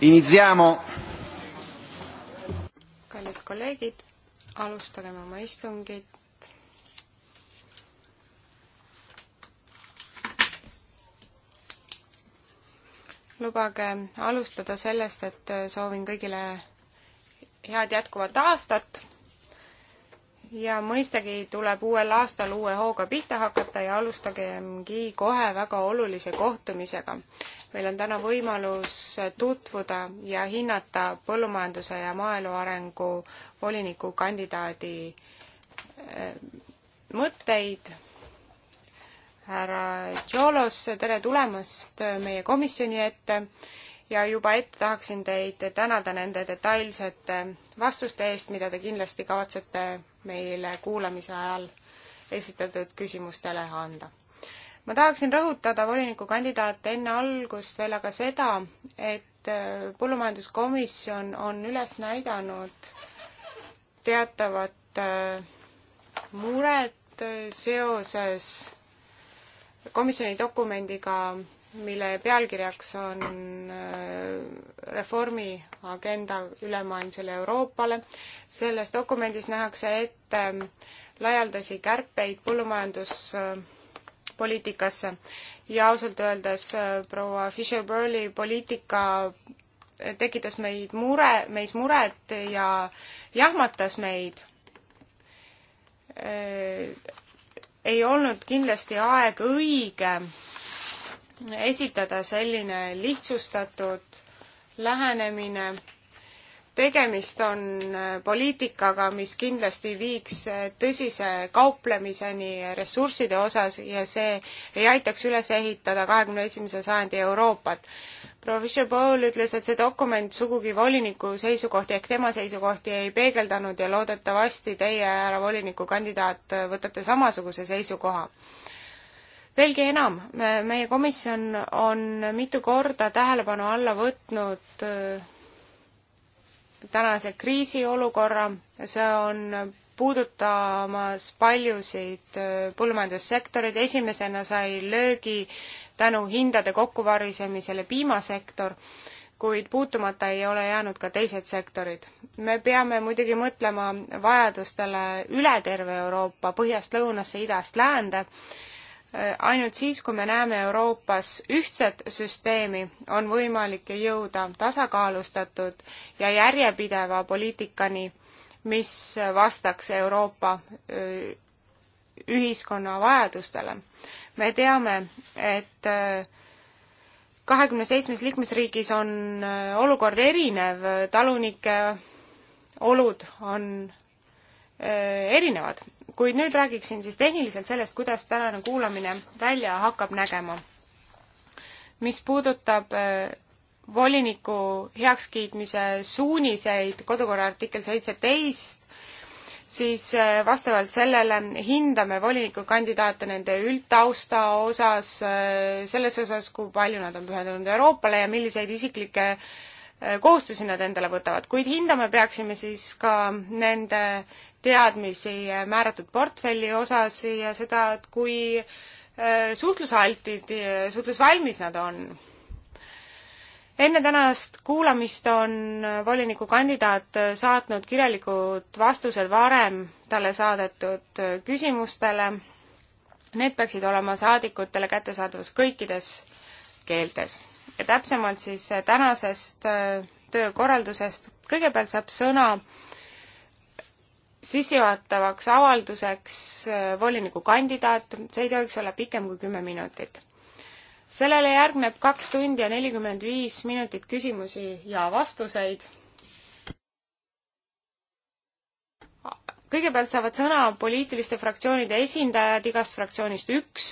Iniziamo. kallid kolleegid, alustagem oma istungit. lubage alustada sellest, et soovin kõigile head jätkuvat aastat ja mõistagi tuleb uuel aastal uue hooga pihta hakata ja alustagemgi kohe väga olulise kohtumisega. meil on täna võimalus tutvuda ja hinnata põllumajanduse ja maaelu arengu voliniku kandidaadi eh, mõtteid. härra Tšolos, tere tulemast meie komisjoni ette ja juba ette tahaksin teid tänada nende detailsete vastuste eest, mida te kindlasti kavatsete meile kuulamise ajal esitatud küsimustele anda. ma tahaksin rõhutada volinikukandidaat enne algust veel aga seda, et äh, põllumajanduskomisjon on üles näidanud teatavat äh, muret äh, seoses komisjoni dokumendiga mille pealkirjaks on äh, reformi agenda ülemaailmsele Euroopale. selles dokumendis nähakse ette ähm, laialdasi kärpeid põllumajanduspoliitikasse ja ausalt öeldes äh, proua Fisher-Burley poliitika äh, tekitas meid mure, meis muret ja jahmatas meid. ei olnud kindlasti aeg õige esitada selline lihtsustatud lähenemine. tegemist on äh, poliitikaga, mis kindlasti viiks äh, tõsise kauplemiseni ressursside osas ja see ei aitaks üles ehitada kahekümne esimese sajandi Euroopat. proua Fischer-Paul ütles, et see dokument sugugi voliniku seisukohti ehk tema seisukohti ei peegeldanud ja loodetavasti teie, härra volinikukandidaat, võtate samasuguse seisukoha veelgi enam, meie komisjon on mitu korda tähelepanu alla võtnud äh, tänase kriisiolukorra, see on puudutamas paljusid äh, põllumajandussektoreid, esimesena sai löögi tänu hindade kokkuvarisemisele piimasektor, kuid puutumata ei ole jäänud ka teised sektorid. me peame muidugi mõtlema vajadustele üle terve Euroopa, põhjast lõunasse, idast läände, ainult siis, kui me näeme Euroopas ühtset süsteemi, on võimalik jõuda tasakaalustatud ja järjepideva poliitikani, mis vastaks Euroopa ühiskonna vajadustele. me teame, et kahekümne seitsmes liikmesriigis on olukord erinev, talunike olud on erinevad kuid nüüd räägiksin siis tehniliselt sellest, kuidas tänane kuulamine välja hakkab nägema. mis puudutab äh, voliniku heakskiitmise suuniseid kodukorra artikkel seitseteist, siis äh, vastavalt sellele hindame volinikukandidaate nende üldtausta osas, äh, selles osas, kui palju nad on pühendunud Euroopale ja milliseid isiklikke kohustusi nad endale võtavad, kuid hindama peaksime siis ka nende teadmisi määratud portfelli osas ja seda, et kui äh, suhtlusaltid, äh, suhtlusvalmis nad on. enne tänast kuulamist on volinikukandidaat saatnud kirjalikud vastused varem talle saadetud küsimustele. Need peaksid olema saadikutele kättesaadavas kõikides keeltes ja täpsemalt siis tänasest äh, töökorraldusest. kõigepealt saab sõna äh, sissejuhatavaks avalduseks äh, volinikukandidaat, see ei tohiks olla pikem kui kümme minutit. sellele järgneb kaks tundi ja nelikümmend viis minutit küsimusi ja vastuseid. kõigepealt saavad sõna poliitiliste fraktsioonide esindajad, igast fraktsioonist üks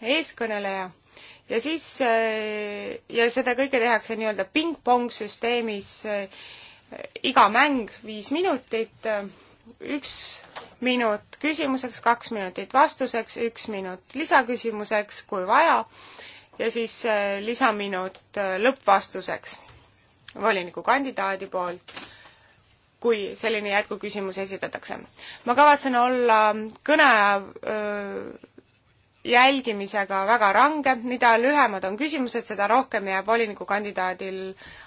eeskõneleja ja siis, äh, ja seda kõike tehakse nii-öelda ping-pong süsteemis, äh, iga mäng viis minutit üks minut küsimuseks, kaks minutit vastuseks, üks minut lisaküsimuseks, kui vaja, ja siis äh, lisaminut äh, lõppvastuseks volinikukandidaadi poolt, kui selline jätkuküsimus esitatakse. ma kavatsen olla kõneaja äh, jälgimisega väga range, mida lühemad on küsimused, seda rohkem jääb volinikukandidaadil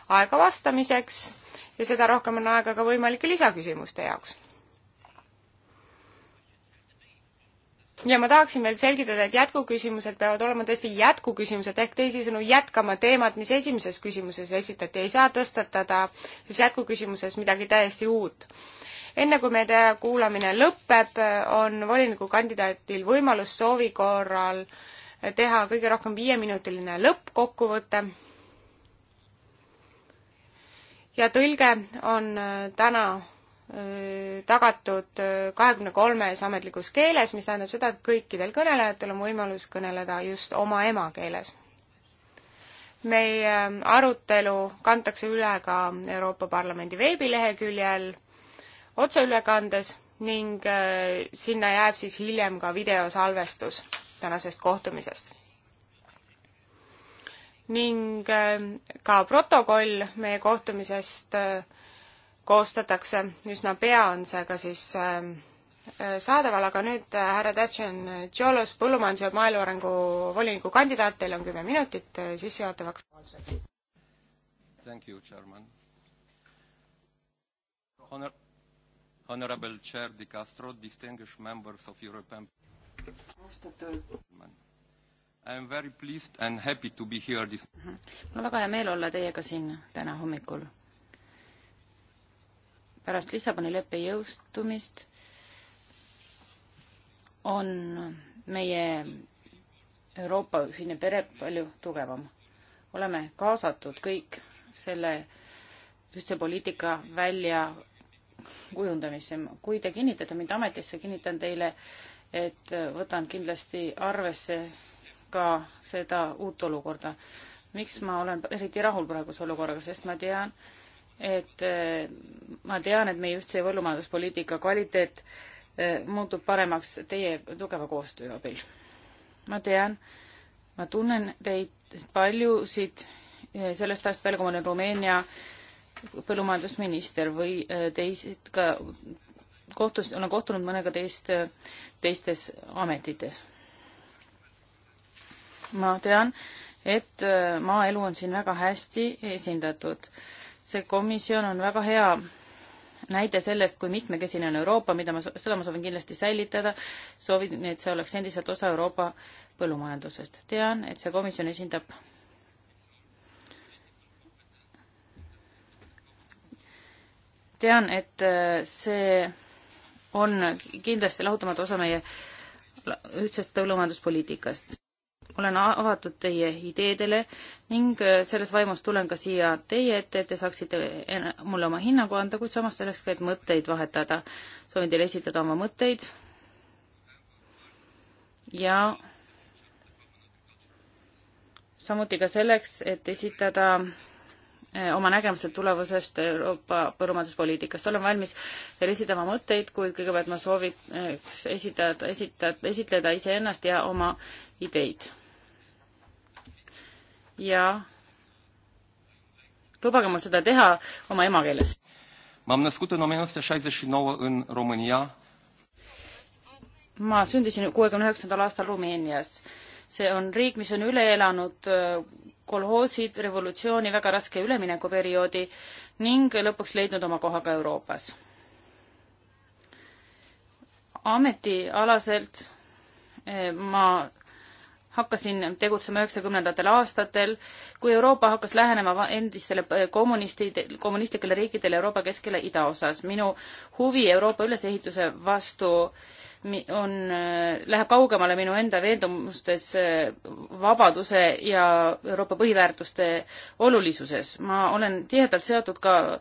aega vastamiseks ja seda rohkem on aega ka võimalike lisaküsimuste jaoks ja ma tahaksin veel selgitada, et jätkuküsimused peavad olema tõesti jätkuküsimused, ehk teisisõnu jätkama teemat, mis esimeses küsimuses esitati, ei saa tõstatada siis jätkuküsimuses midagi täiesti uut. enne kui meie kuulamine lõpeb, on volinikukandidaadil võimalus soovi korral teha kõige rohkem viieminutiline lõppkokkuvõte. ja tõlge on äh, täna Äh, tagatud äh, kahekümne kolmes ametlikus keeles, mis tähendab seda, et kõikidel kõnelejatel on võimalus kõneleda just oma emakeeles. meie ähm, arutelu kantakse üle ka Euroopa Parlamendi veebileheküljel otseülekandes ning äh, sinna jääb siis hiljem ka videosalvestus tänasest kohtumisest. ning ka protokoll meie kohtumisest äh, koostatakse, üsna pea on see ka siis ähm, äh, saadaval, aga nüüd äh, härra Tatšen äh, Tšolos, põllumajanduse ja maaelu arengu voliniku kandidaat, teil on kümme minutit sissejuhatavaks. Thank you, Chairman. Honor, Honorable Chair De Castro, distinguished members of European austatud I am very pleased and happy to be here this mul on väga hea meel olla teiega siin täna hommikul pärast Lissaboni leppe jõustumist on meie Euroopa ühine pere palju tugevam. oleme kaasatud kõik selle ühtse poliitika välja kujundamisse. kui te kinnitate mind ametisse, kinnitan teile, et võtan kindlasti arvesse ka seda uut olukorda. miks ma olen eriti rahul praeguse olukorraga, sest ma tean, et äh, ma tean, et meie ühtse põllumajanduspoliitika kvaliteet äh, muutub paremaks teie tugeva koostöö abil. ma tean, ma tunnen teid paljusid äh, sellest ajast peale, kui ma olin Rumeenia põllumajandusminister või teised ka kohtus, olen kohtunud mõnega teist teistes ametites. ma tean, et maaelu on siin väga hästi esindatud see komisjon on väga hea näide sellest, kui mitmekesine on Euroopa, mida ma, seda ma soovin kindlasti säilitada, soovin, et see oleks endiselt osa Euroopa põllumajandusest. tean, et see komisjon esindab tean, et äh, see on kindlasti lahutamatu osa meie ühtsest põllumajanduspoliitikast olen avatud teie ideedele ning äh, selles vaimus tulen ka siia teie ette, et te saaksite mulle oma hinnangu anda, kuid samas selleks ka, et mõtteid vahetada. soovin teile esitada oma mõtteid ja samuti ka selleks, et esitada äh, oma nägemused tulevasest Euroopa põllumajanduspoliitikast. olen valmis teile esitama mõtteid, kuid kõigepealt ma sooviks äh, esitada, esitada, esitleda iseennast ja oma ideid ja lubage mul seda teha oma emakeeles. ma sündisin kuuekümne üheksandal aastal Rumeenias. see on riik, mis on üle elanud äh, kolhoosid, revolutsiooni, väga raske üleminekuperioodi ning lõpuks leidnud oma koha ka Euroopas. ametialaselt äh, ma hakkasin tegutsema üheksakümnendatel aastatel, kui Euroopa hakkas lähenema endistele eh, kommunistide, kommunistlikele riikidele Euroopa keskele idaosas. minu huvi Euroopa ülesehituse vastu on, eh, läheb kaugemale minu enda veendumustes eh, vabaduse ja Euroopa põhiväärtuste olulisuses. ma olen tihedalt seotud ka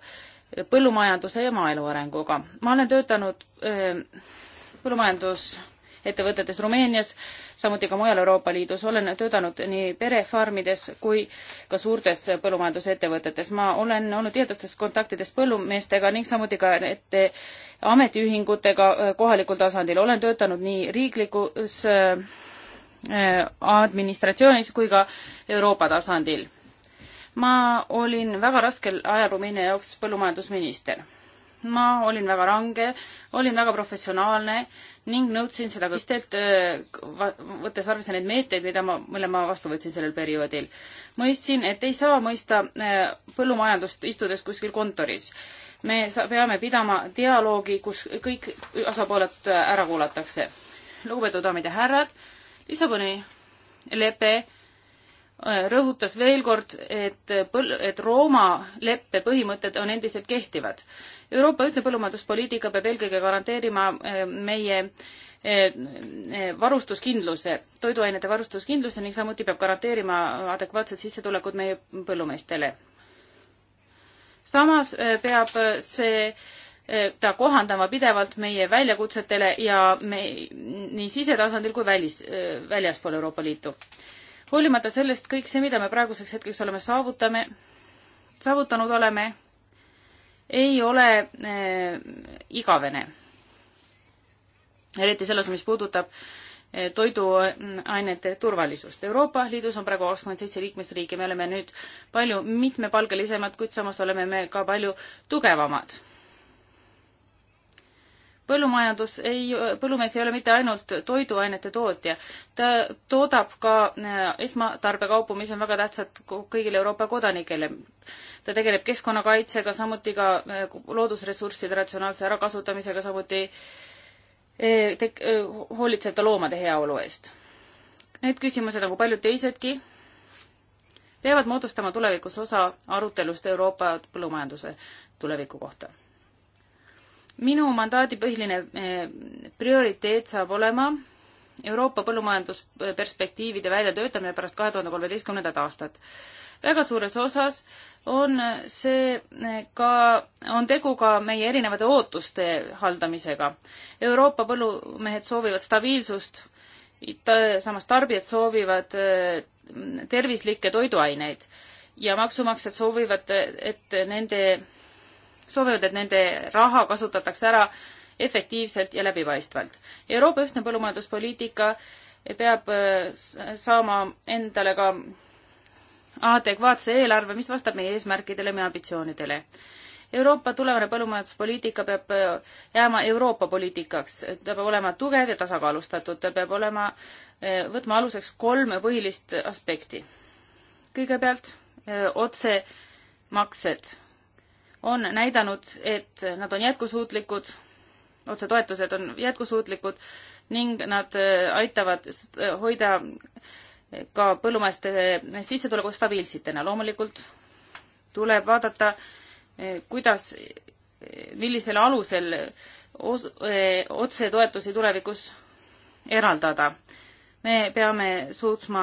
põllumajanduse ja maaelu arenguga. ma olen töötanud põllumajandus ettevõtetes Rumeenias, samuti ka mujal Euroopa Liidus. olen töötanud nii perefarmides kui ka suurtes põllumajandusettevõtetes. ma olen olnud tihedates kontaktides põllumeestega ning samuti ka ette ametiühingutega äh, kohalikul tasandil. olen töötanud nii riiklikus äh, äh, administratsioonis kui ka Euroopa tasandil ma olin väga raskel ajal Rumeenia jaoks põllumajandusminister. ma olin väga range, olin väga professionaalne ning nõudsin seda ka teistelt, äh, võttes arvesse neid meetmeid, mida ma, mille ma vastu võtsin sellel perioodil. mõistsin, et ei saa mõista äh, põllumajandust istudes kuskil kontoris. me peame pidama dialoogi, kus kõik osapooled äh, ära kuulatakse. lugupeetud daamid ja härrad, Lissaboni lepe Äh, rõhutas veel kord, et põl-, et Rooma leppe põhimõtted on endiselt kehtivad. Euroopa ühtne põllumajanduspoliitika peab eelkõige garanteerima äh, meie äh, varustuskindluse, toiduainete varustuskindluse ning samuti peab garanteerima adekvaatsed sissetulekud meie põllumeestele. samas peab see, ta kohandama pidevalt meie väljakutsetele ja me nii sisetasandil kui välis, väljaspool Euroopa Liitu hoolimata sellest kõik see, mida me praeguseks hetkeks oleme saavutame, saavutanud oleme, ei ole äh, igavene. eriti selles, mis puudutab äh, eh, toiduainete mm, turvalisust. Euroopa Liidus on praegu kakskümmend seitse liikmesriiki, me oleme nüüd palju mitmepalgelisemad, kuid samas oleme me ka palju tugevamad põllumajandus ei, põllumees ei ole mitte ainult toiduainete tootja, ta toodab ka äh, esmatarbekaupu, mis on väga tähtsad kõigile Euroopa kodanikele. ta tegeleb keskkonnakaitsega, samuti ka äh, loodusressursside ratsionaalse ärakasutamisega, samuti äh, te-, hoolitseb ta loomade heaolu eest. Need küsimused, nagu paljud teisedki, peavad moodustama tulevikus osa arutelust Euroopa põllumajanduse tuleviku kohta minu mandaadi põhiline eh, prioriteet saab olema Euroopa põllumajandusperspektiivide väljatöötamine pärast kahe tuhande kolmeteistkümnendat aastat. väga suures osas on see eh, ka, on tegu ka meie erinevate ootuste haldamisega. Euroopa põllumehed soovivad stabiilsust, samas tarbijad soovivad eh, tervislikke toiduaineid ja maksumaksjad soovivad, et nende soovivad, et nende raha kasutatakse ära efektiivselt ja läbipaistvalt. Euroopa ühtne põllumajanduspoliitika peab äh, saama endale ka adekvaatse eelarve, mis vastab meie eesmärkidele, meie ambitsioonidele. Euroopa tulevane põllumajanduspoliitika peab äh, jääma Euroopa poliitikaks, ta peab olema tugev ja tasakaalustatud, ta peab olema, äh, võtma aluseks kolm põhilist aspekti. kõigepealt öö, otsemaksed on näidanud, et nad on jätkusuutlikud, otsetoetused on jätkusuutlikud ning nad äh, aitavad äh, hoida äh, ka põllumeeste sissetulekud stabiilsetena. loomulikult tuleb vaadata, kuidas, millisel alusel otsetoetusi tulevikus eraldada me peame suutma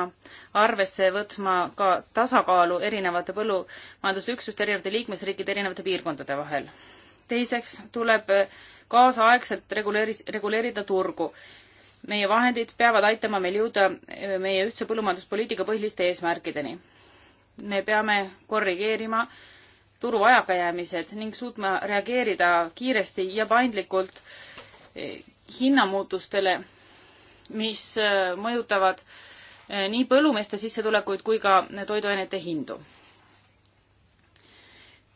arvesse võtma ka tasakaalu erinevate põllumajandusüksuste, erinevate liikmesriikide, erinevate piirkondade vahel. teiseks tuleb kaasaegselt reguleeris, reguleerida turgu. meie vahendid peavad aitama meil jõuda äh, meie ühtse põllumajanduspoliitika põhiliste eesmärkideni. me peame korrigeerima turu vajakajäämised ning suutma reageerida kiiresti ja paindlikult äh, hinnamuutustele mis äh, mõjutavad äh, nii põllumeeste sissetulekuid kui ka toiduainete hindu.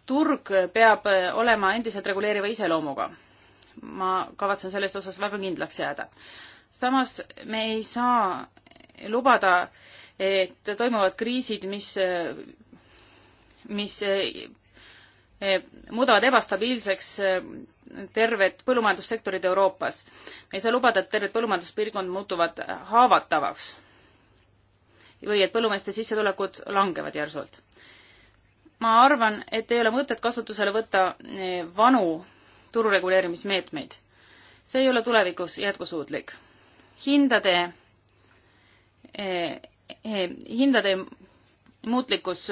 turg peab äh, olema endiselt reguleeriva iseloomuga. ma kavatsen selles osas väga kindlaks jääda. samas me ei saa lubada, et toimuvad kriisid, mis, mis muudavad ebastabiilseks eh, terved põllumajandussektorid Euroopas. me ei saa lubada, et terved põllumajanduspiirkond muutuvad haavatavaks või et põllumeeste sissetulekud langevad järsult. ma arvan, et ei ole mõtet kasutusele võtta eh, vanu turureguleerimismeetmeid. see ei ole tulevikus jätkusuutlik. hindade eh, hindade muutlikkus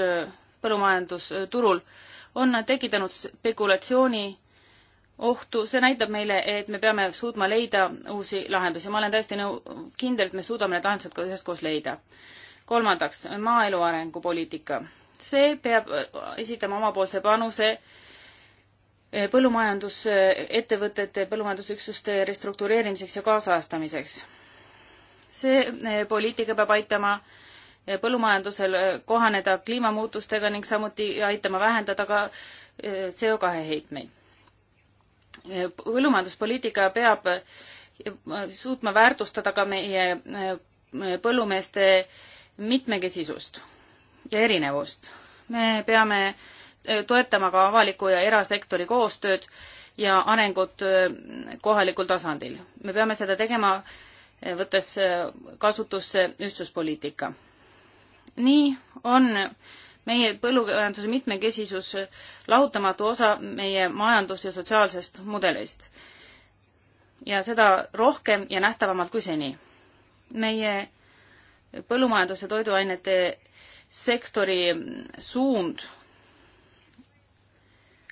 põllumajandusturul on tekitanud spekulatsiooni ohtu, see näitab meile, et me peame suutma leida uusi lahendusi. ma olen täiesti nõu-, kindel, et me suudame need lahendused ka üheskoos leida. kolmandaks, maaelu arengupoliitika. see peab esitama omapoolse panuse põllumajandusettevõtete, põllumajandusüksuste restruktureerimiseks ja kaasajastamiseks. see eh, poliitika peab aitama äh, põllumajandusel kohaneda kliimamuutustega ning samuti aitama vähendada ka eh, CO2 heitmeid. Eh, põllumajanduspoliitika peab eh, suutma väärtustada ka meie põllumeeste mitmekesisust ja erinevust. me peame toetama ka avaliku ja erasektori koostööd ja arengut kohalikul tasandil. me peame seda tegema, võttes kasutusse ühtsuspoliitika nii on meie põllumajanduse mitmekesisus lahutamatu osa meie majandus- ja sotsiaalsest mudelist. ja seda rohkem ja nähtavamalt kui seni. meie põllumajandus- ja toiduainete sektori suund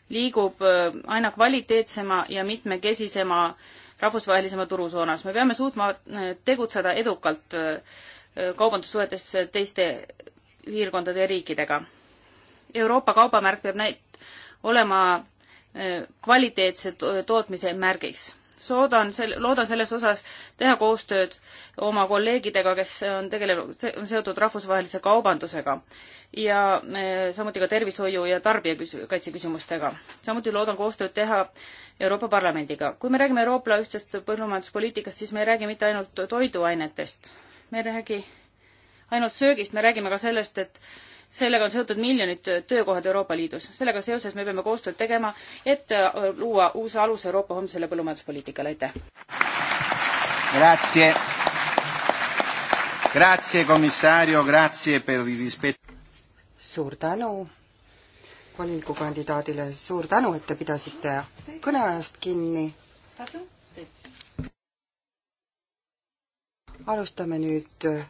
liigub äh, aina kvaliteetsema ja mitmekesisema rahvusvahelisema turusoonas. me peame suutma äh, tegutseda edukalt äh, Äh, kaubandussuhetes teiste piirkondade ja riikidega. Euroopa kaubamärk peab näit-, olema äh, kvaliteetse tootmise märgiks. soodan sel-, loodan selles osas teha koostööd oma kolleegidega, kes on tegelenud, on seotud rahvusvahelise kaubandusega ja äh, samuti ka tervishoiu ja tarbijakaitse küsimustega. samuti loodan koostööd teha Euroopa Parlamendiga. kui me räägime Euroopa ühtsest põllumajanduspoliitikast, siis me ei räägi mitte ainult toiduainetest me ei räägi ainult söögist, me räägime ka sellest, et sellega on seotud miljonid töökohad Euroopa Liidus. sellega seoses me peame koostööd tegema, et äh, luua uus alus Euroopa homsele põllumajanduspoliitikale, aitäh! Grazie! Grazie, komissario, grazie per il rispetto. suur tänu volinikukandidaadile, suur tänu, et te pidasite kõneajast kinni. alustame nüüd äh,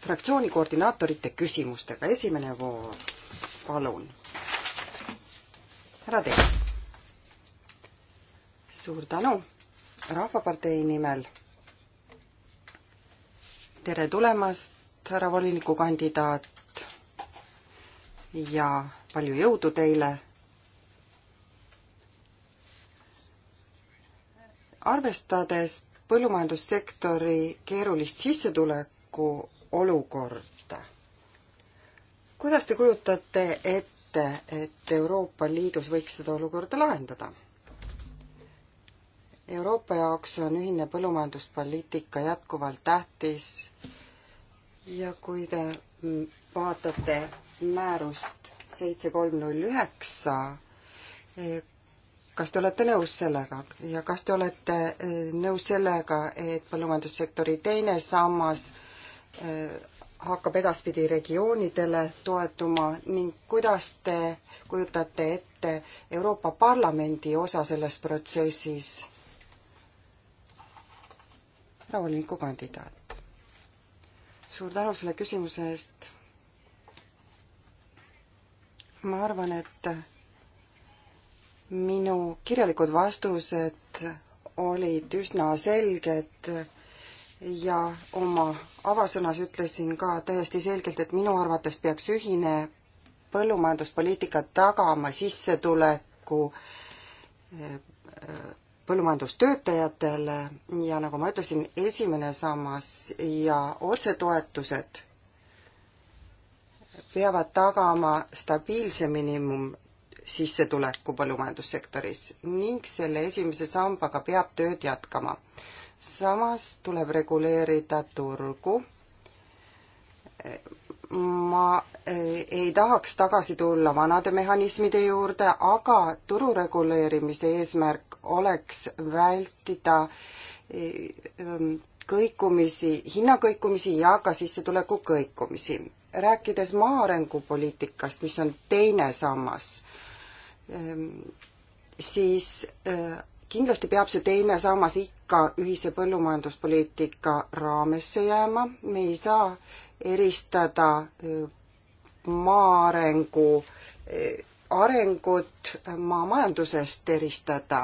fraktsiooni koordinaatorite küsimustega. esimene voor, palun. härra Tees. suur tänu Rahvapartei nimel. tere tulemast, härra volinikukandidaat ja palju jõudu teile. arvestades põllumajandussektori keerulist sissetuleku olukorda. kuidas te kujutate ette, et Euroopa Liidus võiks seda olukorda lahendada? Euroopa jaoks on ühine põllumajanduspoliitika jätkuvalt tähtis ja kui te vaatate määrust seitse kolm null üheksa, kas te olete nõus sellega ja kas te olete eh, nõus sellega, et põllumajandussektori teine sammas eh, hakkab edaspidi regioonidele toetuma ning kuidas te kujutate ette Euroopa Parlamendi osa selles protsessis? rahuliku kandidaat. suur tänu selle küsimuse eest. ma arvan, et minu kirjalikud vastused olid üsna selged ja oma avasõnas ütlesin ka täiesti selgelt, et minu arvates peaks ühine põllumajanduspoliitika tagama sissetuleku eh, põllumajandustöötajatele ja nagu ma ütlesin, esimene sammas ja otsetoetused peavad tagama stabiilse miinimum, sissetuleku põllumajandussektoris ning selle esimese sambaga peab tööd jätkama. samas tuleb reguleerida turgu. ma eh, ei tahaks tagasi tulla vanade mehhanismide juurde, aga turu reguleerimise eesmärk oleks vältida eh, ehm, kõikumisi, hinnakõikumisi ja ka sissetuleku kõikumisi. rääkides maa arengupoliitikast, mis on teine sammas, Ehm, siis eh, kindlasti peab see teine sammas ikka ühise põllumajanduspoliitika raamesse jääma, me ei saa eristada eh, eh, maa arengu arengut maamajandusest eristada.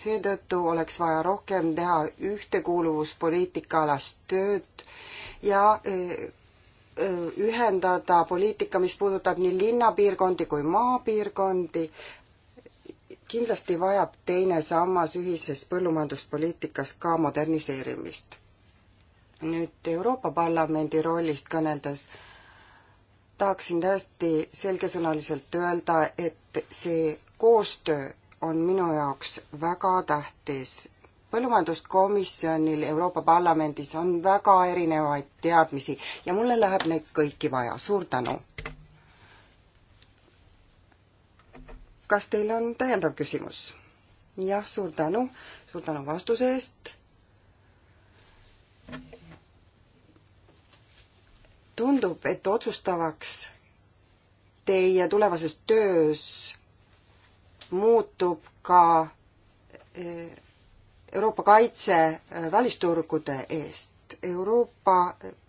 seetõttu oleks vaja rohkem teha ühtekuuluvuspoliitika alast tööd ja ühendada poliitika, mis puudutab nii linnapiirkondi kui maapiirkondi, kindlasti vajab teine sammas ühises põllumajanduspoliitikas ka moderniseerimist. nüüd Euroopa Parlamendi rollist kõneldes tahaksin täiesti selgesõnaliselt öelda, et see koostöö on minu jaoks väga tähtis. põllumajanduskomisjonil Euroopa Parlamendis on väga erinevaid teadmisi ja mulle läheb neid kõiki vaja, suur tänu! kas teil on täiendav küsimus? jah, suur tänu, suur tänu vastuse eest. tundub, et otsustavaks teie tulevases töös muutub ka e, Euroopa kaitse e, välisturgude eest. Euroopa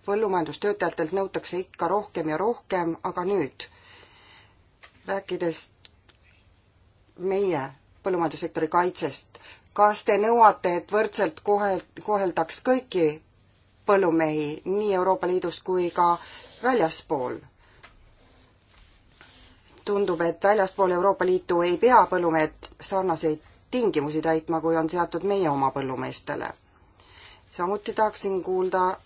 põllumajandustöötajatelt nõutakse ikka rohkem ja rohkem, aga nüüd, rääkides meie põllumajandussektori kaitsest. kas te nõuate, et võrdselt kohel-, koheldaks kõiki põllumehi nii Euroopa Liidus kui ka väljaspool? tundub, et väljaspool Euroopa Liitu ei pea põllumehed sarnaseid tingimusi täitma, kui on seatud meie oma põllumeestele. samuti tahaksin kuulda,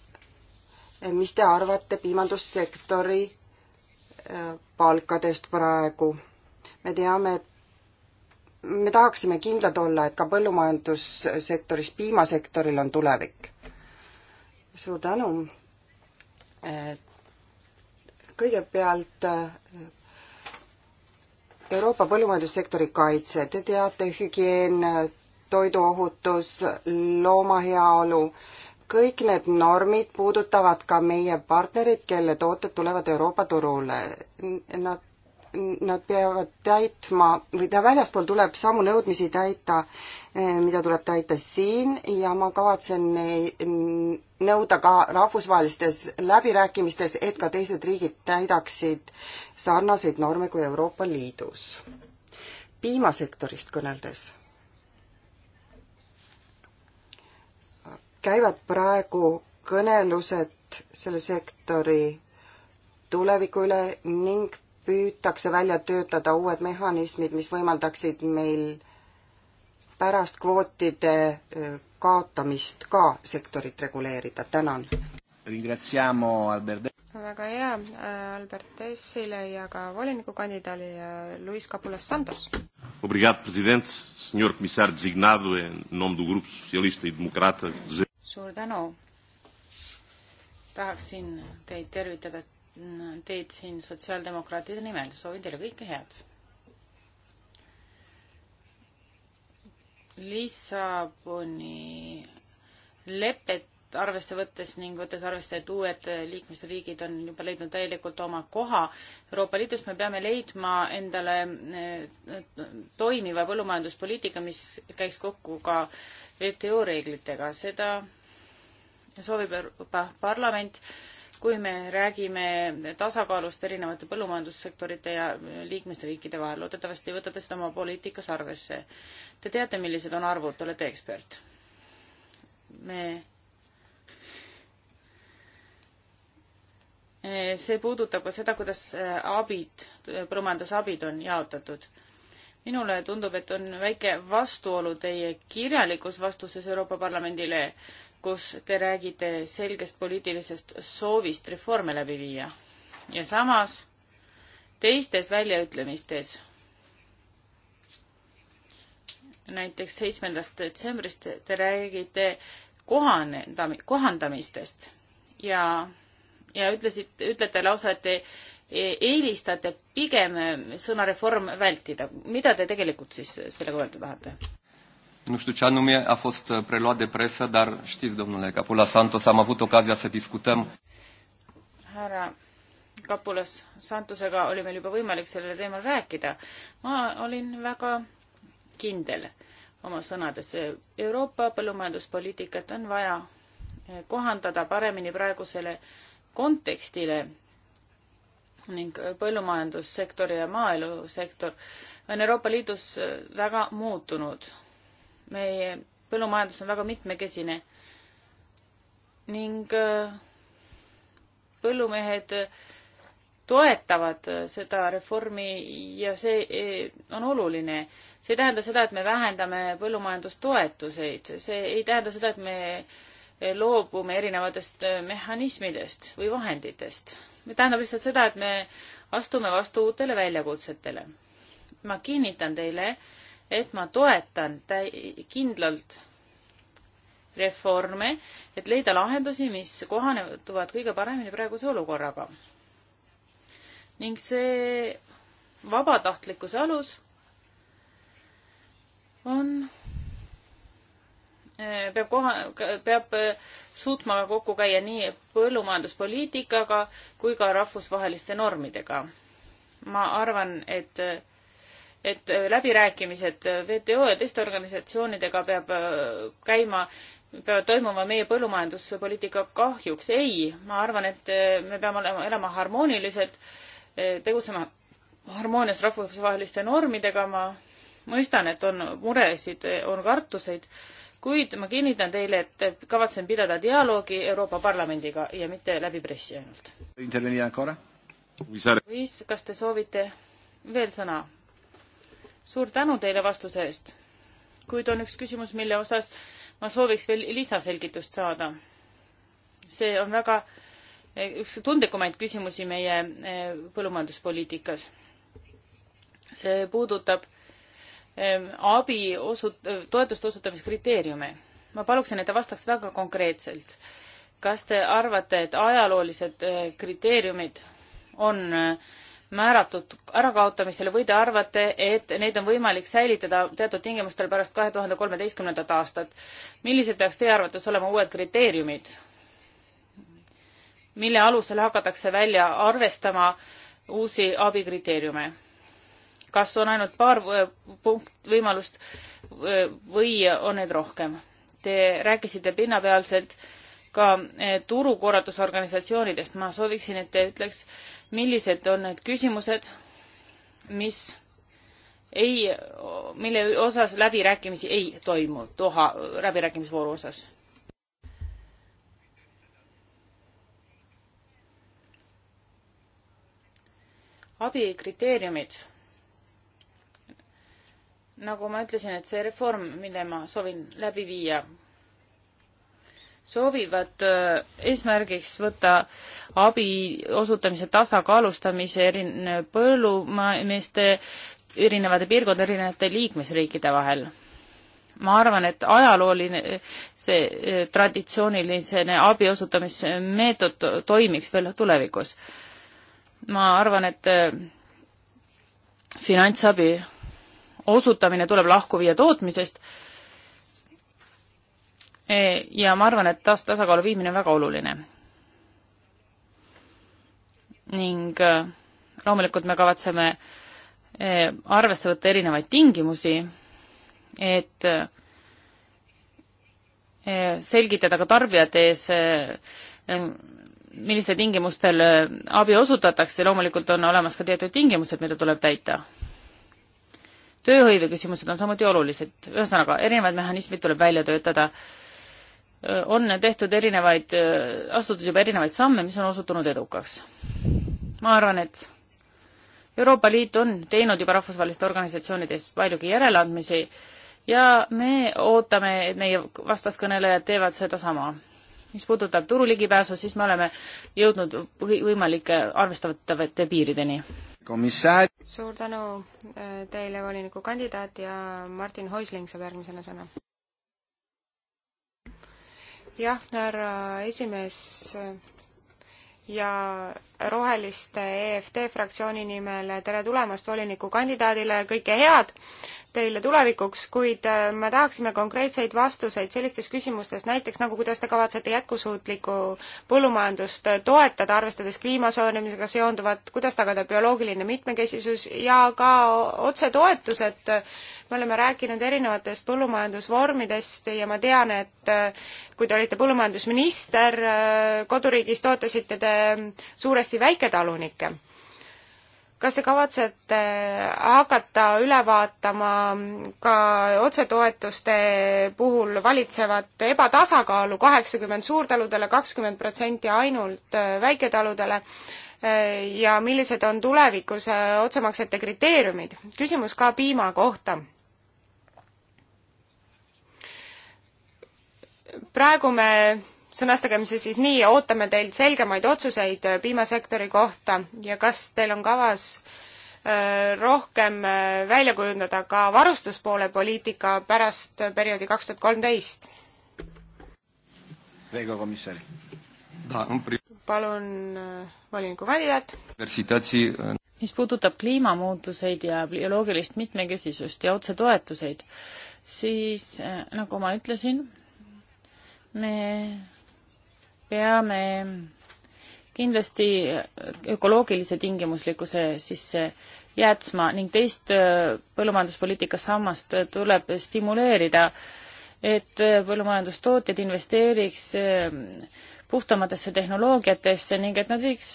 mis te arvate piimandussektori äh, palkadest praegu? me teame, et me tahaksime kindlad olla, et ka põllumajandussektoris, piimasektoril on tulevik. suur tänu. kõigepealt eh, Euroopa põllumajandussektori kaitse, te teate, hügieen, toiduohutus, looma heaolu, kõik need normid puudutavad ka meie partnerid, kelle tooted tulevad Euroopa turule. Nad nad peavad täitma või ta väljaspool tuleb samu nõudmisi täita, eh, mida tuleb täita siin ja ma kavatsen eh, nõuda ka rahvusvahelistes läbirääkimistes, et ka teised riigid täidaksid sarnaseid norme kui Euroopa Liidus. piimasektorist kõneldes käivad praegu kõnelused selle sektori tuleviku üle ning püütakse välja töötada uued mehhanismid, mis võimaldaksid meil pärast kvootide kaotamist ka sektorit reguleerida, tänan. väga hea, äh, Albert Essile ja ka volinikukandidaali äh, Luis Capulas Santos. Obrigado, president, senhor komissar designado em nome do grupo socialista e democrata. suur tänu. tahaksin teid tervitada teid siin sotsiaaldemokraatide nimel, soovin teile kõike head. Lissaboni lepet arvesse võttes ning võttes arvesse, et uued liikmesriigid on juba leidnud täielikult oma koha Euroopa Liidus, me peame leidma endale eh, toimiva põllumajanduspoliitika, mis käiks kokku ka WTO reeglitega, seda soovib Euroopa Parlament kui me räägime tasakaalust erinevate põllumajandussektorite ja liikmesriikide vahel. loodetavasti võtate seda oma poliitikas arvesse. Te teate, millised on arvud, te olete ekspert. me see puudutab ka seda, kuidas abid, põllumajandusabid on jaotatud. minule tundub, et on väike vastuolu teie kirjalikus vastuses Euroopa Parlamendile äh, kus te räägite selgest poliitilisest soovist reforme läbi viia ja samas teistes väljaütlemistes, näiteks seitsmendast detsembrist te räägite kohanendami-, kohandamistest ja, ja ütlesite, ütlete lausa, et te eelistate pigem sõna reform vältida. mida te tegelikult siis sellega öelda tahate? Nu știu ce anume a fost uh, preluat de presă, dar știți, domnule Capula Santos, am avut ocazia să discutăm. Härra Kapulas Santusega oli meil juba võimalik sellel teemal rääkida. ma olin väga kindel oma sõnades. Euroopa põllumajanduspoliitikat on vaja eh, kohandada paremini praegusele kontekstile ning põllumajandussektor ja maaelusektor on Euroopa Liidus eh, väga muutunud meie põllumajandus on väga mitmekesine ning äh, põllumehed äh, toetavad äh, seda reformi ja see on oluline. see ei tähenda seda, et me vähendame põllumajandustoetuseid, see ei tähenda seda, et me loobume erinevatest mehhanismidest või vahenditest. see tähendab lihtsalt seda, et me astume vastu uutele väljakutsetele. ma kinnitan teile, et ma toetan täi-, kindlalt reforme, et leida lahendusi, mis kohanevad kõige paremini praeguse olukorraga. ning see vabatahtlikkuse alus on, eh, peab koha, peab eh, suutma kokku käia nii põllumajanduspoliitikaga kui ka rahvusvaheliste normidega. ma arvan, et eh, et äh, läbirääkimised äh, WTO ja teiste organisatsioonidega peab äh, käima, peavad toimuma meie põllumajanduspoliitika kahjuks. ei, ma arvan, et me peame olema, elama harmooniliselt, tegutsema harmoonias rahvusvaheliste normidega, ma mõistan, et on muresid, on kartuseid, kuid ma kinnitan teile, et kavatsen pidada dialoogi Euroopa Parlamendiga ja mitte läbi pressi ainult. Luis, kas te soovite veel sõna? suur tänu teile vastuse eest, kuid on üks küsimus, mille osas ma sooviks veel lisaselgitust saada. see on väga üks tundlikumaid küsimusi meie eh, põllumajanduspoliitikas. see puudutab eh, abi osut-, toetuste osutamiskriteeriume. ma paluksin, et te vastaks väga konkreetselt. kas te arvate, et ajaloolised eh, kriteeriumid on äh, määratud ärakaotamisele või te arvate, et neid on võimalik säilitada teatud tingimustel pärast kahe tuhande kolmeteistkümnendat aastat? millised peaks teie arvates olema uued kriteeriumid, mille alusel hakatakse välja arvestama uusi abikriteeriume? kas on ainult paar äh, punkt, võimalust äh, või on neid rohkem? Te rääkisite pinnapealselt ka äh, turukorraldusorganisatsioonidest, ma sooviksin, et te ütleks, millised on need küsimused, mis ei, mille osas läbirääkimisi ei toimu Doha läbirääkimisvooru osas? abikriteeriumid. nagu ma ütlesin, et see reform, mille ma soovin läbi viia soovivad äh, eesmärgiks võtta abi osutamise tasakaalustamise erine põllumeeste erinevate piirkondade erinevate liikmesriikide vahel. ma arvan, et ajalooline, see äh, traditsiooniline abi osutamismeetod toimiks veel tulevikus. ma arvan, et äh, finantsabi osutamine tuleb lahku viia tootmisest E, ja ma arvan, et taas tasakaalu viimine on väga oluline. ning e, loomulikult me kavatseme e, arvesse võtta erinevaid tingimusi, et selgitada ka tarbijate ees, millistel tingimustel abi osutatakse, loomulikult on olemas ka teatud tingimused, mida tuleb täita. tööhõive küsimused on samuti olulised, ühesõnaga erinevad mehhanismid tuleb välja töötada äh, on tehtud erinevaid, astutud juba erinevaid samme, mis on osutunud edukaks. ma arvan, et Euroopa Liit on teinud juba rahvusvaheliste organisatsioonide eest paljugi järeleandmisi ja me ootame, et meie vastaskõnelejad teevad sedasama. mis puudutab turu ligipääsu, siis me oleme jõudnud võimalike arvestatavate piirideni. komissar. suur tänu eh, teile, volinikukandidaat ja Martin Hoisling saab järgmisena sõna jah, härra esimees ja Roheliste EFD fraktsiooni nimel tere tulemast volinikukandidaadile, kõike head teile tulevikuks, kuid äh, me tahaksime konkreetseid vastuseid sellistes küsimustes, näiteks nagu kuidas te kavatsete jätkusuutlikku põllumajandust äh, toetada, arvestades kliima soojenemisega seonduvat, kuidas tagada bioloogiline mitmekesisus ja ka otsetoetused. me oleme rääkinud erinevatest põllumajandusvormidest ja ma tean, et äh, kui te olite põllumajandusminister, koduriigis toetasite te suuresti väiketalunikke kas te kavatsete hakata üle vaatama ka otsetoetuste puhul valitsevat ebatasakaalu, kaheksakümmend suurtaludele, kakskümmend protsenti ainult äh, väiketaludele, äh, ja millised on tulevikus äh, otsemaksete kriteeriumid? küsimus ka piima kohta praegu me sõnastagem see siis nii, ootame teilt selgemaid otsuseid äh, piimasektori kohta ja kas teil on kavas äh, rohkem äh, välja kujundada ka varustuspoole poliitika pärast perioodi kaks tuhat kolmteist? Reigo komissar. palun, volinikukandidaat. mis puudutab kliimamuutuseid ja bioloogilist mitmekesisust ja otsetoetuseid, siis nagu ma ütlesin, me peame kindlasti ökoloogilise tingimuslikkuse sisse jätma ning teist äh, põllumajanduspoliitika sammast äh, tuleb stimuleerida, et äh, põllumajandustootjad investeeriks puhtamatesse tehnoloogiatesse ning et nad viiks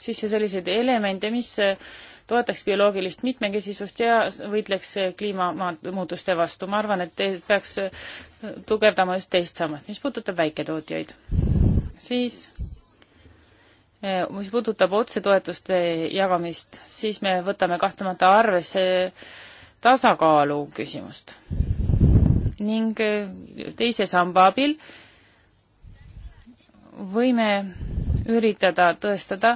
sisse selliseid elemente, mis toetaks bioloogilist mitmekesisust ja võitleks kliimamuutuste vastu. ma arvan, et peaks tugevdama just teist sammast, mis puudutab väiketootjaid siis eh, mis puudutab otsetoetuste jagamist, siis me võtame kahtlemata arvesse tasakaalu küsimust. ning eh, teise samba abil võime üritada tõestada,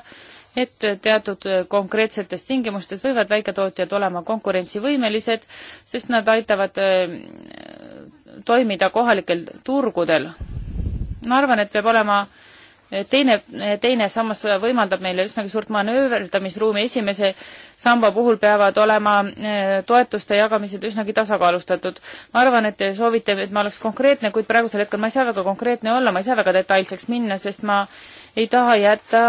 et teatud konkreetsetes tingimustes võivad väiketootjad olema konkurentsivõimelised, sest nad aitavad eh, toimida kohalikel turgudel ma arvan, et peab olema eh, teine, eh, teine sammas võimaldab meile üsnagi suurt manööverdamisruumi, esimese samba puhul peavad olema eh, toetuste jagamised üsnagi tasakaalustatud. ma arvan, et te soovite, et ma oleks konkreetne, kuid praegusel hetkel ma ei saa väga konkreetne olla, ma ei saa väga detailseks minna, sest ma ei taha jätta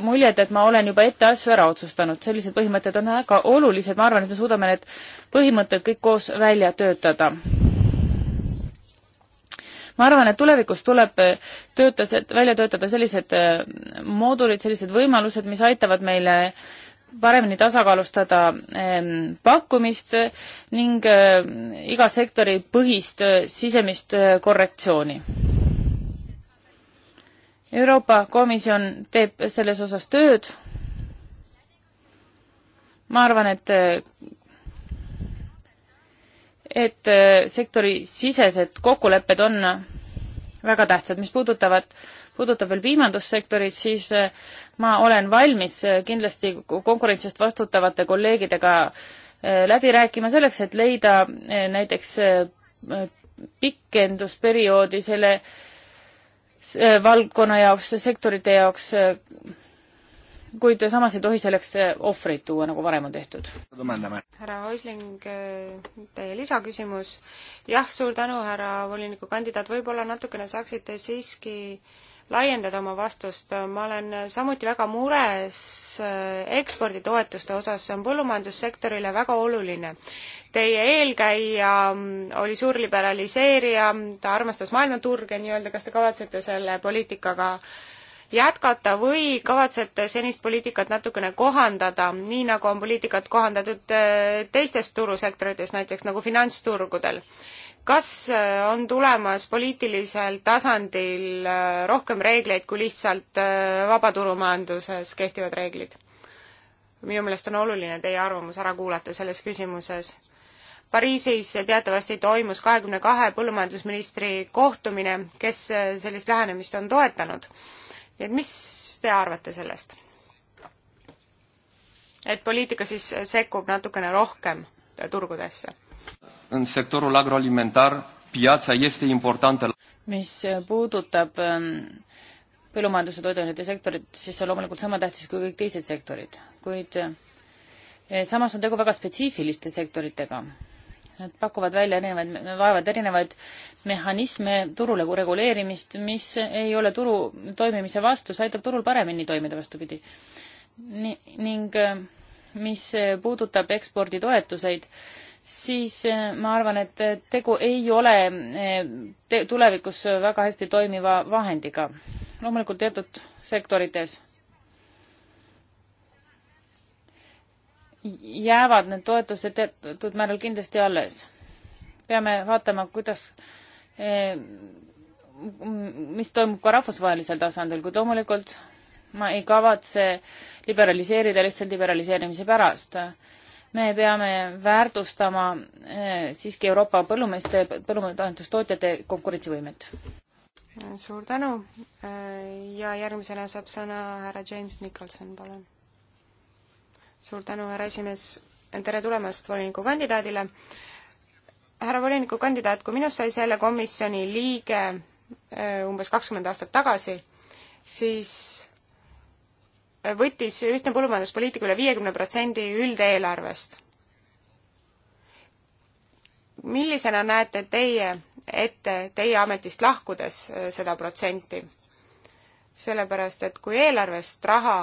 muljet, et ma olen juba ette asju ära otsustanud. sellised põhimõtted on väga olulised, ma arvan, et me suudame need põhimõtted kõik koos välja töötada ma arvan, et tulevikus tuleb äh, töötas, välja töötada sellised äh, moodulid, sellised võimalused, mis aitavad meile paremini tasakaalustada ähm, pakkumist äh, ning iga sektori põhist sisemist korrektsiooni. Euroopa Komisjon teeb selles osas tööd. ma arvan, et et äh, sektorisisesed kokkulepped on väga tähtsad, mis puudutavad, puudutab veel piimandussektorit, siis äh, ma olen valmis äh, kindlasti konkurentsist vastutavate kolleegidega läbi rääkima selleks, et leida näiteks pikendusperioodi selle valdkonna jaoks, sektorite jaoks kuid samas ei tohi selleks ohvreid tuua, nagu varem on tehtud. härra Oisling, teie lisaküsimus. jah, suur tänu, härra volinikukandidaat, võib-olla natukene saaksite siiski laiendada oma vastust, ma olen samuti väga mures äh, eksporditoetuste osas, see on põllumajandussektorile väga oluline. Teie eelkäija mm, oli suur liberaliseerija, ta armastas maailmaturge nii-öelda, kas te kavatsete selle poliitikaga jätkata või kavatsete senist poliitikat natukene kohandada, nii nagu on poliitikat kohandatud äh, teistes turusektorites, näiteks nagu finantsturgudel? kas äh, on tulemas poliitilisel tasandil äh, rohkem reegleid kui lihtsalt vabaturumajanduses kehtivad reeglid? minu meelest on oluline teie arvamus ära kuulata selles küsimuses Pariisis teatavasti toimus kahekümne kahe põllumajandusministri kohtumine, kes sellist lähenemist on toetanud nii et mis te arvate sellest? et poliitika siis sekkub natukene rohkem turgudesse? În sectorul agroalimentar, piața este importantă. Mis puudutab ähm, põllumajanduse toiduainete sektorit, siis see on loomulikult sama tähtis kui kõik teised sektorid, kuid äh, samas on tegu väga spetsiifiliste sektoritega Nad pakuvad välja erinevaid, vaevad erinevaid mehhanisme turule reguleerimist, mis ei ole turu toimimise vastu, see aitab turul paremini toimida, vastupidi. ning äh, mis puudutab eksporditoetuseid, siis äh, ma arvan, et tegu ei ole äh, te tulevikus väga hästi toimiva vahendiga. loomulikult teatud sektorites jäävad need toetused teatud määral kindlasti alles. peame vaatama, kuidas, eh, mis toimub ka rahvusvahelisel tasandil, kuid loomulikult ma ei kavatse liberaliseerida lihtsalt liberaliseerimise pärast. me peame väärtustama eh, siiski Euroopa põllumeeste, põllumajandustootjate konkurentsivõimet. suur tänu ja järgmisena saab sõna härra James Nicholson, palun suur tänu, härra esimees, tere tulemast volinikukandidaadile. härra volinikukandidaat, kui minust sai selle komisjoni liige äh, umbes kakskümmend aastat tagasi, siis võttis ühtne põllumajanduspoliitika üle viiekümne protsendi üldeelarvest. millisena näete teie ette teie ametist lahkudes äh, seda protsenti? sellepärast, et kui eelarvest raha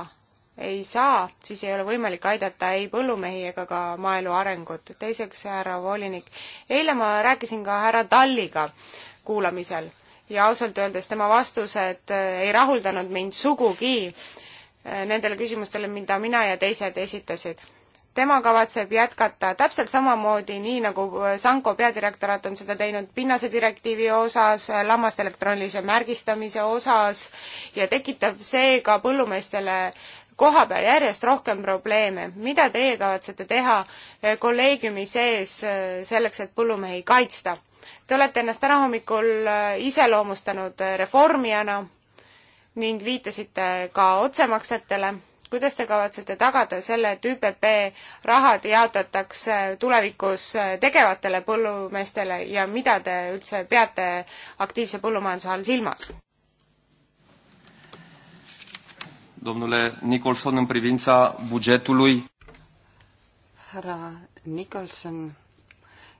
ei saa, siis ei ole võimalik aidata ei põllumehi ega ka maaelu arengut. teiseks, härra volinik, eile ma rääkisin ka härra Talliga kuulamisel ja ausalt öeldes tema vastused eh, ei rahuldanud mind sugugi eh, nendele küsimustele, mida mina ja teised esitasid tema kavatseb jätkata täpselt samamoodi, nii nagu eh, Sanko peadirektorat on seda teinud pinnase direktiivi osas, lammaste elektroonilise märgistamise osas ja tekitab seega põllumeestele koha peal järjest rohkem probleeme. mida teie kavatsete teha eh, kolleegiumi sees eh, selleks, et põllumehi kaitsta? Te olete ennast täna hommikul eh, iseloomustanud reformijana ning viitasite ka otsemaksetele. kuidas te kavatsete tagada selle, et ÜPP rahad jaotatakse tulevikus tegevatele põllumeestele ja mida te üldse peate aktiivse põllumajanduse all silmas? domnule Nicholson, în privința bugetului. härra Nicholson,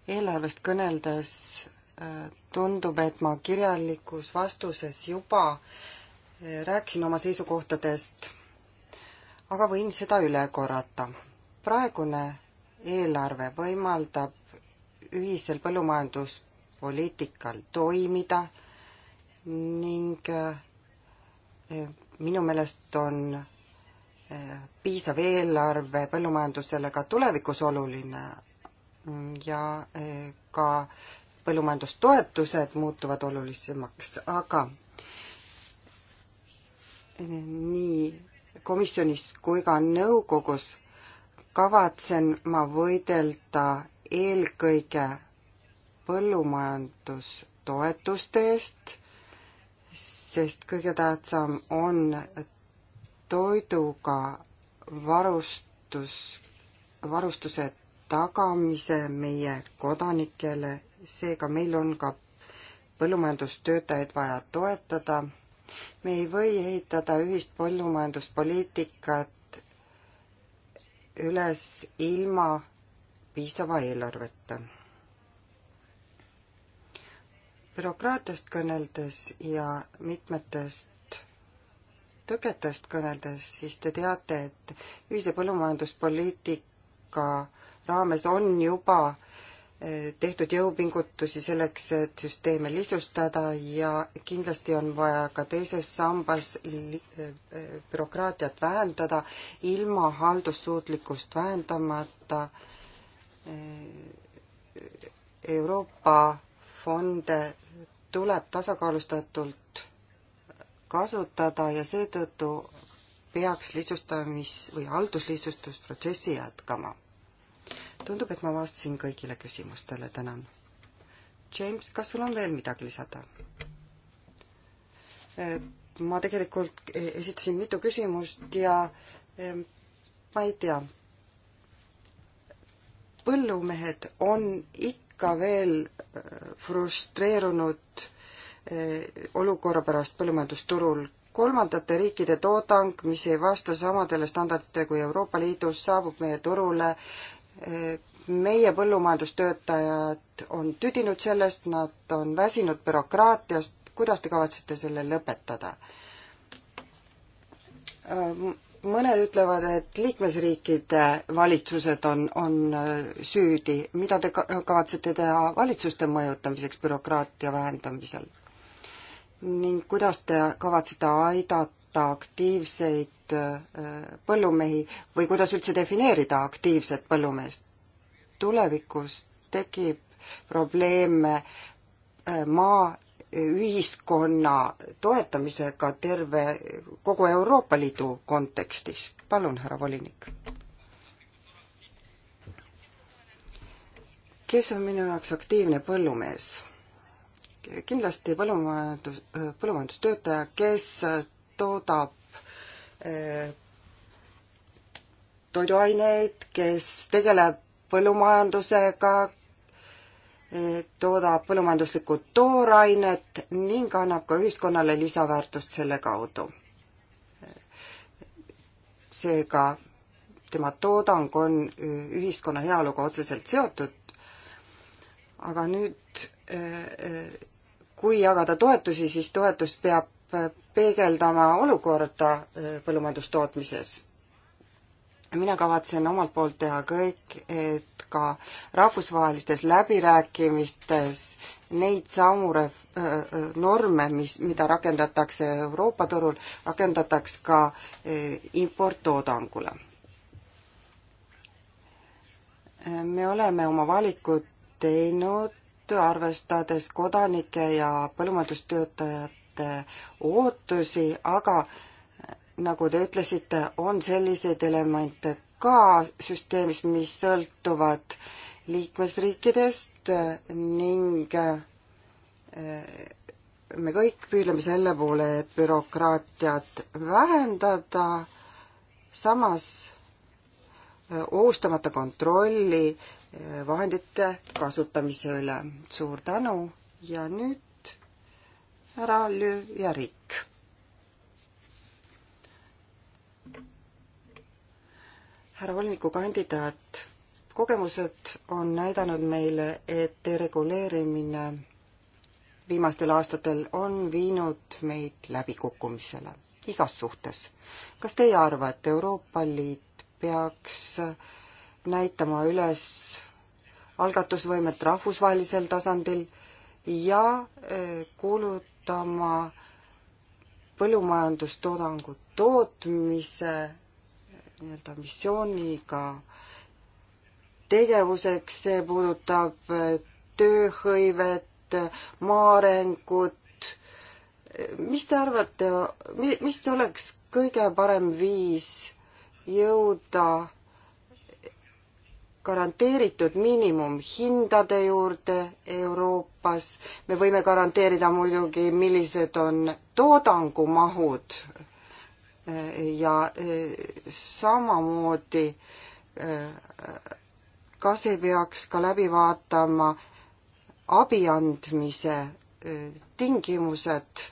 eelarvest kõneldes äh, tundub, et ma kirjalikus vastuses juba äh, rääkisin oma seisukohtadest, aga võin seda üle korrata. praegune eelarve võimaldab ühisel põllumajanduspoliitikal toimida ning äh, minu meelest on eh, piisav eelarve põllumajandusele ka tulevikus oluline ja eh, ka põllumajandustoetused muutuvad olulisemaks, aga eh, nii komisjonis kui ka nõukogus kavatsen ma võidelda eelkõige põllumajandustoetuste eest sest kõige tähtsam on toiduga varustus, varustuse tagamise meie kodanikele, seega meil on ka põllumajandustöötajaid vaja toetada. me ei või ehitada ühist põllumajanduspoliitikat üles ilma piisava eelarveta bürokraatiast kõneldes ja mitmetest tõketest kõneldes, siis te teate, et ühise põllumajanduspoliitika raames on juba eh, tehtud jõupingutusi selleks, et süsteeme lihtsustada ja kindlasti on vaja ka teises sambas eh, bürokraatiat vähendada ilma haldussuutlikkust vähendamata. Eh, Euroopa fonde tuleb tasakaalustatult kasutada ja seetõttu peaks lihtsustamis- või halduslihtsustusprotsessi jätkama. tundub, et ma vastasin kõigile küsimustele, tänan. James, kas sul on veel midagi lisada? ma tegelikult e-, esitasin mitu küsimust ja ma ei tea, põllumehed on ik-, ka veel äh, frustreerunud äh, olukorra pärast põllumajandusturul. kolmandate riikide toodang, mis ei vasta samadele standarditele kui Euroopa Liidus, saabub meie turule. Äh, meie põllumajandustöötajad on tüdinud sellest, nad on väsinud bürokraatiast, kuidas te kavatsete selle lõpetada? mõned ütlevad, et liikmesriikide valitsused on, on äh, süüdi. mida te kavatsete teha valitsuste mõjutamiseks bürokraatia vähendamisel? ning kuidas te kavatsete aidata aktiivseid äh, põllumehi või kuidas üldse defineerida aktiivset põllumeest? tulevikus tekib probleeme äh, maa ühiskonna toetamisega terve, kogu Euroopa Liidu kontekstis. palun, härra volinik. kes on minu jaoks aktiivne põllumees? kindlasti põllumajandus, põllumajandustöötaja, kes toodab eh, toiduaineid, kes tegeleb põllumajandusega, toodab põllumajanduslikku toorainet ning annab ka ühiskonnale lisaväärtust selle kaudu. seega tema toodang on ühiskonna heaoluga otseselt seotud, aga nüüd kui jagada toetusi, siis toetus peab peegeldama olukorda põllumajandustootmises mina kavatsen omalt poolt teha kõik, et ka rahvusvahelistes läbirääkimistes neid samu ref-, norme, mis, mida rakendatakse Euroopa turul, rakendataks ka importtoodangule. me oleme oma valikud teinud, arvestades kodanike ja põllumajandustöötajate ootusi, aga nagu te ütlesite, on selliseid elemente ka süsteemis, mis sõltuvad liikmesriikidest ning eh, me kõik püüdleme selle poole, et bürokraatiat vähendada, samas eh, ohustamata kontrolli eh, vahendite kasutamise üle. suur tänu ja nüüd ära löö ja rikk! härra volinikukandidaat, kogemused on näidanud meile, et dereguleerimine viimastel aastatel on viinud meid läbikukkumisele igas suhtes. kas teie arvate, Euroopa Liit peaks näitama üles algatusvõimet rahvusvahelisel tasandil ja eh, kuulutama põllumajandustoodangu tootmise nii-öelda missiooniga tegevuseks, see puudutab äh, tööhõivet, maaarengut, mis te arvate, mis oleks kõige parem viis jõuda garanteeritud miinimumhindade juurde Euroopas, me võime garanteerida muidugi, millised on toodangumahud ja e, samamoodi e, kas ei peaks ka läbi vaatama abi andmise e, tingimused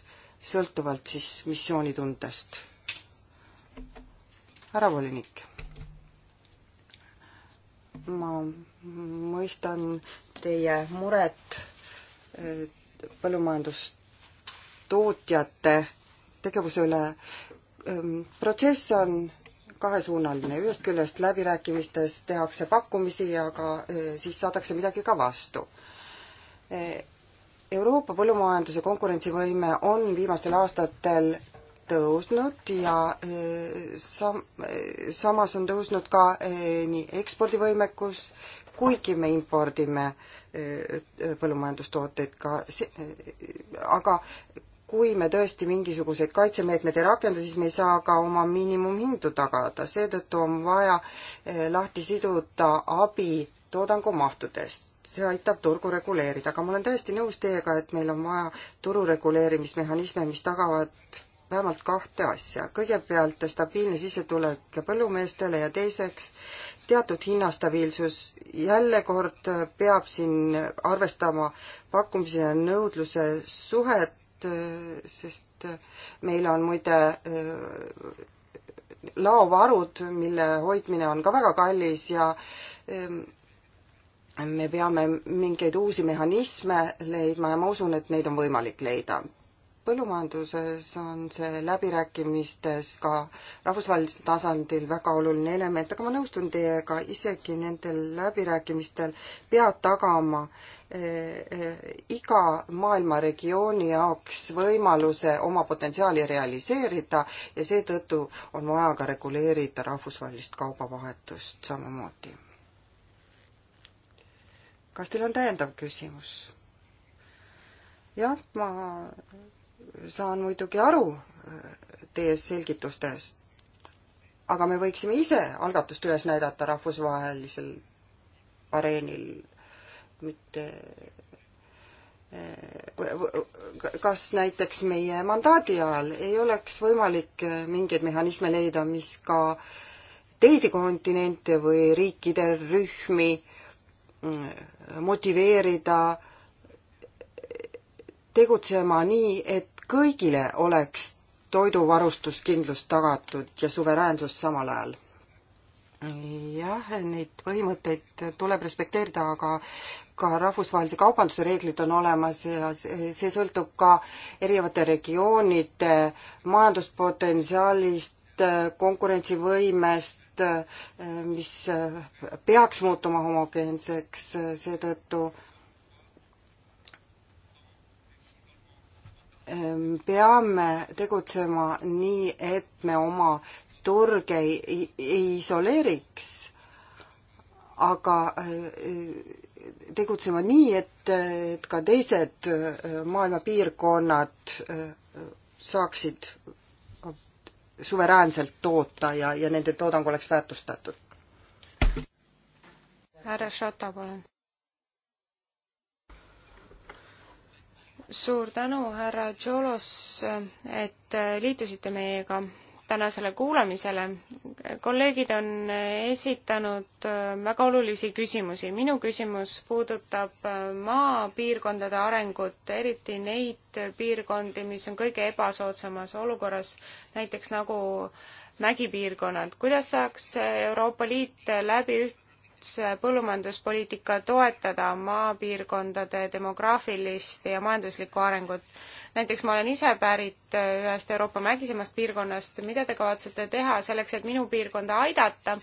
sõltuvalt siis missioonitundest? härra volinik, ma mõistan teie muret põllumajandustootjate tegevuse üle protsess on kahesuunaline, ühest küljest läbirääkimistes tehakse pakkumisi ja ka siis saadakse midagi ka vastu. E, Euroopa põllumajanduse konkurentsivõime on viimastel aastatel tõusnud ja sam-, e, samas on tõusnud ka e, nii ekspordivõimekus, kuigi me impordime põllumajandustooteid ka, aga kui me tõesti mingisuguseid kaitsemeetmeid ei rakenda, siis me ei saa ka oma miinimumhindu tagada, seetõttu on vaja eh, lahti siduda abi toodangu mahtudest see aitab turgu reguleerida, aga ma olen täiesti nõus teiega, et meil on vaja turu reguleerimismehhanisme, mis tagavad vähemalt kahte asja. kõigepealt stabiilne sissetulek põllumeestele ja teiseks teatud hinnastabiilsus. jälle kord peab siin arvestama pakkumise ja nõudluse suhet Äh, sest äh, meil on muide äh, laovarud, mille hoidmine on ka väga kallis ja ähm, me peame mingeid uusi mehhanisme leidma ja ma usun, et neid on võimalik leida. põllumajanduses on see läbirääkimistes ka rahvusvahelisel tasandil väga oluline element, aga ma nõustun teiega, isegi nendel läbirääkimistel peab tagama äh, Eh, iga maailma regiooni jaoks võimaluse oma potentsiaali realiseerida ja seetõttu on vaja ka reguleerida rahvusvahelist kaubavahetust samamoodi. kas teil on täiendav küsimus? jah, ma saan muidugi aru eh, teie selgitustest, aga me võiksime ise algatust üles näidata rahvusvahelisel areenil mitte eh, kas näiteks meie mandaadi ajal ei oleks võimalik eh, mingeid mehhanisme leida, mis ka teisi kontinente või riikide rühmi mm, motiveerida tegutsema nii, et kõigile oleks toiduvarustuskindlus tagatud ja suveräänsus samal ajal? jah, neid põhimõtteid tuleb respekteerida, aga ka rahvusvahelise kaubanduse reeglid on olemas ja see sõltub ka erinevate regioonide majanduspotentsiaalist, konkurentsivõimest, mis peaks muutuma homogeenseks, seetõttu peame tegutsema nii, et me oma turge ei, ei isoleeriks, aga tegutsema nii, et, et ka teised äh, maailma piirkonnad äh, saaksid suveräänselt toota ja, ja nende toodang oleks väärtustatud. härra Šota, palun. suur tänu, härra Tšolos, et äh, liitusite meiega tänasele kuulamisele. kolleegid on esitanud äh, väga olulisi küsimusi. minu küsimus puudutab äh, maapiirkondade arengut, eriti neid piirkondi, mis on kõige ebasoodsamas olukorras, näiteks nagu mägipiirkonnad. kuidas saaks Euroopa Liit läbi üht ühtse põllumajanduspoliitika toetada maapiirkondade demograafilist ja majanduslikku arengut. näiteks ma olen ise pärit äh, ühest Euroopa mägisemast piirkonnast, mida te kavatsete teha selleks, et minu piirkonda aidata?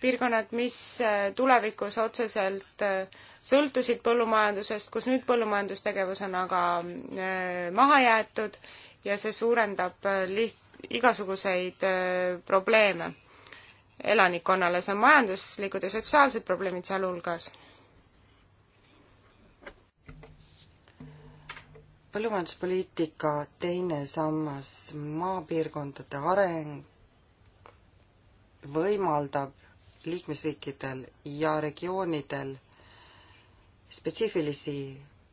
piirkonnad, mis äh, tulevikus otseselt äh, sõltusid põllumajandusest, kus nüüd põllumajandustegevus on aga maha jäetud ja see suurendab liht-, igasuguseid probleeme elanikkonnale, see on majanduslikud ja sotsiaalsed probleemid sealhulgas. põllumajanduspoliitika teine sammas, maapiirkondade areng võimaldab liikmesriikidel ja regioonidel spetsiifilisi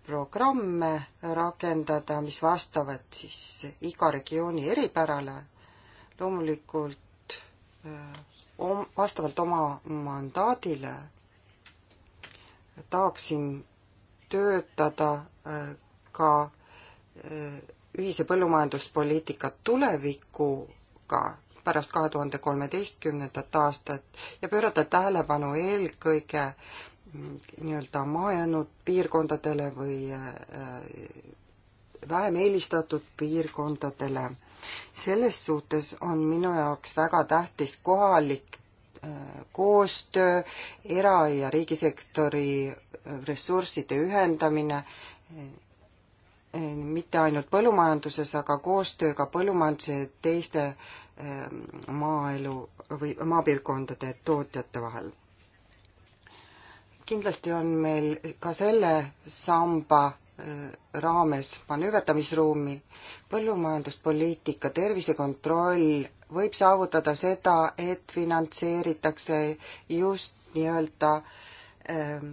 programme rakendada, mis vastavad siis iga regiooni eripärale. loomulikult äh, om-, vastavalt oma mandaadile tahaksin töötada äh, ka äh, ühise põllumajanduspoliitika tulevikuga pärast kahe tuhande kolmeteistkümnendat aastat ja pöörata tähelepanu eelkõige nii-öelda maajäänud piirkondadele või äh, vähem eelistatud piirkondadele selles suhtes on minu jaoks väga tähtis kohalik äh, koostöö, era- ja riigisektori äh, ressursside ühendamine, äh, mitte ainult põllumajanduses, aga koostööga põllumajanduse ja teiste maaelu või maapiirkondade tootjate vahel. kindlasti on meil ka selle samba raames manööverdamisruumi, põllumajanduspoliitika tervisekontroll võib saavutada seda, et finantseeritakse just nii-öelda ähm,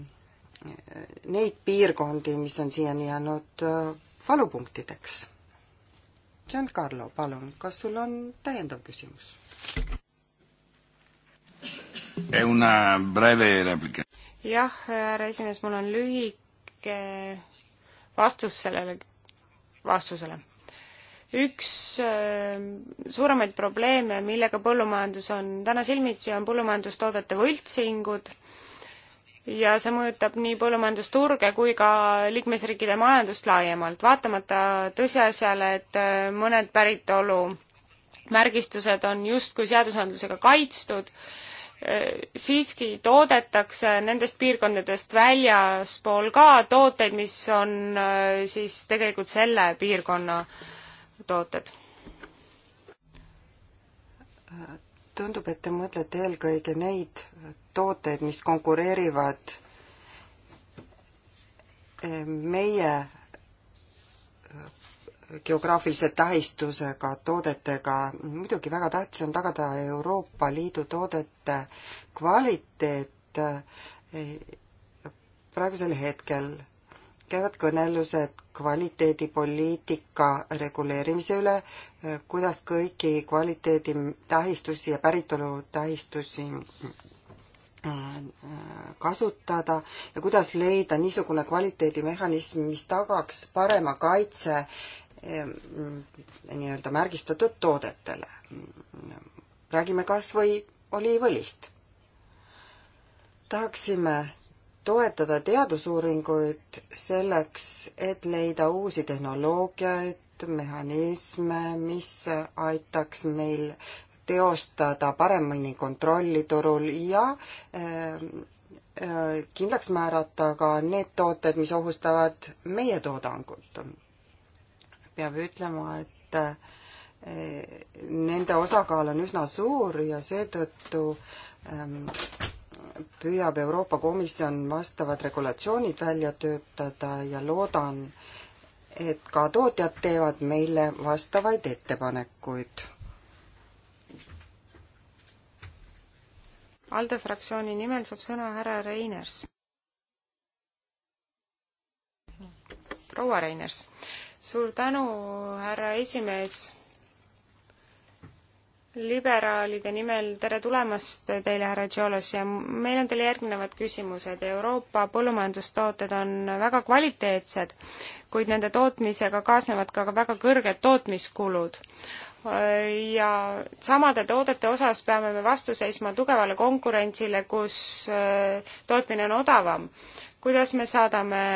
neid piirkondi, mis on siiani jäänud äh, valupunktideks. Giancarlo, palun, kas sul on täiendav küsimus? jah, härra esimees, mul on lühike vastus sellele vastusele. üks äh, suuremaid probleeme, millega põllumajandus on täna silmitsi, on põllumajandustoodete võltsingud ja see mõjutab nii põllumajandusturge kui ka liikmesriikide majandust laiemalt, vaatamata tõsiasjale, et äh, mõned päritolu märgistused on justkui seadusandlusega kaitstud Eh, siiski toodetakse nendest piirkondadest väljaspool ka tooteid, mis on eh, siis tegelikult selle piirkonna tooted? tundub, et te mõtlete eelkõige neid tooteid, mis konkureerivad eh, meie geograafilise tähistusega toodetega. muidugi väga tähtis on tagada Euroopa Liidu toodete kvaliteet. praegusel hetkel käivad kõnelused kvaliteedipoliitika reguleerimise üle, kuidas kõiki kvaliteedi tähistusi ja päritolu tähistusi äh, äh, kasutada ja kuidas leida niisugune kvaliteedimehhanism, mis tagaks parema kaitse Eh, nii-öelda märgistatud toodetele. räägime kas või oliivõlist. tahaksime toetada teadusuuringuid selleks, et leida uusi tehnoloogiaid, mehhanisme, mis aitaks meil teostada paremini kontrolli turul ja äh, kindlaks määrata ka need tooted, mis ohustavad meie toodangut peab ütlema, et eh, nende osakaal on üsna suur ja seetõttu ehm, püüab Euroopa Komisjon vastavad regulatsioonid välja töötada ja loodan, et ka tootjad teevad meile vastavaid ettepanekuid. ALDE fraktsiooni nimel saab sõna härra Reiners. proua Reiners, suur tänu, härra esimees. liberaalide nimel tere tulemast teile, härra Tšolos ja meil on teile järgnevad küsimused. Euroopa põllumajandustooted on väga kvaliteetsed, kuid nende tootmisega kaasnevad ka väga kõrged tootmiskulud ja samade toodete osas peame me vastu seisma tugevale konkurentsile, kus äh, tootmine on odavam kuidas me saadame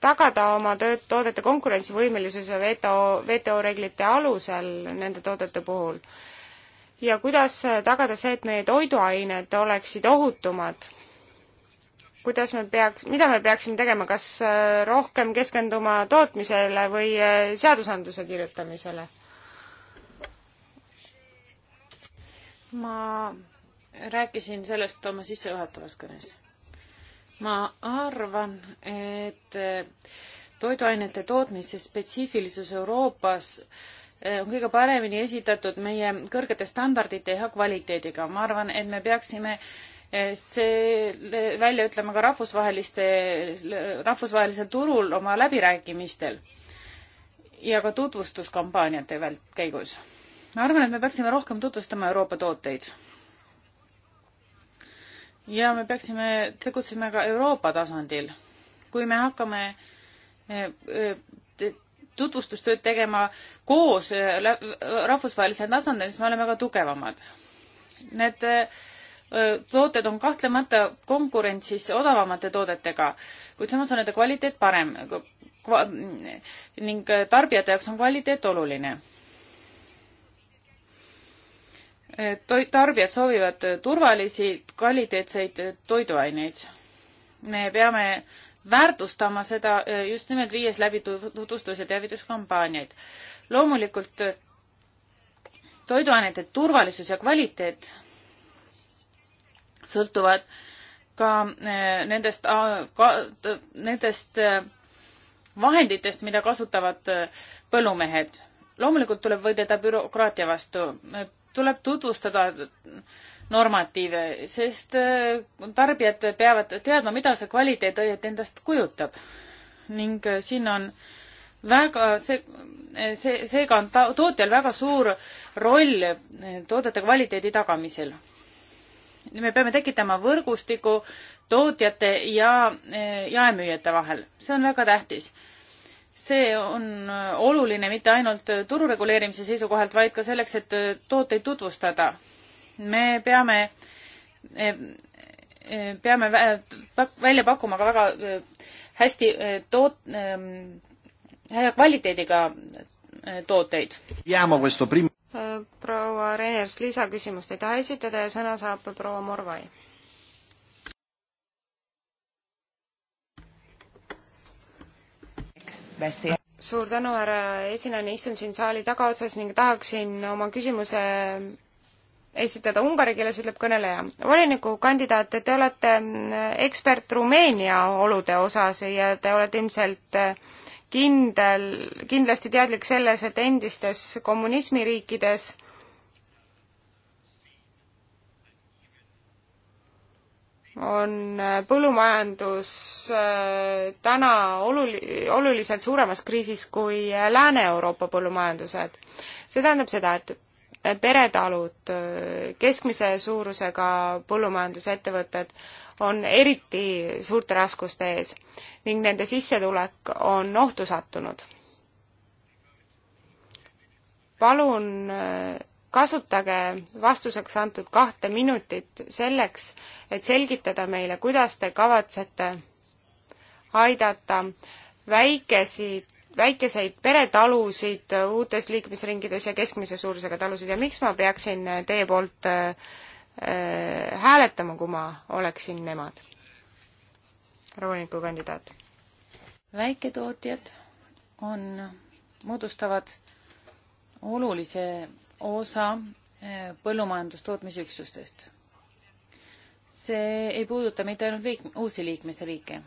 tagada oma tööd, toodete konkurentsivõimelisuse WTO, WTO reeglite alusel nende toodete puhul. ja kuidas tagada see, et meie toiduained oleksid ohutumad. kuidas me peaks, mida me peaksime tegema, kas äh, rohkem keskenduma tootmisele või äh, seadusandluse kirjutamisele? ma rääkisin sellest oma sissejuhatavas kõnes ma arvan, et eh, toiduainete tootmise spetsiifilisus Euroopas eh, on kõige paremini esitatud meie kõrgete standardite ja kvaliteediga. ma arvan, et me peaksime eh, selle välja ütlema ka rahvusvaheliste, rahvusvahelisel turul oma läbirääkimistel ja ka tutvustuskampaaniate käigus. ma arvan, et me peaksime rohkem tutvustama Euroopa tooteid ja me peaksime tegutsema ka Euroopa tasandil. kui me hakkame eh, eh, tutvustustööd tegema koos eh, rahvusvahelisel tasandil, siis me oleme ka tugevamad. Need tooted on kahtlemata konkurentsis odavamate toodetega, kuid samas on nende kvaliteet parem Kva ning tarbijate jaoks on kvaliteet oluline tarbijad soovivad turvalisi, kvaliteetseid toiduaineid. me peame väärtustama seda eh, just nimelt viies läbi tutvustus- ja teavituskampaaniaid. loomulikult eh, toiduainete turvalisus ja kvaliteet sõltuvad ka eh, nendest, ka nendest vahenditest, mida kasutavad põllumehed. loomulikult tuleb võidelda bürokraatia vastu tuleb tutvustada normatiive, sest äh, tarbijad peavad teadma, mida see kvaliteet endast kujutab. ning äh, siin on väga, see, äh, see, seega on ta-, tootjal väga suur roll toodete kvaliteedi tagamisel. me peame tekitama võrgustiku tootjate ja jaemüüjate vahel, see on väga tähtis see on oluline mitte ainult turu reguleerimise seisukohalt, vaid ka selleks, et tooteid tutvustada. me peame, peame välja pakkuma ka väga äh, hästi äh, toot-, ähm, hea kvaliteediga äh, tooteid. proua Reiners, lisaküsimust ei taha esitada ja sõna saab proua Morvai suur tänu, härra esinejana, istun siin saali tagaotsas ning tahaksin oma küsimuse esitada ungari keeles, ütleb kõneleja. volinikukandidaat, te olete ekspert Rumeenia olude osas ja te olete ilmselt kindel, kindlasti teadlik selles, et endistes kommunismiriikides on äh, põllumajandus äh, täna oluli-, oluliselt suuremas kriisis kui äh, Lääne-Euroopa põllumajandused. see tähendab seda, et peretalud, keskmise suurusega põllumajandusettevõtted on eriti suurte raskuste ees ning nende sissetulek on ohtu sattunud. palun kasutage vastuseks antud kahte minutit selleks, et selgitada meile, kuidas te kavatsete aidata väikesid, väikeseid peretalusid uutes liikmesringides ja keskmise suurusega talusid ja miks ma peaksin teie poolt äh, äh hääletama, kui ma oleksin nemad? rahuliikukandidaat. väiketootjad on, moodustavad olulise osa eh, põllumajandustootmisüksustest. see ei puuduta mitte ainult liik-, uusi liikmesriike.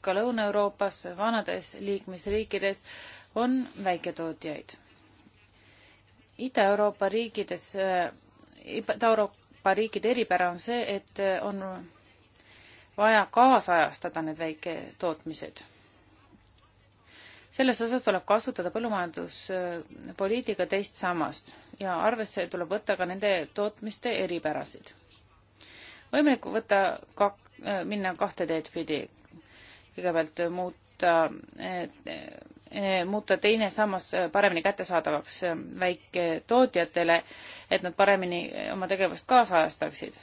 ka Lõuna-Euroopas, vanades liikmesriikides on väiketootjaid. Ida-Euroopa riikides, eh, Ida-Euroopa riikide eripära on see, et eh, on vaja kaasajastada need väiketootmised selles osas tuleb kasutada põllumajanduspoliitika teist sammast ja arvesse tuleb võtta ka nende tootmiste eripärasid. võimalik võtta ka, äh, minna kahte teed pidi. kõigepealt muuta, äh, äh, muuta teine sammas paremini kättesaadavaks väiketootjatele, et nad paremini oma tegevust kaasajastaksid.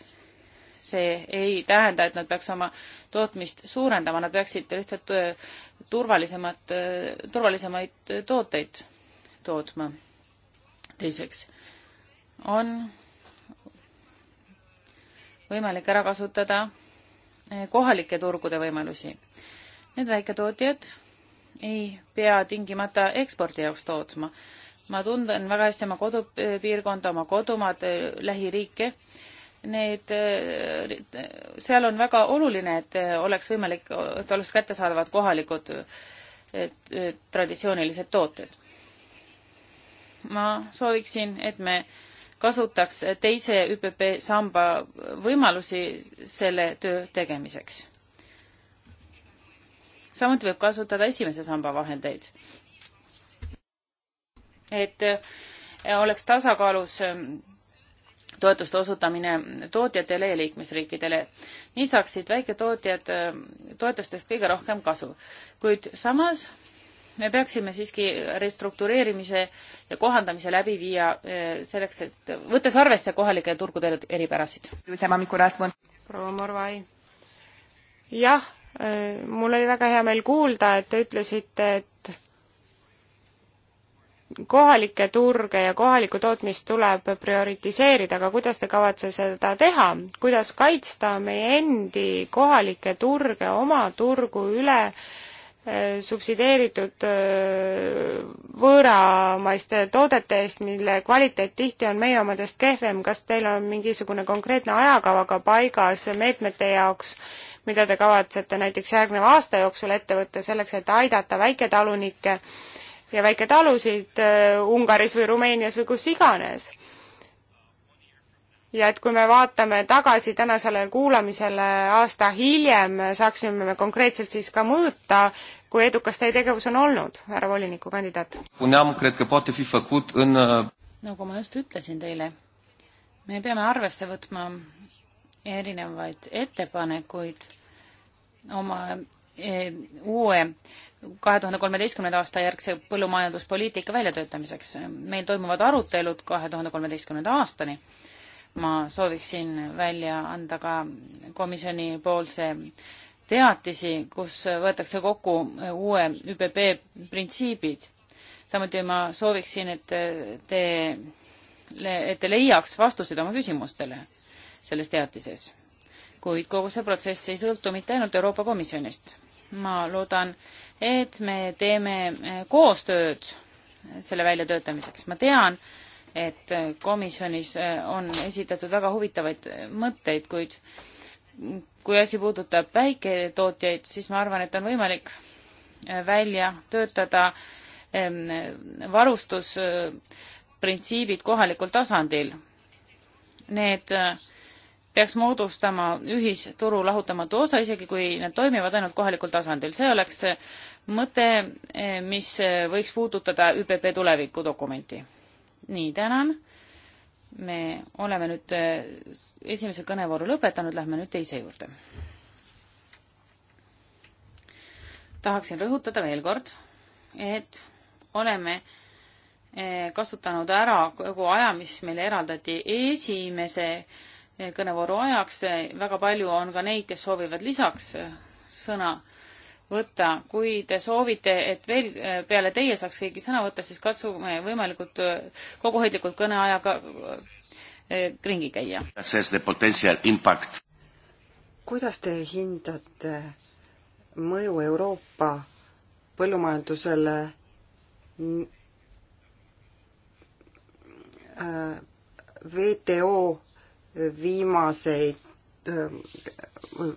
see ei tähenda, et nad peaks oma tootmist suurendama, nad peaksid lihtsalt turvalisemat, turvalisemaid tooteid tootma teiseks on võimalik ära kasutada eh, kohalike turgude võimalusi. Need väiketootjad ei pea tingimata ekspordi jaoks tootma. ma tunnen väga hästi oma kodupiirkonda, eh, oma kodumaad, eh, lähiriike. Need, seal on väga oluline, et oleks võimalik, et oleks kättesaadavad kohalikud traditsioonilised tooted ma sooviksin, et me kasutaks teise ÜPP samba võimalusi selle töö tegemiseks. samuti võib kasutada esimese samba vahendeid. et oleks tasakaalus ähm, toetuste osutamine tootjatele ja liikmesriikidele. nii saaksid väiketootjad ähm, toetustest kõige rohkem kasu. kuid samas me peaksime siiski restruktureerimise ja kohandamise läbi viia eh, selleks, et võttes arvesse kohalike turgude eripärasid. proua Morvai. jah, eh, mul oli väga hea meel kuulda, et te ütlesite, et kohalikke turge ja kohalikku tootmist tuleb prioritiseerida, aga kuidas te kavatse seda teha, kuidas kaitsta meie endi kohalikke turge, oma turgu üle äh, subsideeritud võõramaiste toodete eest, mille kvaliteet tihti on meie omadest kehvem, kas teil on mingisugune konkreetne ajakava ka paigas meetmete jaoks, mida te kavatsete näiteks järgneva aasta jooksul ette võtta selleks, et aidata väiketalunikke ja väiketalusid Ungaris või Rumeenias või kus iganes? ja et kui me vaatame tagasi tänasele kuulamisele aasta hiljem, saaksime me konkreetselt siis ka mõõta, kui edukas teie tegevus on olnud, härra volinikukandidaat? nagu ma just ütlesin teile, me peame arvesse võtma erinevaid ettepanekuid oma e, uue kahe tuhande kolmeteistkümnenda aasta järgse põllumajanduspoliitika väljatöötamiseks. meil toimuvad arutelud kahe tuhande kolmeteistkümnenda aastani ma sooviksin välja anda ka komisjoni poolse teatisi, kus võetakse kokku uue ÜPP printsiibid. samuti ma sooviksin, et te, et te leiaks vastuseid oma küsimustele selles teatises. kuid kogu see protsess ei sõltu mitte ainult Euroopa Komisjonist. ma loodan, et me teeme koostööd selle väljatöötamiseks. ma tean, et komisjonis äh, on esitatud väga huvitavaid äh, mõtteid, kuid kui asi puudutab väiketootjaid, siis ma arvan, et on võimalik äh, välja töötada ähm, varustusprintsiibid kohalikul tasandil. Need peaks moodustama ühisturu lahutamatu osa, isegi kui need toimivad ainult kohalikul tasandil. see oleks mõte, mis võiks puudutada ÜPP tulevikudokumenti nii, tänan. me oleme nüüd äh, esimese kõnevooru lõpetanud, lähme nüüd teise juurde. tahaksin rõhutada veel kord, et oleme äh, kasutanud ära kogu aja, mis meile eraldati esimese äh, kõnevooru ajaks. väga palju on ka neid, kes soovivad lisaks sõna võtta. kui te soovite, et veel äh, peale teie saaks keegi sõna võtta, siis katsume võimalikult äh, kokkuhoidlikult kõneajaga äh, ringi käia. kuidas te hindate mõju Euroopa põllumajandusele WTO viimaseid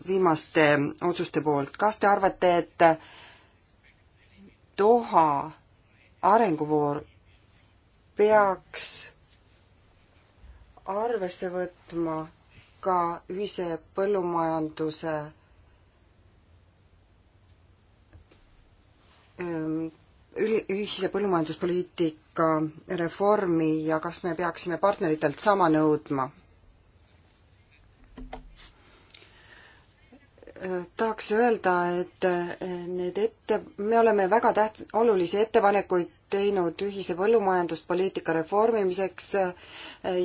viimaste otsuste poolt, kas te arvate, et Doha arenguvoor peaks arvesse võtma ka ühise põllumajanduse ühise põllumajanduspoliitika reformi ja kas me peaksime partneritelt sama nõudma? tahaks öelda, et eh, need ette, me oleme väga täht-, olulisi ettepanekuid teinud ühise põllumajanduspoliitika reformimiseks eh,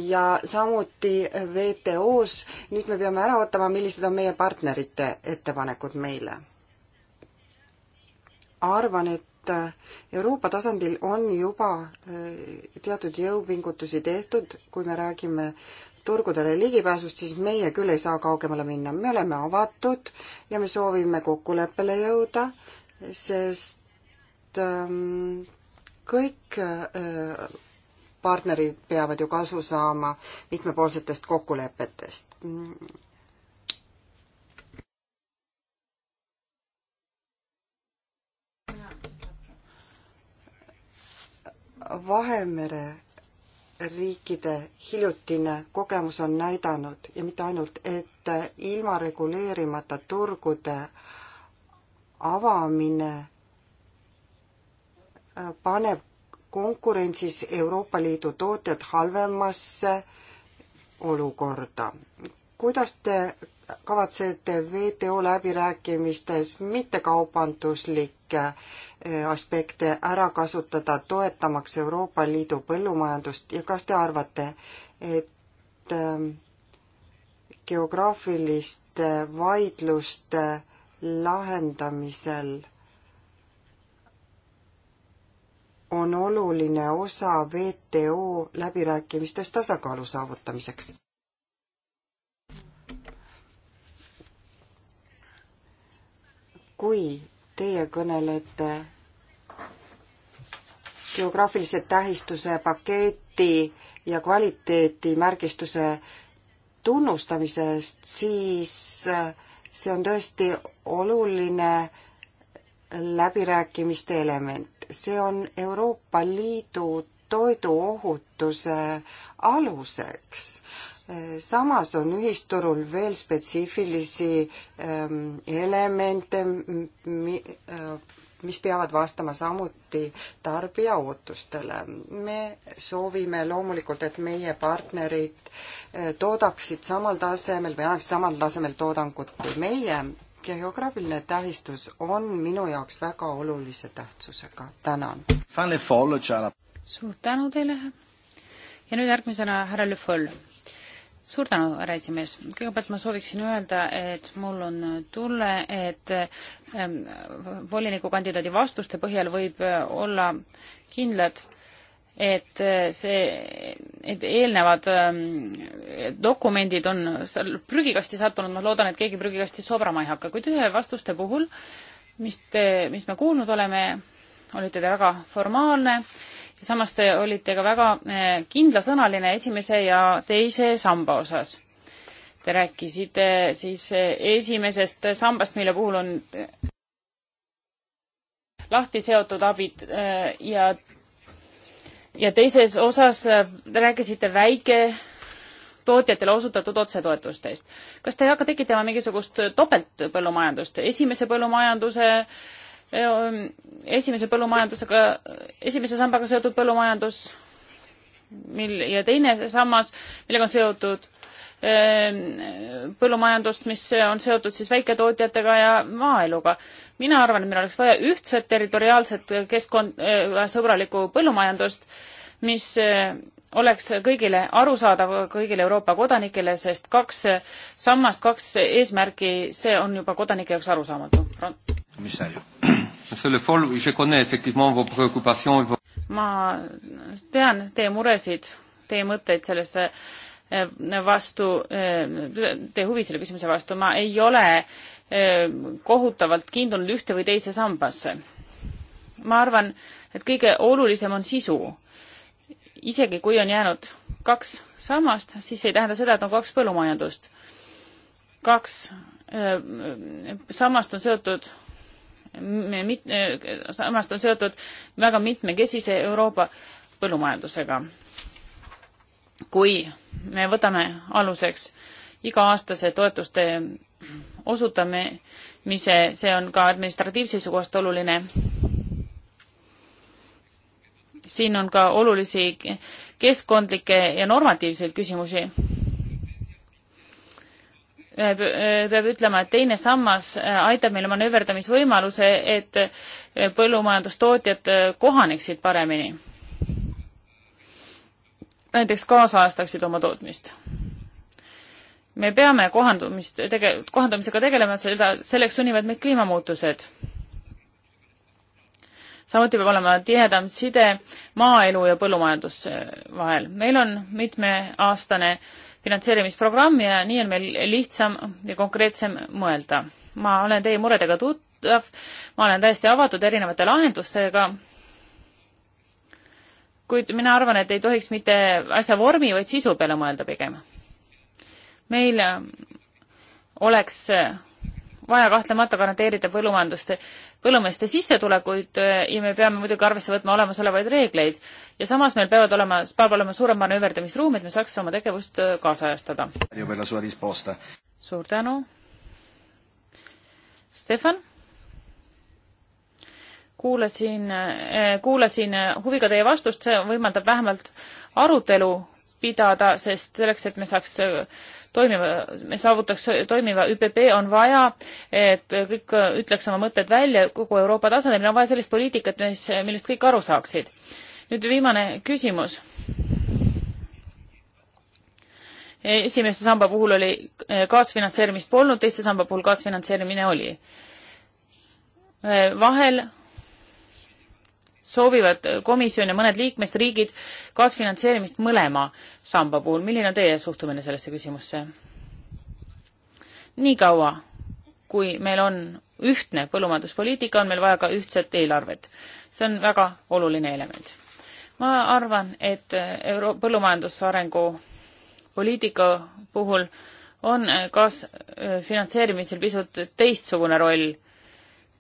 ja samuti WTO-s. nüüd me peame ära ootama, millised on meie partnerite ettepanekud meile. arvan, et eh, Euroopa tasandil on juba teatud jõupingutusi tehtud, kui me räägime turgudele ligipääsust, siis meie küll ei saa kaugemale minna. me oleme avatud ja me soovime kokkuleppele jõuda, sest ähm, kõik äh, partnerid peavad ju kasu saama mitmepoolsetest kokkulepetest. Vahemere riikide hiljutine kogemus on näidanud ja mitte ainult, et ilma reguleerimata turgude avamine äh, paneb konkurentsis Euroopa Liidu tootjad halvemasse olukorda. kuidas te kavatsete WTO läbirääkimistes mittekaubanduslik kõiki eh, aspekte ära kasutada, toetamaks Euroopa Liidu põllumajandust ja kas te arvate, et ehm, geograafiliste vaidluste lahendamisel on oluline osa WTO läbirääkimistes tasakaalu saavutamiseks? kui teie kõnelete geograafilise tähistuse paketi ja kvaliteedimärgistuse tunnustamisest, siis äh, see on tõesti oluline läbirääkimiste element. see on Euroopa Liidu toiduohutuse aluseks samas on ühisturul veel spetsiifilisi ähm, elemente, äh, mis peavad vastama samuti tarbija ootustele. me soovime loomulikult, et meie partnerid äh, toodaksid samal tasemel või annaksid samal tasemel toodangut kui meie. geograafiline tähistus on minu jaoks väga olulise tähtsusega. tänan. suur tänu teile. ja nüüd järgmisena härra Le Foll suur tänu, härra esimees. kõigepealt ma sooviksin öelda, et mul on tunne, et ähm, volinikukandidaadi vastuste põhjal võib äh, olla kindlad, et äh, see, et eelnevad ähm, dokumendid on seal prügikasti sattunud, ma loodan, et keegi prügikasti sobrama ei hakka, kuid ühe vastuste puhul, mis te, mis me kuulnud oleme, olite te väga formaalne äh, samas te olite ka väga eh, kindlasõnaline esimese ja teise samba osas. Te rääkisite siis eh, esimesest sambast, mille puhul on eh, lahti seotud abid ja, ja teises osas rääkisite väike tootjatele osutatud otsetoetustest. kas te ei hakka tekitama mingisugust topeltpõllumajandust, esimese põllumajanduse äh, Ähm, esimese põllumajandusega, esimese sambaga seotud põllumajandus, mil- ja teine sammas, millega on seotud ähm, põllumajandust, mis on seotud siis väiketootjatega ja maaeluga. mina arvan, et meil oleks vaja ühtset territoriaalset keskkond, äh, sõbralikku põllumajandust, mis äh, oleks kõigile arusaadav, kõigile Euroopa kodanikele, sest kaks sammast, kaks eesmärki, see on juba kodanike jaoks arusaamatu. ma tean teie muresid, teie mõtteid sellesse eh, vastu, eh, teie huvi selle küsimuse vastu, ma ei ole eh, kohutavalt kiindunud ühte või teise sambasse. ma arvan, et kõige olulisem on sisu isegi kui on jäänud kaks sammast, siis ei tähenda seda, et on kaks põllumajandust. kaks sammast on seotud mit-, sammast on seotud väga mitmekesise Euroopa põllumajandusega. kui me võtame aluseks iga-aastase toetuste osutamise, see on ka administratiivseisukohast oluline siin on ka olulisi keskkondlikke ja normatiivseid küsimusi. peab ütlema, et teine sammas aitab meile manööverdamisvõimaluse, et põllumajandustootjad kohaneksid paremini. näiteks kaasajastaksid oma tootmist me peame kohandumist tege-, kohandumisega tegelema, seda, selleks sunnivad meid kliimamuutused samuti peab olema tihedam side maaelu ja põllumajanduse äh, vahel. meil on mitmeaastane finantseerimisprogramm ja nii on meil lihtsam ja konkreetsem mõelda. ma olen teie muredega tuttav, ma olen täiesti avatud erinevate lahendustega, kuid mina arvan, et ei tohiks mitte asja vormi, vaid sisu peale mõelda pigem. meil äh, oleks äh, vaja kahtlemata garanteerida põllumajandust, põllumeeste sissetulekuid äh, ja me peame muidugi arvesse võtma olemasolevaid reegleid. ja samas meil peavad olema, peab olema suurem manööverdamisruum, et me saaks oma tegevust äh, kaasajastada. suur tänu. Stefan? kuulasin, äh, kuulasin huviga teie vastust, see võimaldab vähemalt arutelu pidada, sest selleks, et me saaks toimiva, me saavutaks toimiva ÜPP, on vaja, et kõik ütleks oma mõtted välja kogu Euroopa tasandil, meil on vaja sellist poliitikat, mis, millest kõik aru saaksid. nüüd viimane küsimus. esimese samba puhul oli eh, kaasfinantseerimist polnud, teise samba puhul kaasfinantseerimine oli. Eh, vahel soovivad komisjon ja mõned liikmesriigid kaasfinantseerimist mõlema samba puhul. milline on teie suhtumine sellesse küsimusse? niikaua, kui meil on ühtne põllumajanduspoliitika, on meil vaja ka ühtset eelarvet. see on väga oluline element. ma arvan, et euro-, põllumajandusarengu poliitika puhul on kaasfinantseerimisel pisut teistsugune roll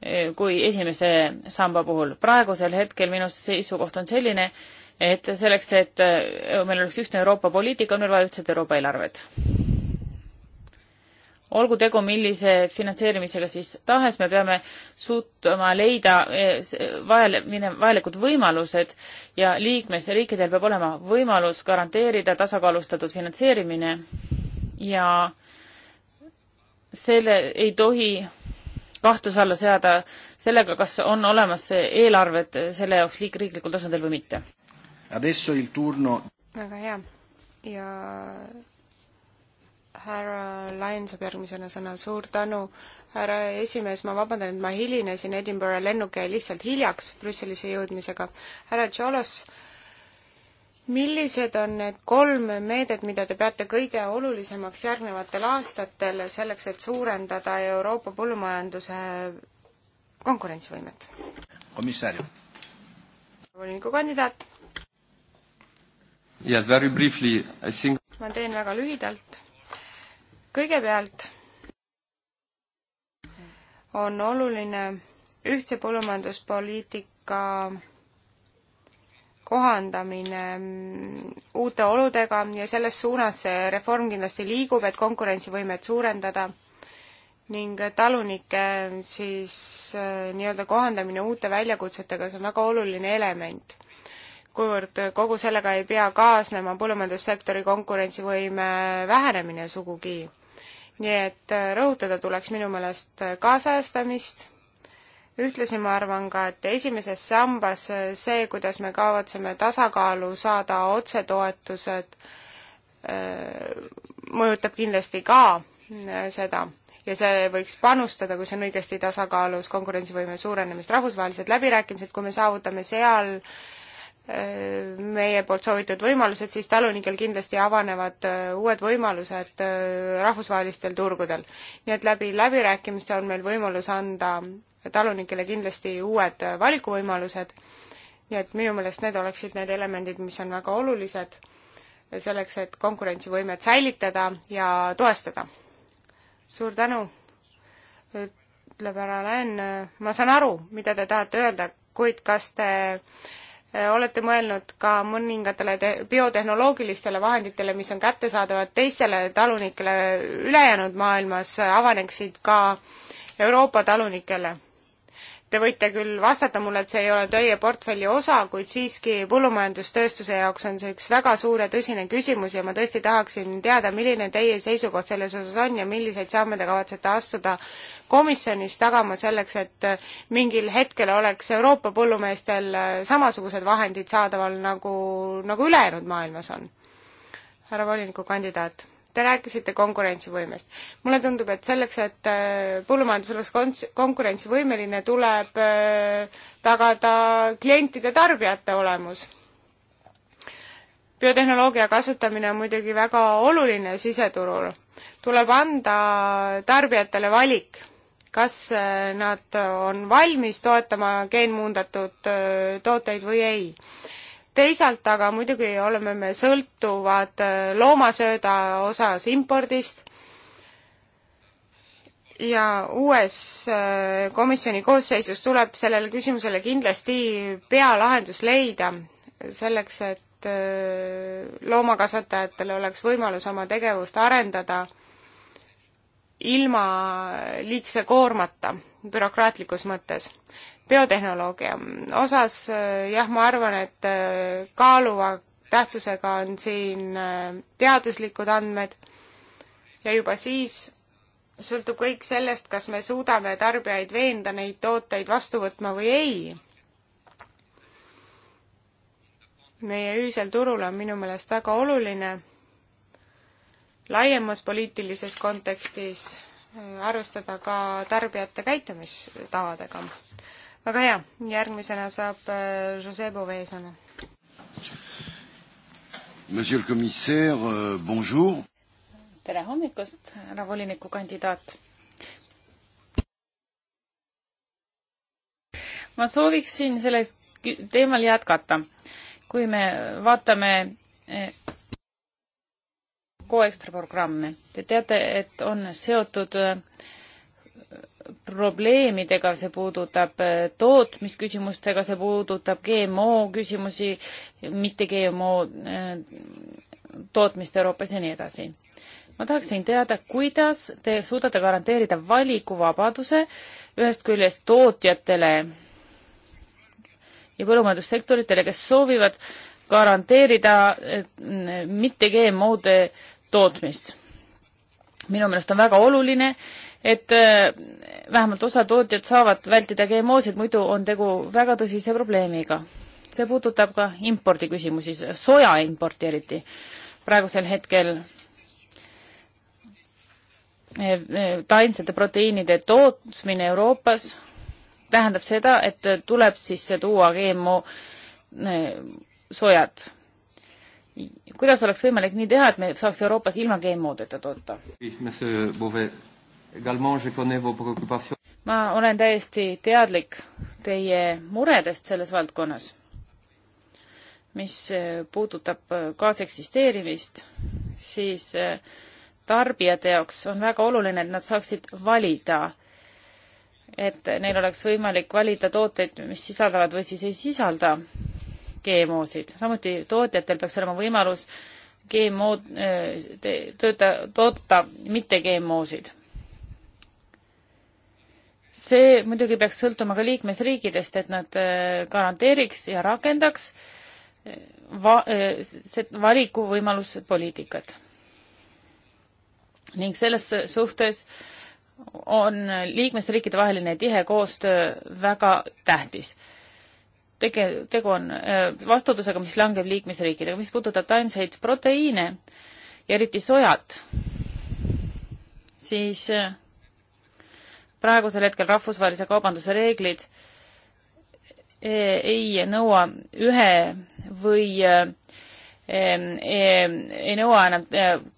Eh, kui esimese samba puhul. praegusel hetkel minu seisukoht on selline, et selleks, et eh, meil oleks ühtne Euroopa poliitika, on meil vaja ühtset Euroopa eelarvet. olgu tegu millise finantseerimisega siis tahes, me peame suutma leida vajal-, eh, vajalikud võimalused ja liikmesriikidel peab olema võimalus garanteerida tasakaalustatud finantseerimine ja selle ei tohi kahtluse alla seada sellega, kas on olemas eelarved selle jaoks liik-, riiklikul tasandil või mitte. väga hea ja härra Lain saab järgmisena sõna, suur tänu, härra esimees, ma vabandan, et ma hilinesin, Edinburgh lennuk jäi lihtsalt hiljaks Brüsselisse jõudmisega. härra Tšolos äh, millised on need kolm meedet, mida te peate kõige olulisemaks järgnevatel aastatel selleks, et suurendada Euroopa põllumajanduse konkurentsivõimet? komissar. volinikukandidaat. Yes, very briefly, I think ma teen väga lühidalt. kõigepealt on oluline ühtse põllumajanduspoliitika kohandamine mm, uute oludega ja selles suunas see reform kindlasti liigub, et konkurentsivõimet suurendada ning talunike mm, siis äh, nii-öelda kohandamine uute väljakutsetega, see on väga oluline element. kuivõrd kogu sellega ei pea kaasnema põllumajandussektori konkurentsivõime vähenemine sugugi. nii et äh, rõhutada tuleks minu meelest äh, kaasajastamist ühtlasi ma arvan ka, et esimeses sambas äh, see, kuidas me kavatseme tasakaalu saada otsetoetused, äh, mõjutab kindlasti ka äh, seda ja see võiks panustada, kui see on õigesti tasakaalus, konkurentsivõime suurenemist, rahvusvahelised läbirääkimised, kui me saavutame seal meie poolt soovitud võimalused, siis talunikel kindlasti avanevad uued võimalused rahvusvahelistel turgudel. nii et läbi läbirääkimiste on meil võimalus anda talunikele kindlasti uued valikuvõimalused, nii et minu meelest need oleksid need elemendid, mis on väga olulised selleks, et konkurentsivõimet säilitada ja toestada. suur tänu, ütleb härra Länn, ma saan aru, mida te tahate öelda, kuid kas te olete mõelnud ka mõningatele te-, biotehnoloogilistele vahenditele, mis on kättesaadavad teistele talunikele ülejäänud maailmas, avaneksid ka Euroopa talunikele? Te võite küll vastata mulle, et see ei ole teie portfelli osa, kuid siiski põllumajandustööstuse jaoks on see üks väga suur ja tõsine küsimus ja ma tõesti tahaksin teada, milline teie seisukoht selles osas on ja milliseid samme te kavatsete astuda komisjonis tagama selleks, et mingil hetkel oleks Euroopa põllumeestel samasugused vahendid saadaval nagu, nagu ülejäänud maailmas on? härra volinikukandidaat Te rääkisite konkurentsivõimest. mulle tundub, et selleks, et äh, põllumajandus oleks konkurentsivõimeline, tuleb äh, tagada klientide tarbijate olemus biotehnoloogia kasutamine on muidugi väga oluline siseturul. tuleb anda tarbijatele valik, kas äh, nad on valmis toetama geenmuundatud tooteid või ei teisalt aga muidugi oleme me sõltuvad äh, loomasööda osas impordist ja uues äh, komisjoni koosseisus tuleb sellele küsimusele kindlasti pealahendus leida, selleks et äh, loomakasvatajatel oleks võimalus oma tegevust arendada ilma liigse koormata bürokraatlikus mõttes. biotehnoloogia osas eh, jah, ma arvan, et eh, kaaluva tähtsusega on siin eh, teaduslikud andmed ja juba siis sõltub kõik sellest, kas me suudame tarbijaid veenda neid tooteid vastu võtma või ei. meie ühisel turul on minu meelest väga oluline laiemas poliitilises kontekstis arvestada ka tarbijate käitumistavadega. väga hea, järgmisena saab äh, Jose Bove sõna. Monsieur le commissaire, euh, bonjour. tere hommikust, härra volinikukandidaat ma sooviksin sellel teemal jätkata. kui me vaatame eh, Coextra programmi. Te teate, et on seotud äh, probleemidega, see puudutab äh, tootmisküsimustega, see puudutab GMO küsimusi, mitte GMO äh, tootmist Euroopas ja nii edasi. ma tahaksin teada, kuidas te suudate garanteerida valikuvabaduse ühest küljest tootjatele ja põllumajandussektoritele, kes soovivad garanteerida mitte GMO-de äh, tootmist. minu meelest on väga oluline, et äh, vähemalt osa tootjad saavad vältida GMO-sid, muidu on tegu väga tõsise probleemiga. see puudutab ka impordi küsimusi, soja importi eriti. praegusel hetkel äh, äh, taimsete proteiinide tootmine Euroopas tähendab seda, et tuleb sisse tuua GMO sojad kuidas oleks võimalik nii teha, et me saaks Euroopas ilma GMO-deta toota? ma olen täiesti teadlik teie muredest selles valdkonnas, mis puudutab kaaseksisteerimist, siis eh, tarbijate jaoks on väga oluline, et nad saaksid valida, et neil oleks võimalik valida tooteid, mis sisaldavad või siis ei sisalda GMO-sid. samuti tootjatel peaks olema võimalus GMO, eh, tööta, toota mitte GMO-sid. see muidugi peaks sõltuma ka liikmesriikidest, et nad eh, garanteeriks ja rakendaks eh, va-, valikuvõimalus poliitikat. ning selles suhtes on liikmesriikide vaheline tihe koostöö väga tähtis tege-, tegu on äh, vastutusega, mis langeb liikmesriikidega, mis puudutab taimseid proteiine ja eriti sojat, siis äh, praegusel hetkel rahvusvahelise kaubanduse reeglid äh, ei nõua ühe või ei nõua enam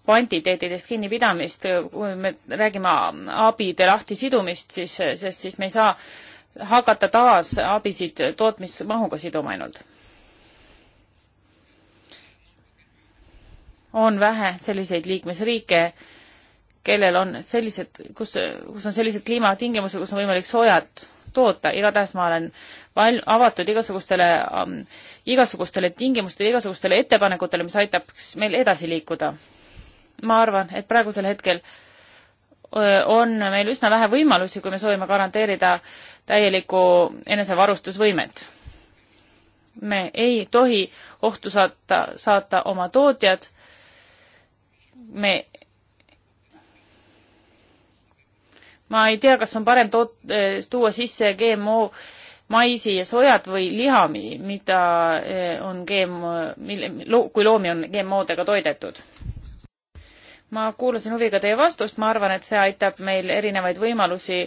kvantiteetidest kinnipidamist, kui me räägime abide lahtisidumist, siis, sest siis me ei saa hakata taas abisid tootmismahuga siduma ainult. on vähe selliseid liikmesriike, kellel on sellised, kus, kus on sellised kliimatingimused, kus on võimalik soojad toota, igatahes ma olen val-, avatud igasugustele ähm,, igasugustele tingimustele, igasugustele ettepanekutele, mis aitaks meil edasi liikuda. ma arvan, et praegusel hetkel äh, on meil üsna vähe võimalusi, kui me soovime garanteerida täielikku enesevarustusvõimet. me ei tohi ohtu saata, saata oma tootjad, me ma ei tea, kas on parem toot-, tuua sisse GMO maisi ja sojad või lihami, mida on GMO, mille, kui loomi on GMO-dega toidetud ma kuulasin huviga teie vastust, ma arvan, et see aitab meil erinevaid võimalusi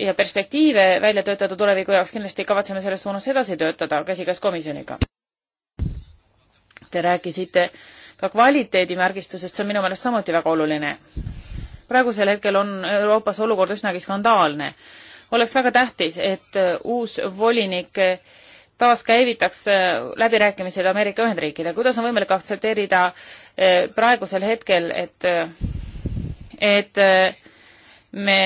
ja perspektiive välja töötada tuleviku jaoks, kindlasti kavatseme selles suunas edasi töötada käsikäes komisjoniga. Te rääkisite ka kvaliteedimärgistusest, see on minu meelest samuti väga oluline. praegusel hetkel on Euroopas olukord üsnagi skandaalne. oleks väga tähtis, et uus volinik taaskäivitaks läbirääkimised Ameerika Ühendriikidega, kuidas on võimalik aktsepteerida eh, praegusel hetkel, et, eh, et eh, me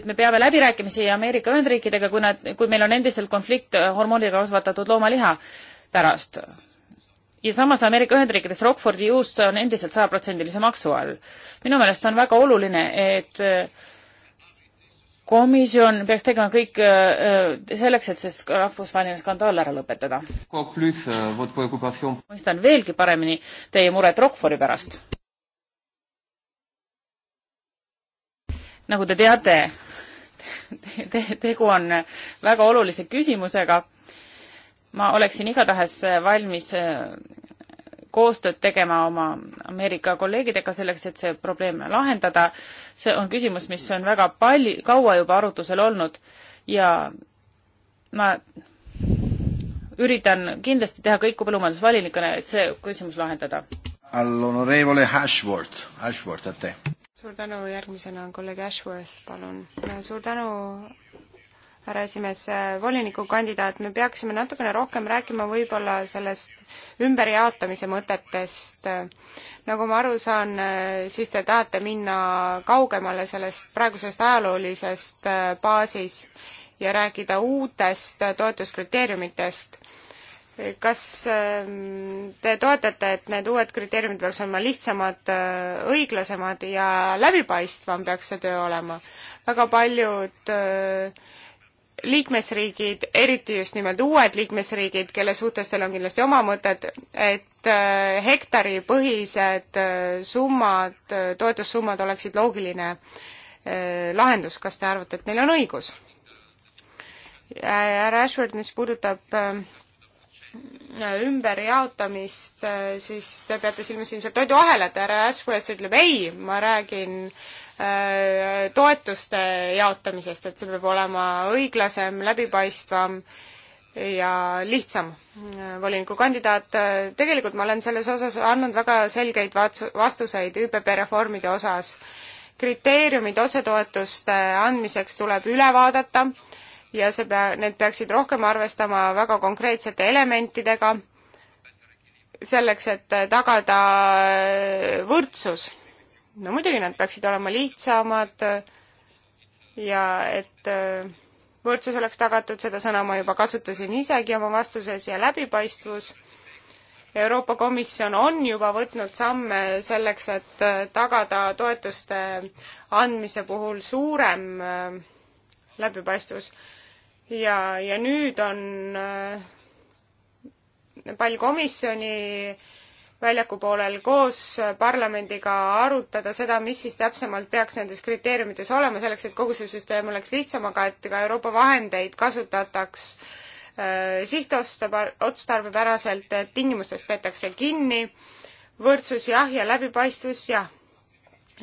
et me peame läbirääkimisi Ameerika Ühendriikidega, kui nad, kui meil on endiselt konflikt hormoonidega kasvatatud loomaliha pärast ja samas Ameerika Ühendriikides Rockfordi juust on endiselt sajaprotsendilise maksu all. minu meelest on väga oluline, et äh, komisjon peaks tegema kõik äh, selleks, et see rahvusvaheline skandaal ära lõpetada. Euh, mõistan veelgi paremini teie muret Rockfori pärast. nagu te teate te, te, tegu on väga olulise küsimusega ma oleksin igatahes äh, valmis äh, koostööd tegema oma Ameerika kolleegidega selleks, et see probleem lahendada. see on küsimus, mis on väga palju, kaua juba arutusel olnud ja ma üritan kindlasti teha kõik kui põllumajandusvalinikuna, et see küsimus lahendada. All'onorevole Ashworth, Ashworth, ate. suur tänu, järgmisena on kolleeg Ashworth, palun. suur tänu, härra esimees, volinikukandidaat, me peaksime natukene rohkem rääkima võib-olla sellest ümberjaotamise mõtetest. nagu ma aru saan, siis te tahate minna kaugemale sellest praegusest ajaloolisest äh, baasist ja rääkida uutest toetuskriteeriumitest kas ähm, te toetate, et need uued kriteeriumid peaks olema lihtsamad, äh, õiglasemad ja läbipaistvam peaks see töö olema? väga paljud äh, liikmesriigid, eriti just nimelt uued liikmesriigid, kelle suhtes teil on kindlasti oma mõtted, et äh, hektaripõhised äh, summad, äh, toetussummad oleksid loogiline lahendus, kas te arvate, et neil on õigus? härra Ashford, mis puudutab ümberjaotamist, siis te peate silmas ilmselt toiduahelat, härra Ashford ütleb ei, ma räägin äh, Äh, toetuste jaotamisest, et see peab olema õiglasem, läbipaistvam ja lihtsam volinikukandidaat. tegelikult ma olen selles osas andnud väga selgeid vastuseid ÜPP reformide osas. kriteeriumid otsetoetuste andmiseks tuleb üle vaadata ja see pea, need peaksid rohkem arvestama väga konkreetsete elementidega, selleks et tagada võrdsus no muidugi nad peaksid olema lihtsamad ja et äh, võrdsus oleks tagatud, seda sõna ma juba kasutasin isegi oma vastuses, ja läbipaistvus. Euroopa Komisjon on juba võtnud samme selleks, et äh, tagada toetuste andmise puhul suurem äh, läbipaistvus. ja, ja nüüd on pall komisjoni äh, väljaku poolel koos parlamendiga arutada seda, mis siis täpsemalt peaks nendes kriteeriumites olema, selleks et kogu see süsteem oleks lihtsam, aga et ka Euroopa vahendeid kasutataks äh, sihtotstarbepäraselt, et tingimustest peetakse kinni, võrdsus jah ja läbipaistvus jah.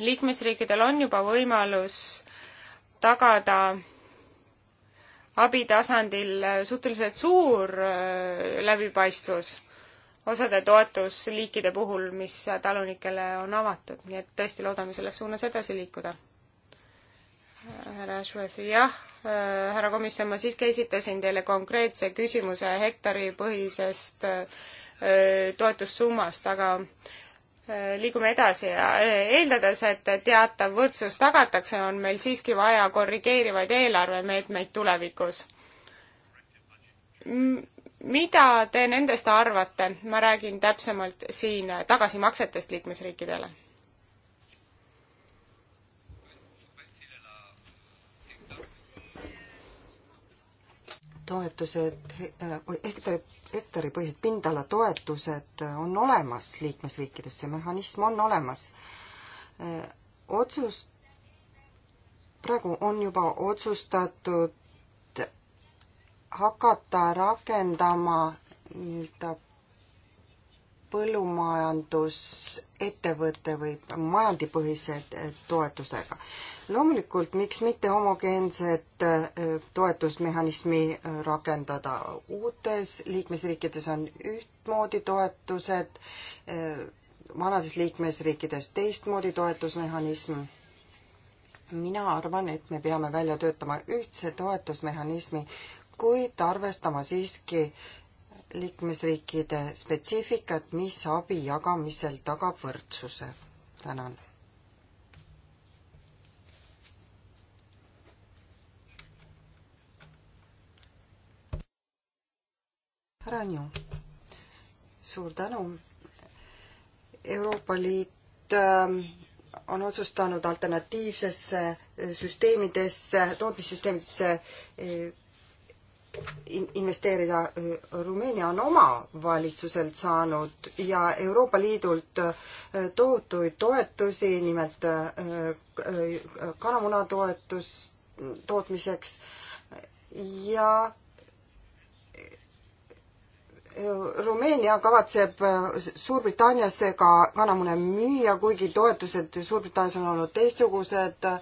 liikmesriikidel on juba võimalus tagada abitasandil suhteliselt suur äh, läbipaistvus osade toetusliikide puhul, mis talunikele on avatud, nii et tõesti loodame selles suunas edasi liikuda. härra Švefi, jah, härra komisjon, ma siiski esitasin teile konkreetse küsimuse hektaripõhisest toetussummast, aga liigume edasi ja eeldades, et teatav võrdsus tagatakse, on meil siiski vaja korrigeerivaid eelarvemeetmeid tulevikus mida te nendest arvate, ma räägin täpsemalt siin tagasimaksetest liikmesriikidele? toetused, eh, hektari, hektaripõhised pindalatoetused on olemas liikmesriikides, see mehhanism on olemas. Eh, otsus, praegu on juba otsustatud hakata rakendama nii-öelda põllumajandusettevõtte või majandipõhise eh, toetusega. loomulikult, miks mitte homogeenset eh, toetusmehhanismi eh, rakendada, uutes liikmesriikides on ühtmoodi toetused, vanades liikmesriikides teistmoodi toetusmehhanism, mina arvan, et me peame välja töötama ühtse toetusmehhanismi, kuid arvestama siiski liikmesriikide spetsiifikat, mis abi jagamisel tagab võrdsuse. tänan. härra Anju, suur tänu. Euroopa Liit ähm, on otsustanud alternatiivsesse süsteemidesse, tootmissüsteemidesse äh, investeerida. Äh, Rumeenia on oma valitsuselt saanud ja Euroopa Liidult äh, tohutuid toetusi, nimelt äh, kanamuna toetus tootmiseks ja Rumeenia kavatseb Suurbritanniasse ka kanamune müüa, kuigi toetused Suurbritannias on olnud teistsugused äh,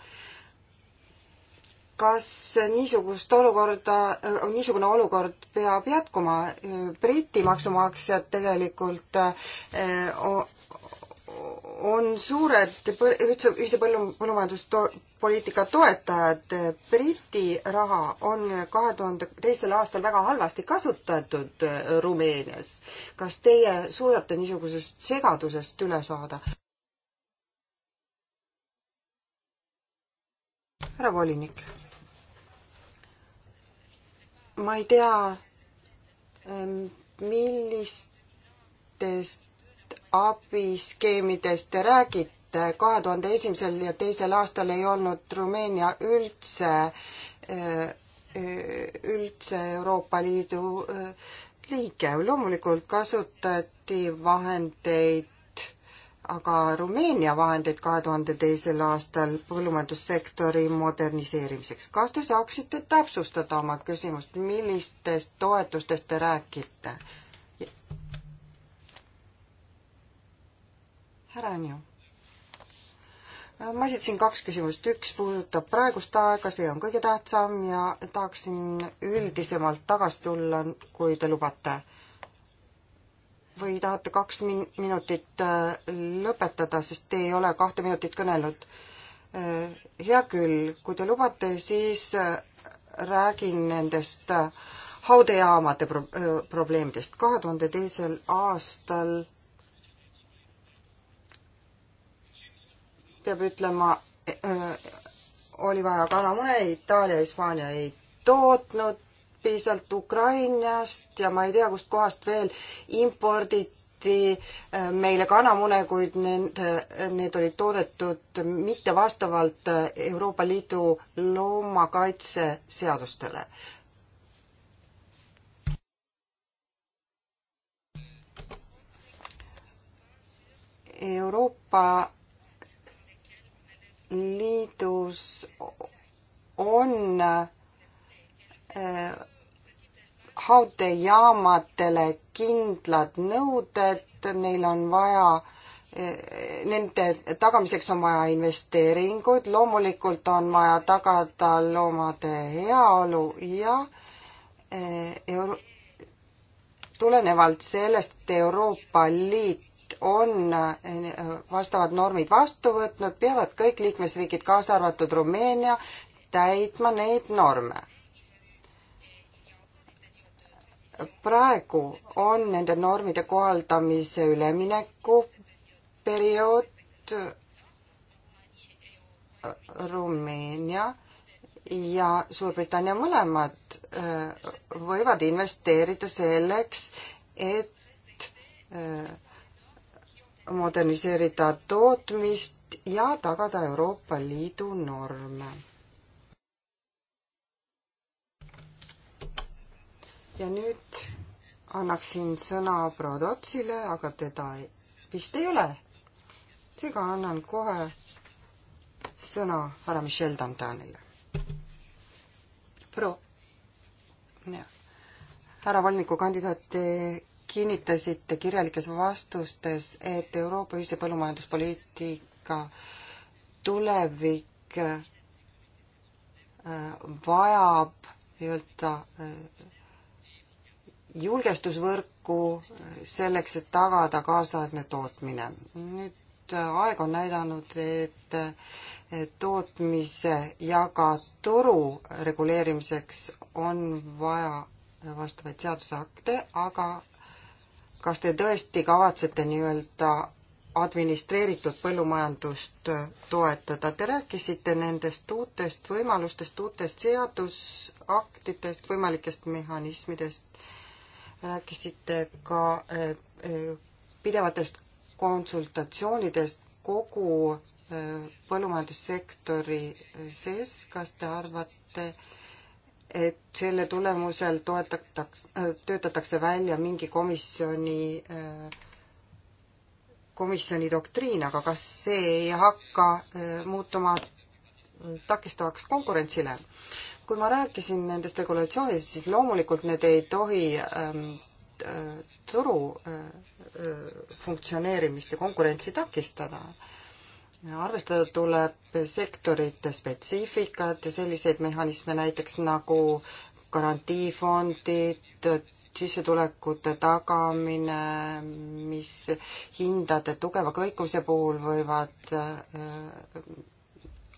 kas niisugust olukorda, niisugune olukord peab jätkuma? Briti maksumaksjad tegelikult eh, on suured üldse ühise põllu, põllumajanduspoliitika toetajad. Briti raha on kahe tuhande teistel aastal väga halvasti kasutatud eh, Rumeenias. kas teie suudate niisugusest segadusest üle saada? härra volinik ma ei tea, millistest abiskeemidest te räägite, kahe tuhande esimesel ja teisel aastal ei olnud Rumeenia üldse, e, e, üldse Euroopa Liidu e, liige. loomulikult kasutati vahendeid aga Rumeenia vahendeid kahe tuhande teisel aastal põllumajandussektori moderniseerimiseks. kas te saaksite täpsustada oma küsimust, millistest toetustest te räägite? härra Anju ma esitasin kaks küsimust, üks puudutab praegust aega, see on kõige tähtsam ja tahaksin üldisemalt tagasi tulla, kui te lubate või tahate kaks min-, minutit äh, lõpetada, sest te ei ole kahte minutit kõnelnud? Äh, hea küll, kui te lubate, siis äh, räägin nendest haudejaamade pro-, probleemidest. kahe tuhande teisel aastal peab ütlema, oli vaja kanamune, Itaalia, Hispaania ei tootnud, piisavalt Ukrainast ja ma ei tea, kustkohast veel imporditi äh, meile kanamune, kuid need, äh, need olid toodetud mitte vastavalt äh, Euroopa Liidu loomakaitseseadustele. Euroopa Liidus on äh, Äh, haudejaamadele kindlad nõuded, neil on vaja äh, Nende tagamiseks on vaja investeeringuid, loomulikult on vaja tagada loomade heaolu ja äh, euro-, tulenevalt sellest, et Euroopa Liit on vastavad normid vastu võtnud, peavad kõik liikmesriigid, kaasa arvatud Rumeenia, täitma neid norme praegu on nende normide kohaldamise üleminekuperiood äh, Rumeenia ja Suurbritannia mõlemad äh, võivad investeerida selleks, et äh, moderniseerida tootmist ja tagada Euroopa Liidu norme ja nüüd annaksin sõna proua Tootsile, aga teda ei, vist ei ole. seega annan kohe sõna härra Michel Dantanile. proua, härra volinikukandidaat, te kinnitasite kirjalikes vastustes, et Euroopa ühise põllumajanduspoliitika tulevik äh, vajab nii-öelda äh, julgestusvõrku selleks, et tagada kaasaegne tootmine. nüüd äh, aeg on näidanud, et tootmise ja ka turu reguleerimiseks on vaja vastavaid seadusakte, aga kas te tõesti kavatsete nii-öelda administreeritud põllumajandust äh, toetada. Te rääkisite nendest uutest võimalustest, uutest seadusaktidest, võimalikest mehhanismidest rääkisite ka eh, eh, pidevatest konsultatsioonidest kogu eh, põllumajandussektori sees, kas te arvate, et selle tulemusel toetataks, töötatakse välja mingi komisjoni, komisjoni doktriin, aga kas see ei hakka muutuma takistavaks konkurentsile? kui ma rääkisin nendest regulatsioonidest, siis loomulikult need ei tohi ähm, äh, turu äh, äh, funktsioneerimist ja konkurentsi takistada. arvestada tuleb sektorite spetsiifikat ja selliseid mehhanisme näiteks nagu garantiifondid, sissetulekute tagamine, mis hindade tugeva kõikumise puhul võivad äh,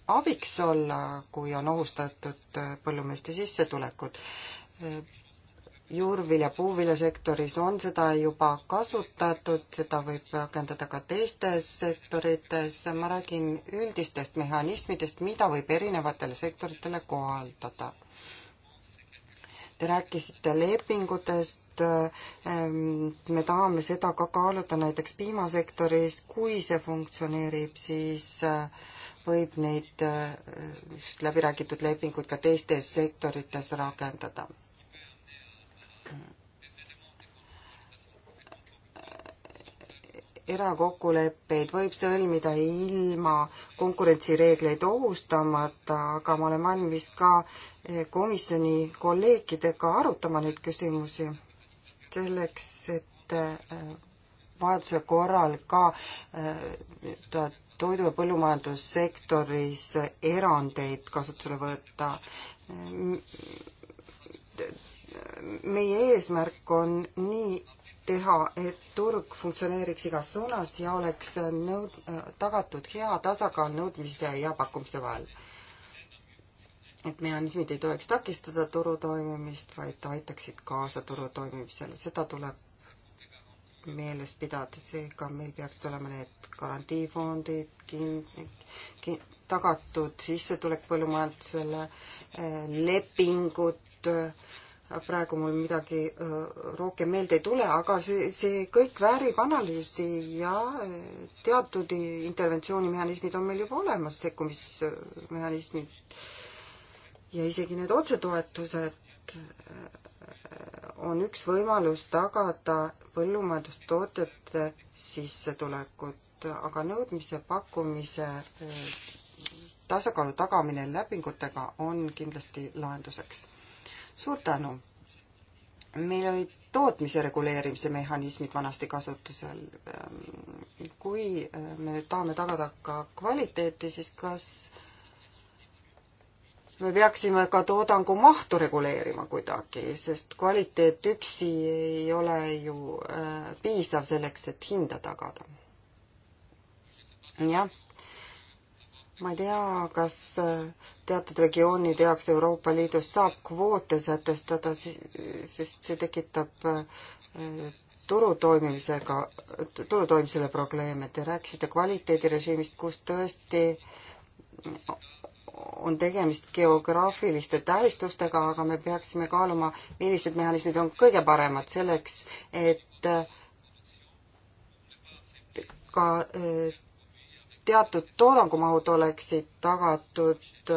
abiks olla, kui on ohustatud põllumeeste sissetulekud. juurvilja, puuviljasektoris on seda juba kasutatud, seda võib rakendada ka teistes sektorites, ma räägin üldistest mehhanismidest, mida võib erinevatele sektoritele kohaldada. Te rääkisite lepingutest, ehm, me tahame seda ka kaaluda näiteks piimasektoris, kui see funktsioneerib, siis äh, võib neid äh, just läbi räägitud lepinguid ka teistes sektorites rakendada. erakokkuleppeid võib sõlmida ilma konkurentsireegleid ohustamata, aga ma olen valmis ka eh, komisjoni kolleegidega arutama neid küsimusi selleks, et eh, vajaduse korral ka eh, nii-öelda toidu- ja põllumajandussektoris erandeid kasutusele võtta. meie eesmärk on nii teha, et turg funktsioneeriks igas suunas ja oleks nõud-, tagatud hea tasakaal nõudmise ja pakkumise vahel. et mehhanismid ei tohiks takistada turu toimimist, vaid aitaksid kaasa turu toimimisele, seda tuleb meeles pidada, seega meil peaksid olema need garantiifondid kin-, kin-, tagatud sissetulek põllumajandusele, eh, lepingud, eh, praegu mul midagi eh, rohkem meelde ei tule, aga see, see kõik väärib analüüsi ja teatud interventsioonimehhanismid on meil juba olemas, sekkumismehhanismid ja isegi need otsetoetused, on üks võimalus tagada põllumajandustootjate sissetulekut, aga nõudmise pakkumise äh, tasakaalu tagamine lepingutega on kindlasti lahenduseks. suur tänu! meil olid tootmise reguleerimise mehhanismid vanasti kasutusel. Ehm, kui äh, me nüüd tahame tagada ka kvaliteeti, siis kas me peaksime ka toodangu mahtu reguleerima kuidagi, sest kvaliteet üksi ei ole ju äh, piisav selleks, et hinda tagada. jah, ma ei tea, kas äh, teatud regioonide jaoks Euroopa Liidus saab kvoote sätestada, sest see tekitab äh, turu toimimisega, turu toimimisele probleeme. Te rääkisite kvaliteedirežiimist, kus tõesti on tegemist geograafiliste tähistustega, aga me peaksime kaaluma, millised mehhanismid on kõige paremad selleks, et ka teatud toodangumahud oleksid tagatud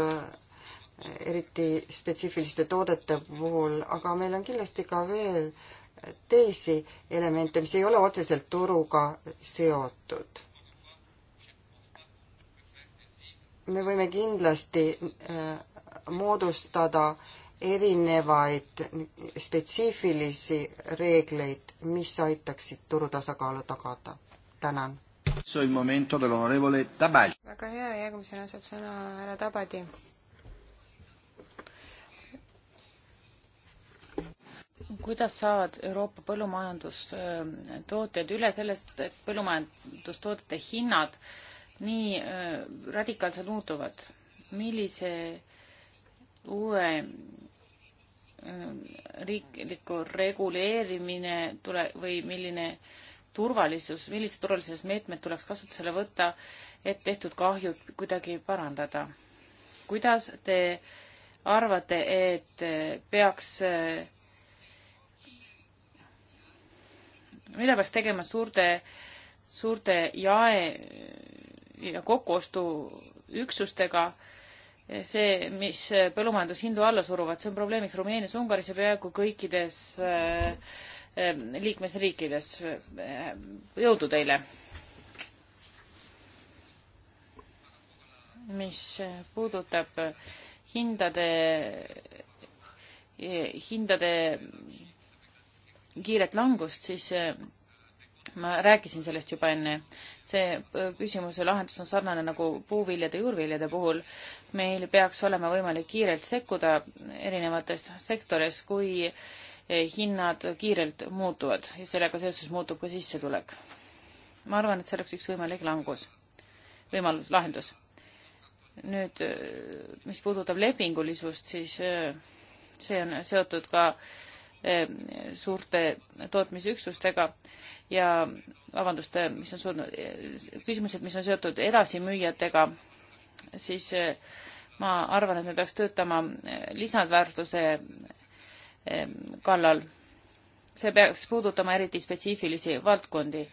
eriti spetsiifiliste toodete puhul, aga meil on kindlasti ka veel teisi elemente, mis ei ole otseselt turuga seotud me võime kindlasti äh, moodustada erinevaid spetsiifilisi reegleid, mis aitaksid turu tasakaalu tagada. tänan. väga hea, järgmisena saab sõna härra Tabadi. kuidas saavad Euroopa põllumajandustootjad üle sellest, et põllumajandustoodete hinnad äh, nii äh, radikaalselt muutuvad. millise uue äh, riikliku reguleerimine tule- või milline turvalisus, millised turvalisusmeetmed tuleks kasutusele võtta, et tehtud kahjud kuidagi parandada? kuidas te arvate, et äh, peaks, mida peaks tegema suurte, suurte jae ja kokkuostuüksustega. see, mis põllumajandushindu alla suruvad, see on probleemiks Rumeenias, Ungaris ja peaaegu kõikides äh, äh, liikmesriikides. jõudu teile! mis puudutab hindade, hindade kiiret langust, siis äh, ma rääkisin sellest juba enne. see äh, küsimuse lahendus on sarnane nagu puuviljade, juurviljade puhul. meil peaks olema võimalik kiirelt sekkuda erinevates sektoris, kui eh, hinnad kiirelt muutuvad ja sellega seoses muutub ka sissetulek. ma arvan, et see oleks üks võimalik langus, võimalus, lahendus. nüüd, äh, mis puudutab lepingulisust, siis äh, see on seotud ka äh, Ehm, suurte tootmisüksustega ja vabandust, ehm, mis on surnud, eh, küsimused, mis on seotud edasimüüjatega, siis eh, ma arvan, et me peaks töötama eh, lisandväärtuse ehm, kallal. see peaks puudutama eriti spetsiifilisi valdkondi.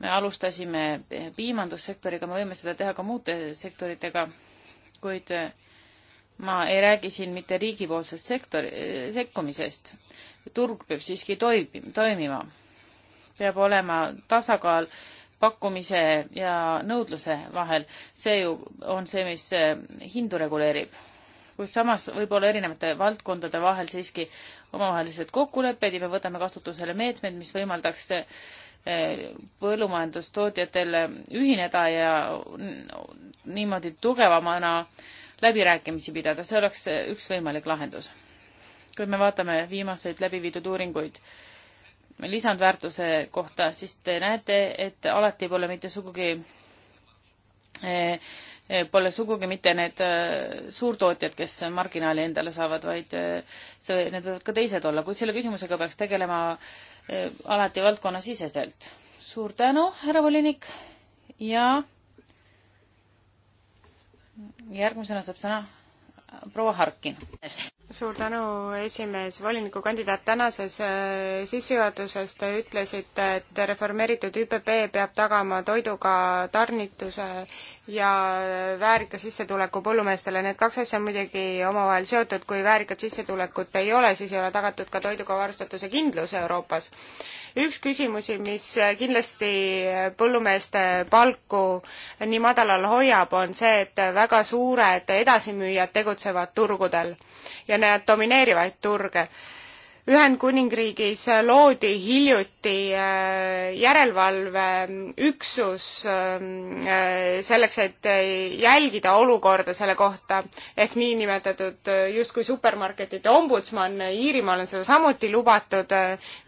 me alustasime piimandussektoriga, me võime seda teha ka muude sektoritega, kuid ma ei räägi siin mitte riigipoolsest sektori, sekkumisest, turg peab siiski toib-, toimima. peab olema tasakaal pakkumise ja nõudluse vahel, see ju on see, mis eh, hindu reguleerib. kuid samas võib-olla erinevate valdkondade vahel siiski omavahelised kokkulepped ja me võtame kasutusele meetmed, mis võimaldaks eh, põllumajandustootjatel eh, ühineda ja niimoodi tugevamana läbirääkimisi pidada, see oleks üks võimalik lahendus kui me vaatame viimaseid läbi viidud uuringuid lisandväärtuse kohta, siis te näete, et alati pole mitte sugugi eh, Pole sugugi mitte need eh, suurtootjad, kes marginaali endale saavad, vaid eh, see, need võivad ka teised olla, kuid selle küsimusega peaks tegelema alati valdkonnasiseselt. suur tänu, härra volinik ja järgmisena saab sõna proua Harkin suur tänu, esimees, volinikukandidaat, tänases äh, sissejuhatuses te ütlesite, et reformeeritud ÜPP peab tagama toiduga tarnituse ja väärika sissetuleku põllumeestele, need kaks asja on muidugi omavahel seotud, kui väärikat sissetulekut ei ole, siis ei ole tagatud ka toiduga varustatuse kindlus Euroopas. üks küsimusi, mis kindlasti põllumeeste palku nii madalal hoiab, on see, et väga suured edasimüüjad tegutsevad turgudel ja natukene domineerivaid turge Ühendkuningriigis loodi hiljuti äh, järelevalveüksus ähm, äh, selleks, et äh, jälgida olukorda selle kohta ehk niinimetatud justkui supermarketite ombudsman, Iirimaal on seda samuti lubatud.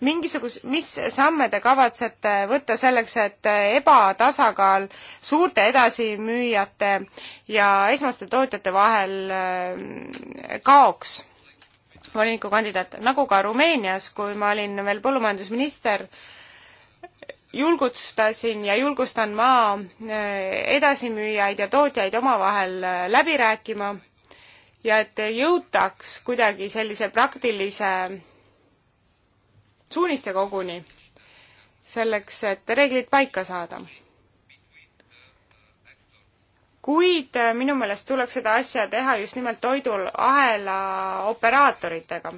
mingisugus-, mis samme te kavatsete võtta selleks, et ebatasakaal suurte edasimüüjate ja esmaste tootjate vahel kaoks? volinikukandidaat, nagu ka Rumeenias, kui ma olin veel põllumajandusminister, julgustasin ja julgustan ma äh, edasimüüjaid ja tootjaid omavahel äh, läbi rääkima ja et jõutaks kuidagi sellise praktilise suuniste koguni selleks, et reeglid paika saada kuid äh, minu meelest tuleks seda asja teha just nimelt toiduahela operaatoritega.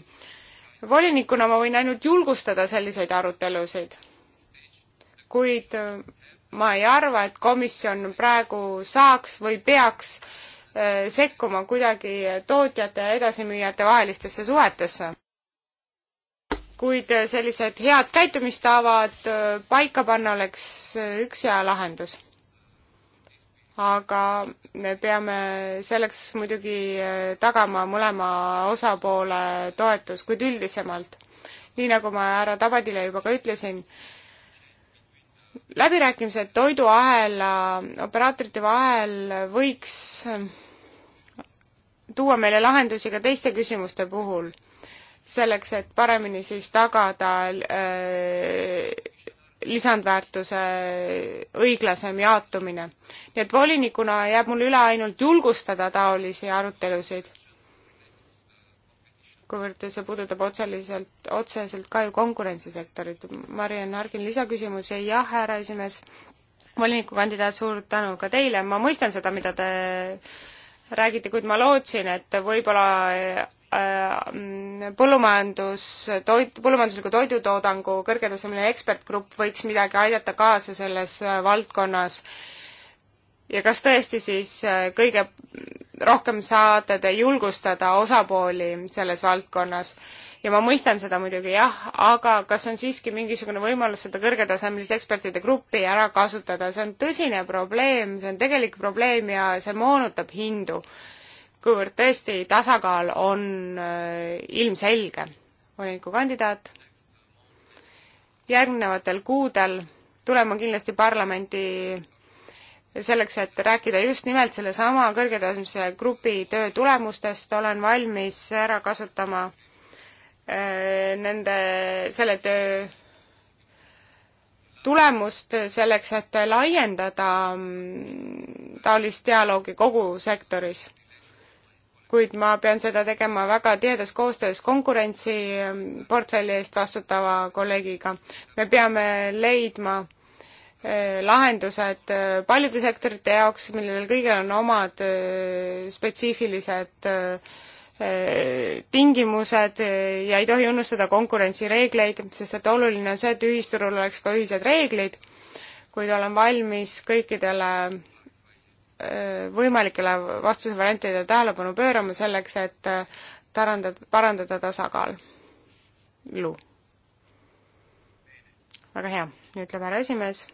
volinikuna ma võin ainult julgustada selliseid arutelusid, kuid äh, ma ei arva, et komisjon praegu saaks või peaks äh, sekkuma kuidagi tootjate ja edasimüüjate vahelistesse suhetesse. kuid sellised head käitumistavad paika panna oleks üks hea lahendus aga me peame selleks muidugi eh, tagama mõlema osapoole toetus, kuid üldisemalt, nii nagu ma härra Tabadile juba ka ütlesin, läbirääkimised toiduahela operaatorite vahel võiks tuua meile lahendusi ka teiste küsimuste puhul, selleks et paremini siis tagada äh, lisandväärtuse õiglasem jaotumine. nii et volinikuna jääb mul üle ainult julgustada taolisi arutelusid, kuivõrd see puudutab otseliselt, otseselt ka ju konkurentsisektorit. Mariann Hargin, lisaküsimus ja,? jah, härra esimees, volinikukandidaat, suur tänu ka teile, ma mõistan seda, mida te räägite, kuid ma lootsin, et võib-olla Äh, mm, põllumajandus, toit, põllumajandusliku toidutoodangu kõrgetasemeline ekspertgrupp võiks midagi aidata kaasa selles äh, valdkonnas. ja kas tõesti siis äh, kõige rohkem saate te julgustada osapooli selles valdkonnas? ja ma mõistan seda muidugi jah, aga kas on siiski mingisugune võimalus seda kõrgetasemelist ekspertide gruppi ära kasutada, see on tõsine probleem, see on tegelik probleem ja see moonutab hindu kuivõrd tõesti tasakaal on äh, ilmselge, volinikukandidaat. järgnevatel kuudel tulen ma kindlasti parlamenti selleks, et rääkida just nimelt sellesama kõrgetasemelise grupi töö tulemustest, olen valmis ära kasutama äh, nende, selle töö tulemust selleks, et laiendada mm, taolist dialoogi kogu sektoris kuid ma pean seda tegema väga tihedas koostöös konkurentsiportfelli ehm, eest vastutava kolleegiga. me peame leidma ehm, lahendused ehm, paljude sektorite jaoks, millel kõigil on omad spetsiifilised tingimused ja ei tohi unustada konkurentsireegleid, sest et oluline on see, et ühisturul oleks ka ühised reeglid, kuid olen valmis kõikidele Äh, võimalikele vastusevariantide tähelepanu pöörama selleks, et äh, tarandada, parandada tasakaalu. väga hea, ütleb härra esimees.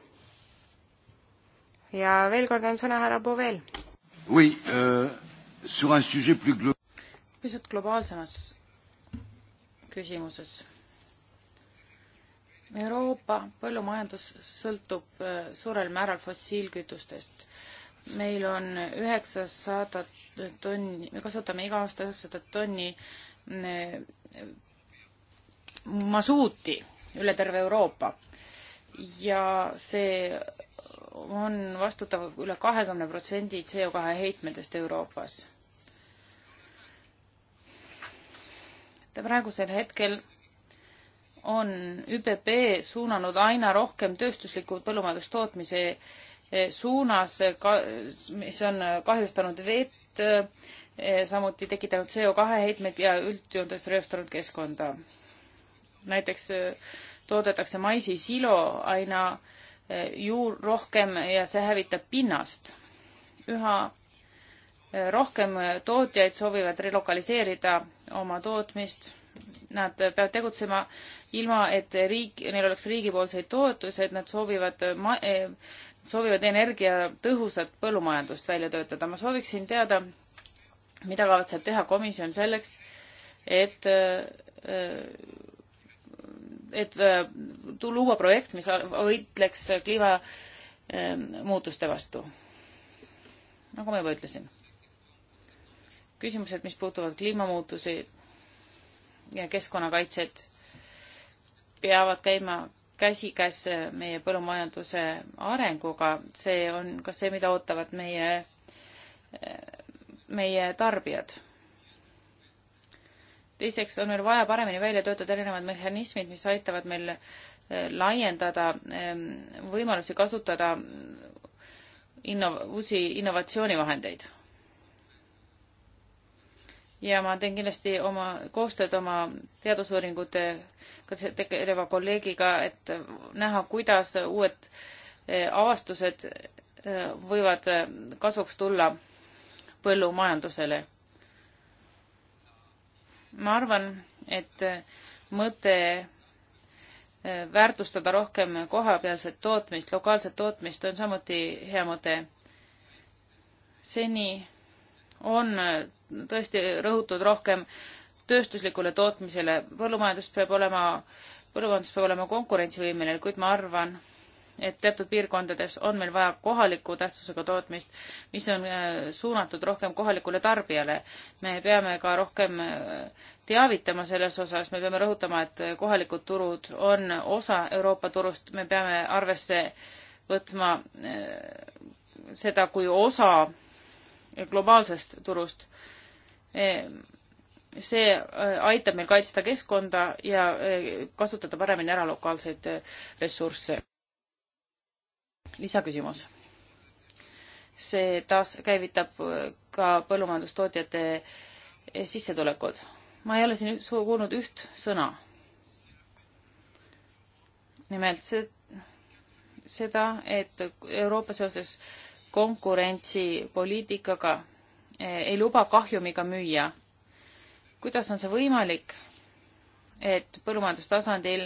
ja veel kord on sõna härra Povel. Oui, euh, sur un sujet plus glo-. pisut globaalsemas küsimuses. Euroopa põllumajandus sõltub äh, suurel määral fossiilkütustest meil on üheksasada tonni, me kasvatame iga aasta üheksasada tonni masuuti üle terve Euroopa ja see on vastutav üle kahekümne protsendi CO2 heitmetest Euroopas. praegusel hetkel on ÜPP suunanud aina rohkem tööstusliku põllumajandustootmise Eh, suunas, eh, mis on kahjustanud vett, eh, samuti tekitanud CO2 heitmeid ja üldjoontes reostanud keskkonda. näiteks toodetakse maisi silo aina juur rohkem ja see hävitab pinnast. üha rohkem tootjaid soovivad relokaliseerida oma tootmist. Nad peavad tegutsema ilma, et riik, neil oleks riigipoolseid toetusi, et nad soovivad ma-, soovivad energiatõhusat põllumajandust välja töötada. ma sooviksin teada, mida kavatseb teha komisjon selleks, et, äh, et äh, luua projekt, mis võitleks kliimamuutuste vastu. nagu ma juba ütlesin. küsimused, mis puutuvad kliimamuutusi ja keskkonnakaitset, peavad käima käsikäes meie põllumajanduse arenguga, see on ka see, mida ootavad meie, meie tarbijad. teiseks on meil vaja paremini välja töötada erinevad mehhanismid, mis aitavad meil eh, laiendada ehm, võimalusi kasutada inno-, uusi innovatsioonivahendeid ja ma teen kindlasti oma koostööd oma teadusuuringutega tegeleva kolleegiga, et näha, kuidas uued eh, avastused eh, võivad eh, kasuks tulla põllumajandusele. ma arvan, et mõte väärtustada rohkem kohapealset tootmist, lokaalset tootmist on samuti hea mõte. seni on tõesti rõhutud rohkem tööstuslikule tootmisele. põllumajandus peab olema, põllumajandus peab olema konkurentsivõimeline, kuid ma arvan, et teatud piirkondades on meil vaja kohaliku tähtsusega tootmist, mis on äh, suunatud rohkem kohalikule tarbijale. me peame ka rohkem äh, teavitama selles osas, me peame rõhutama, et äh, kohalikud turud on osa Euroopa turust, me peame arvesse võtma seda kui osa globaalsest turust Eh, see eh, aitab meil kaitsta keskkonda ja eh, kasutada paremini ära lokaalseid ressursse. lisaküsimus. see taaskäivitab ka põllumajandustootjate sissetulekud. ma ei ole siin kuulnud üht sõna. nimelt see, seda, et Euroopa seoses konkurentsipoliitikaga Eh, ei luba kahjumiga müüa. kuidas on see võimalik, et põllumajandustasandil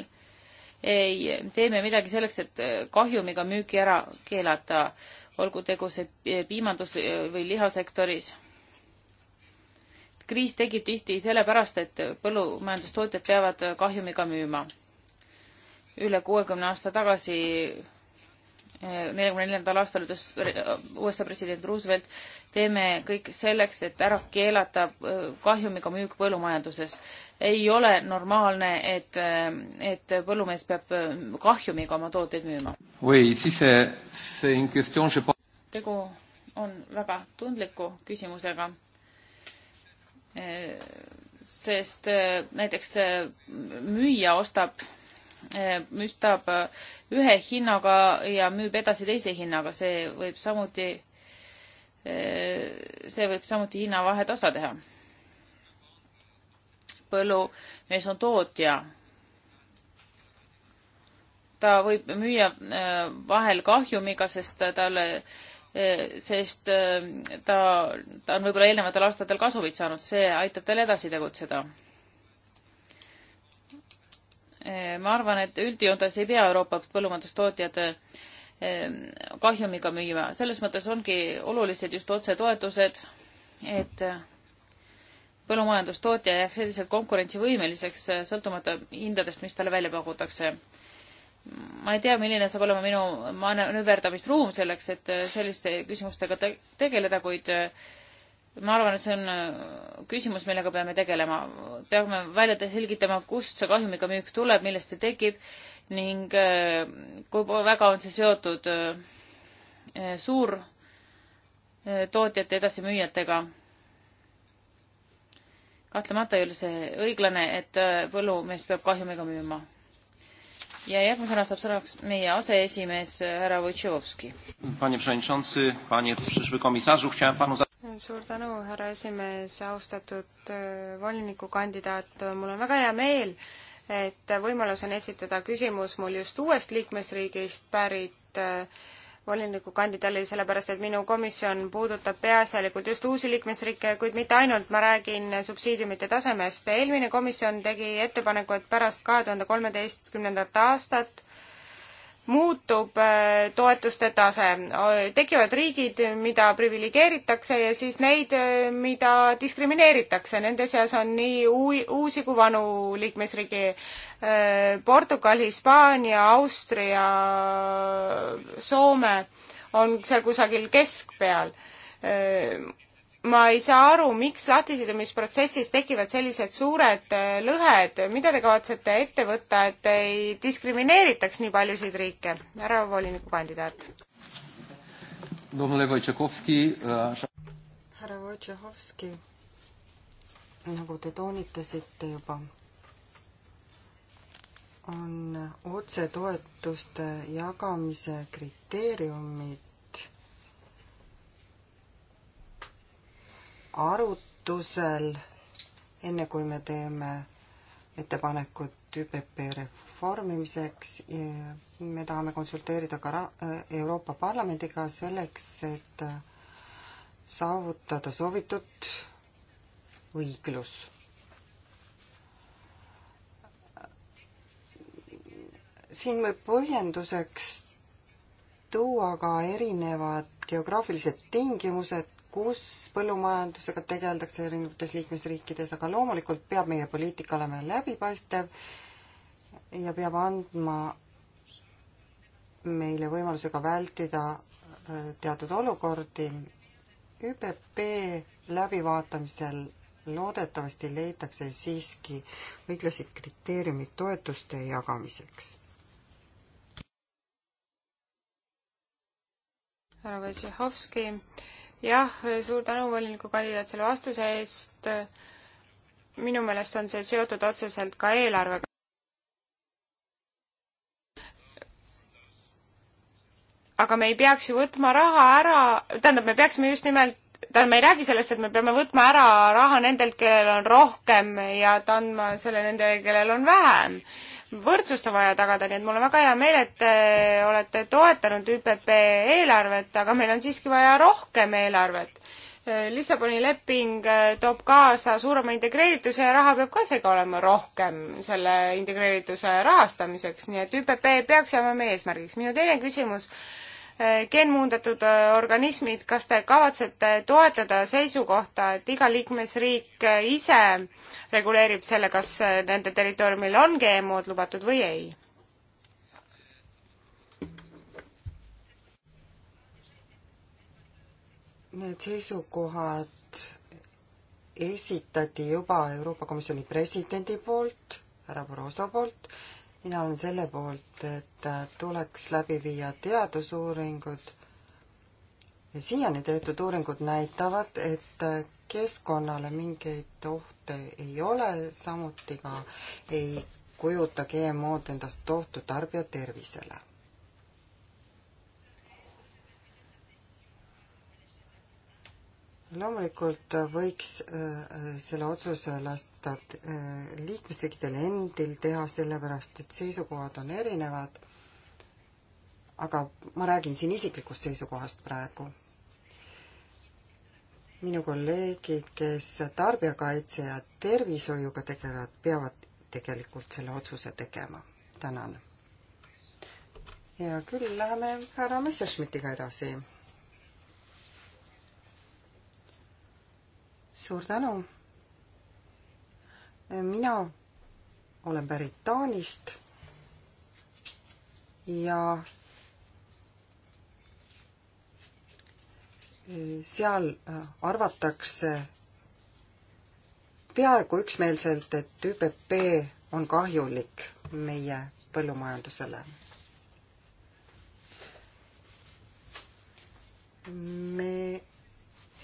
ei tee me midagi selleks, et eh, kahjumiga müügi ära keelata, olgu tegu see eh, piimandus- või lihasektoris? kriis tekib tihti sellepärast, et põllumajandustootjad peavad kahjumiga müüma. üle kuuekümne aasta tagasi neljakümne neljandal aastal ütles USA president Roosevelt, teeme kõik selleks, et ära keelata äh, kahjumiga müük põllumajanduses. ei ole normaalne, et, äh, et põllumees peab äh, kahjumiga oma tooteid müüma. tegu on väga tundliku küsimusega, sest näiteks müüja ostab Eh, müstab eh, ühe hinnaga ja müüb edasi teise hinnaga, see võib samuti, eh, see võib samuti hinnavahe tasa teha. põllumees on tootja. ta võib müüa vahel kahjumiga, sest talle sest ta, ta on võib-olla eelnevatel aastatel kasumit saanud, see aitab tal edasi tegutseda Eh, ma arvan, et üldjoontes ei pea Euroopa põllumajandustootjad eh, kahjumiga müüma, selles mõttes ongi olulised just otsetoetused, et eh, põllumajandustootja jääks selliselt konkurentsivõimeliseks, sõltumata hindadest, mis talle välja pakutakse. ma ei tea, milline saab olema minu manööverdamisruum selleks, et selliste küsimustega te tegeleda, kuid ma arvan, et see on äh, küsimus, millega peame tegelema. peame välja selgitama, kust see kahjumiga müük tuleb, millest see tekib ning äh, kui väga on see seotud äh, suurtootjate edasimüüjatega. kahtlemata ei ole see õiglane, et põllumees peab kahjumiga müüma. ja järgmisena saab sõnaks meie aseesimees härra Võtšovski. Panie przewodniczący, panie przyszły komisarzu, chciałem panu suur tänu, härra esimees, austatud äh, volinikukandidaat, mul on väga hea meel, et võimalus on esitada küsimus mul just uuest liikmesriigist pärit äh, volinikukandidaadile, sellepärast et minu komisjon puudutab peaasjalikult just uusi liikmesriike, kuid mitte ainult, ma räägin subsiidiumite tasemest. eelmine komisjon tegi ettepaneku, et pärast kahe tuhande kolmeteistkümnendat aastat muutub äh, toetuste tase, äh, tekivad riigid, mida priviligeeritakse ja siis neid, äh, mida diskrimineeritakse, nende seas on nii uusi kui vanu liikmesriigi Portugal, Hispaania, Austria, Soome on seal kusagil keskpeal ma ei saa aru, miks lahtisidumisprotsessis tekivad sellised suured äh, lõhed, mida te kavatsete ette võtta, et ei diskrimineeritaks nii paljusid riike? härra volinikukandidaat. Äh, härra Wojciechowski, nagu te toonitasite juba, on otsetoetuste jagamise kriteeriumid arutusel, enne kui me teeme ettepanekut ÜPP reformimiseks. me tahame konsulteerida ka Euroopa Parlamendiga selleks, et saavutada soovitud õiglus siin võib põhjenduseks tuua ka erinevad geograafilised tingimused, kus põllumajandusega tegeldakse erinevates liikmesriikides, aga loomulikult peab meie poliitika olema läbipaistev ja peab andma meile võimaluse ka vältida äh, teatud olukordi. ÜPP läbivaatamisel loodetavasti leitakse siiski õiglased kriteeriumid toetuste jagamiseks. härra Vojtšehovski jah, suur tänu voliniku kandidaat selle vastuse eest. minu meelest on see seotud otseselt ka eelarvega. aga me ei peaks ju võtma raha ära, tähendab, me peaksime just nimelt tähendab, ma ei räägi sellest, et me peame võtma ära raha nendelt, kellel on rohkem ja andma selle nendele, kellel on vähem võrdsust on vaja tagada, nii et mul on väga hea meel, et te olete toetanud ÜPP eelarvet, aga meil on siiski vaja rohkem eelarvet. Lissaboni leping äh, toob kaasa suurema integreerituse ja raha peab ka seega olema rohkem selle integreerituse rahastamiseks, nii et ÜPP peaks jääma meie eesmärgiks. minu teine küsimus äh, geenmuundatud äh, organismid, kas te kavatsete toetada seisukohta, et iga liikmesriik äh, ise reguleerib selle, kas äh, nende territooriumil on GMO-d lubatud või ei? Need seisukohad esitati juba Euroopa Komisjoni presidendi poolt, härra Barroso poolt mina olen selle poolt, et tuleks läbi viia teadusuuringud. siiani tehtud uuringud näitavad, et keskkonnale mingeid ohte ei ole, samuti ka ei kujuta GMO-d endast ohtu tarbija tervisele loomulikult võiks äh, äh, selle otsuse lasta äh, liikmesriikidel endil teha, sellepärast et seisukohad on erinevad. aga ma räägin siin isiklikust seisukohast praegu. minu kolleegid, kes tarbijakaitse ja tervishoiuga tegelevad, peavad tegelikult selle otsuse tegema. tänan. ja küll läheme härra Messerschmittiga edasi suur tänu. mina olen pärit Taanist ja seal äh, arvatakse peaaegu üksmeelselt, et ÜPP on kahjulik meie põllumajandusele. me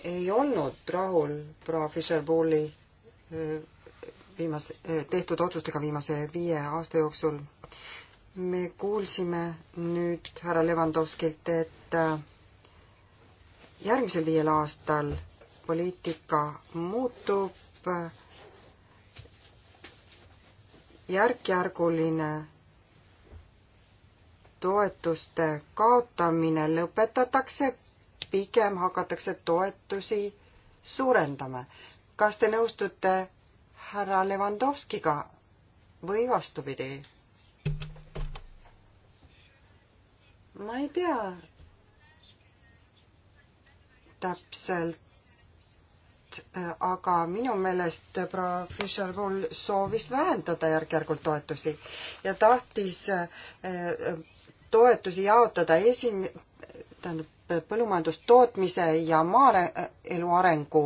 ei olnud rahul proua Fischer-Pooli eh, viimase, eh, tehtud otsustega viimase viie aasta jooksul. me kuulsime nüüd härra Levandovskilt, et eh, järgmisel viiel aastal poliitika muutub järk-järguline toetuste kaotamine lõpetatakse pigem hakatakse toetusi suurendama. kas te nõustute härra Levandovskiga või vastupidi? ma ei tea täpselt, aga minu meelest proua Fischer pool soovis vähendada järk-järgult toetusi ja tahtis eh, toetusi jaotada esim-, tähendab, põllumajandustootmise ja maaelu äh, arengu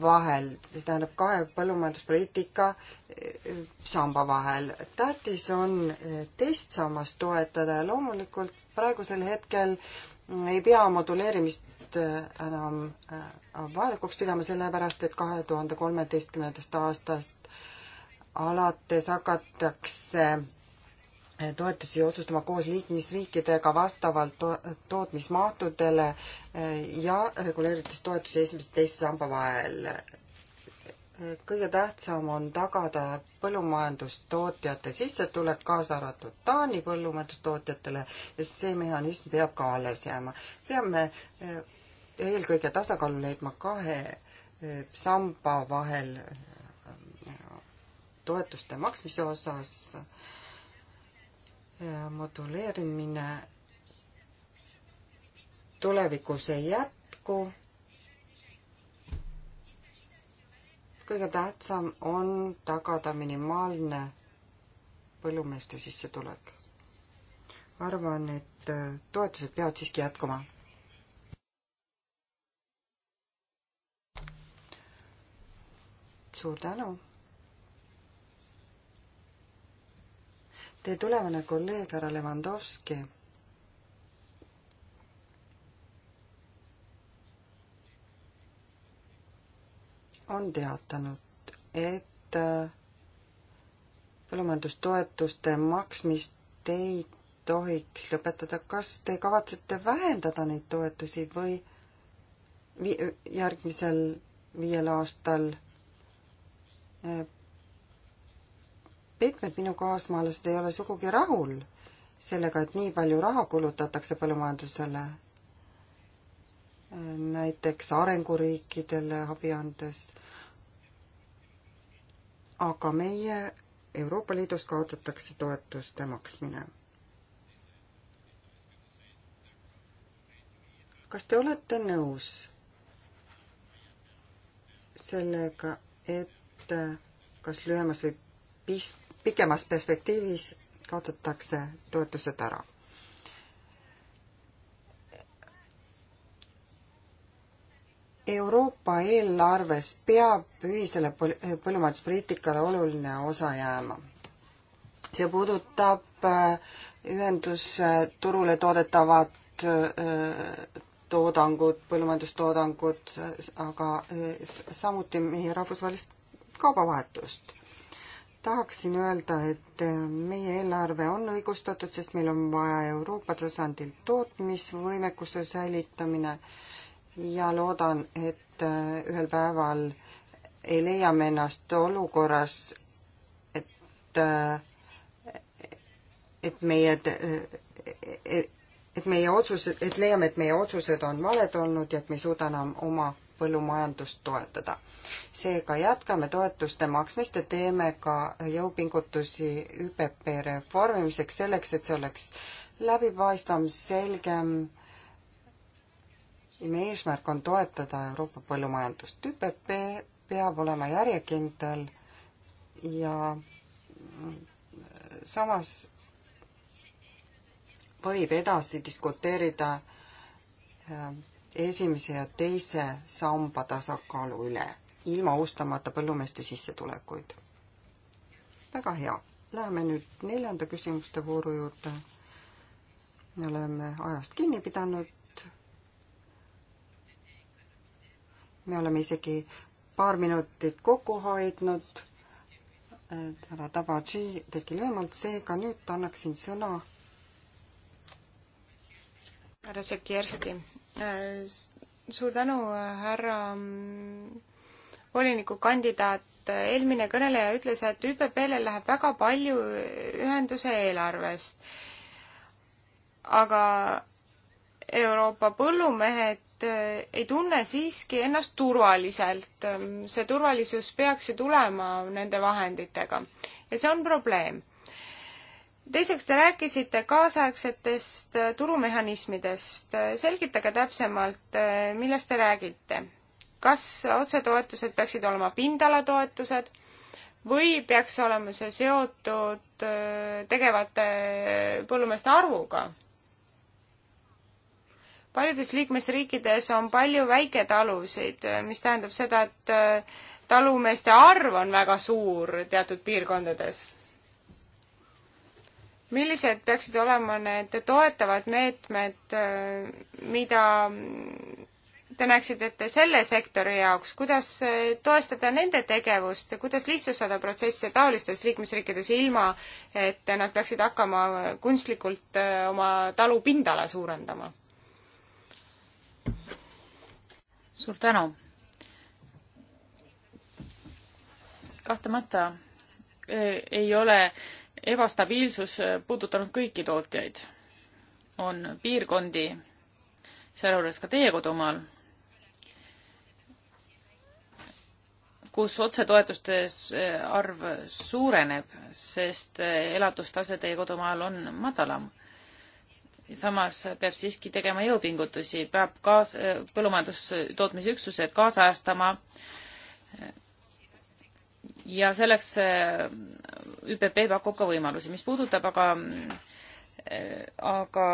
vahel, tähendab kahe põllumajanduspoliitika äh, samba vahel. tähtis on äh, teist sammast toetada ja loomulikult praegusel hetkel mm, ei pea moduleerimist enam vajalikuks pidama, sellepärast et kahe tuhande kolmeteistkümnendast aastast alates hakatakse toetusi otsustama koos liikmesriikidega vastavalt to tootmismahtudele eh, ja reguleerides toetusi esimese ja teise samba vahel. kõige tähtsam on tagada põllumajandustootjate sissetulek, kaasa arvatud Taani põllumajandustootjatele ja see mehhanism peab ka alles jääma. peame eh, eelkõige tasakaalu leidma kahe eh, samba vahel toetuste maksmise osas äh, moduleerimine tulevikus ei jätku. kõige tähtsam on tagada minimaalne põllumeeste sissetulek. arvan, et äh, toetused peavad siiski jätkuma. suur tänu Teie tulevane kolleeg härra Levandovski on teatanud, et äh, põllumajandustoetuste maksmist ei tohiks lõpetada. kas te kavatsete vähendada neid toetusi või vi järgmisel viiel aastal äh, mitmed minu kaasmaalased ei ole sugugi rahul sellega, et nii palju raha kulutatakse põllumajandusele, näiteks arenguriikidele abi andes. aga meie Euroopa Liidus kaotatakse toetuste maksmine. kas te olete nõus sellega, et kas lühemas või pist-, pikemas perspektiivis kaotatakse toetused ära. Euroopa eelarves peab ühisele põllumajanduspoliitikale oluline osa jääma. see puudutab äh, ühendusturule toodetavat äh, toodangut, põllumajandustoodangut, aga äh, samuti meie rahvusvahelist kaubavahetust tahaksin öelda, et äh, meie eelarve on õigustatud, sest meil on vaja Euroopa tasandil tootmisvõimekuse säilitamine ja loodan, et äh, ühel päeval ei leia me ennast olukorras, et, äh, et meie, e, e, et meie otsused, et leiame, et meie otsused on valed olnud ja et me ei suuda enam oma põllumajandust toetada. seega jätkame toetuste maksmist ja teeme ka jõupingutusi ÜPP reformimiseks, selleks et see oleks läbipaistvam, selgem. meie eesmärk on toetada Euroopa põllumajandust. ÜPP peab olema järjekindel ja samas võib edasi diskuteerida äh, esimese ja teise samba tasakaalu üle, ilma austamata põllumeeste sissetulekuid. väga hea, läheme nüüd neljanda küsimuste vooru juurde. me oleme ajast kinni pidanud. me oleme isegi paar minutit kokku hoidnud. härra Tabatši tegi lühemalt, seega nüüd annaksin sõna härra Sekierski Äh, suur tänu, härra mm, volinikukandidaat. eelmine kõneleja ütles, et ÜPP-le läheb väga palju ühenduse eelarvest. aga Euroopa põllumehed äh, ei tunne siiski ennast turvaliselt. Ähm, see turvalisus peaks ju tulema nende vahenditega ja see on probleem teiseks, te rääkisite kaasaegsetest äh, turumehhanismidest. selgitage täpsemalt, äh, millest te räägite. kas otsetoetused peaksid olema pindalatoetused või peaks olema see seotud äh, tegevate põllumeeste arvuga? paljudes liikmesriikides on palju väiketalusid, mis tähendab seda, et talumeeste arv on väga suur teatud piirkondades millised peaksid olema need toetavad meetmed, mida te näeksite ette selle sektori jaoks, kuidas toestada nende tegevust, kuidas lihtsustada protsesse taolistes liikmesriikides, ilma et nad peaksid hakkama kunstlikult äh, oma talu pindala suurendama? suur tänu! kahtlemata äh, ei ole ebastabiilsus äh, puudutanud kõiki tootjaid. on piirkondi, sealjuures ka teie kodumaal, kus otsetoetuste äh, arv suureneb, sest äh, elatustase teie kodumaal on madalam. samas peab siiski tegema jõupingutusi, peab kaas-, põllumajandustootmisüksused kaasajastama ja selleks äh, ÜPP pakub ka võimalusi. mis puudutab aga äh, aga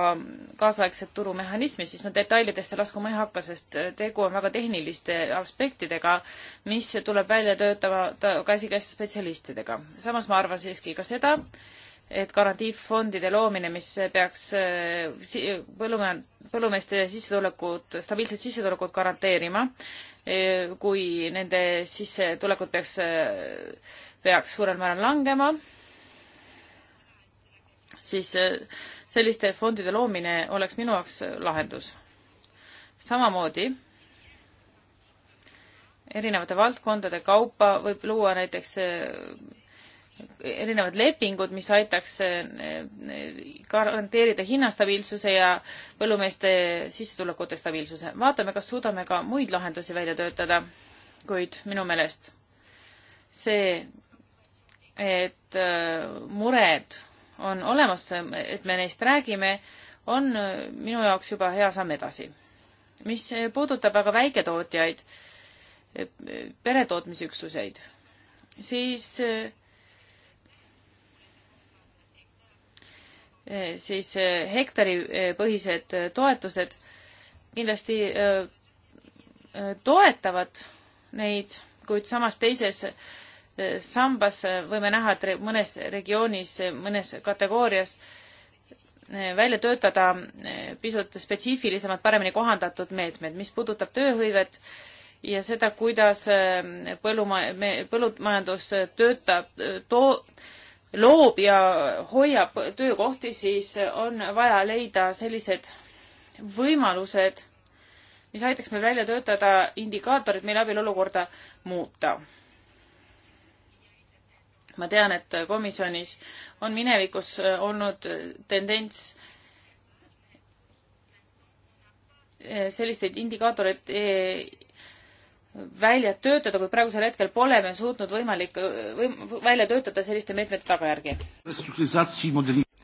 kaasaegset turumehhanismi, siis ma detailidesse laskuma ei hakka, sest äh, tegu on väga tehniliste aspektidega, mis tuleb välja töötava käsikäes spetsialistidega. samas ma arvan siiski ka seda, et garantiifondide loomine, mis peaks põllumehe, põllumeeste sissetulekut, stabiilset sissetulekut garanteerima, Eh, kui nende sissetulekud peaks, eh, peaks suurel määral langema, siis eh, selliste fondide loomine oleks minu jaoks lahendus. samamoodi erinevate valdkondade kaupa võib luua näiteks erinevad lepingud, mis aitaks eh, garanteerida hinnastabiilsuse ja põllumeeste sissetulekute stabiilsuse. vaatame, kas suudame ka muid lahendusi välja töötada, kuid minu meelest see, et eh, mured on olemas, et me neist räägime, on eh, minu jaoks juba hea samm edasi. mis puudutab aga väiketootjaid, peretootmisüksuseid, siis äh, Eh, siis eh, hektaripõhised eh, toetused kindlasti toetavad neid, kuid samas teises sambas võime näha, et mõnes regioonis, mõnes kategoorias välja töötada pisut spetsiifilisemad, paremini kohandatud meetmed, mis puudutab tööhõivet ja seda, kuidas põlluma-, põllumajandus töötab, too-, loob ja hoiab töökohti, siis on vaja leida sellised võimalused, mis aitaks meil välja töötada indikaatorid, mille abil olukorda muuta. ma tean, et komisjonis on minevikus olnud tendents selliseid indikaatoreid eh, välja töötada, kuid praegusel hetkel pole me suutnud võimalik võim,, välja töötada selliste meetmete tagajärgi.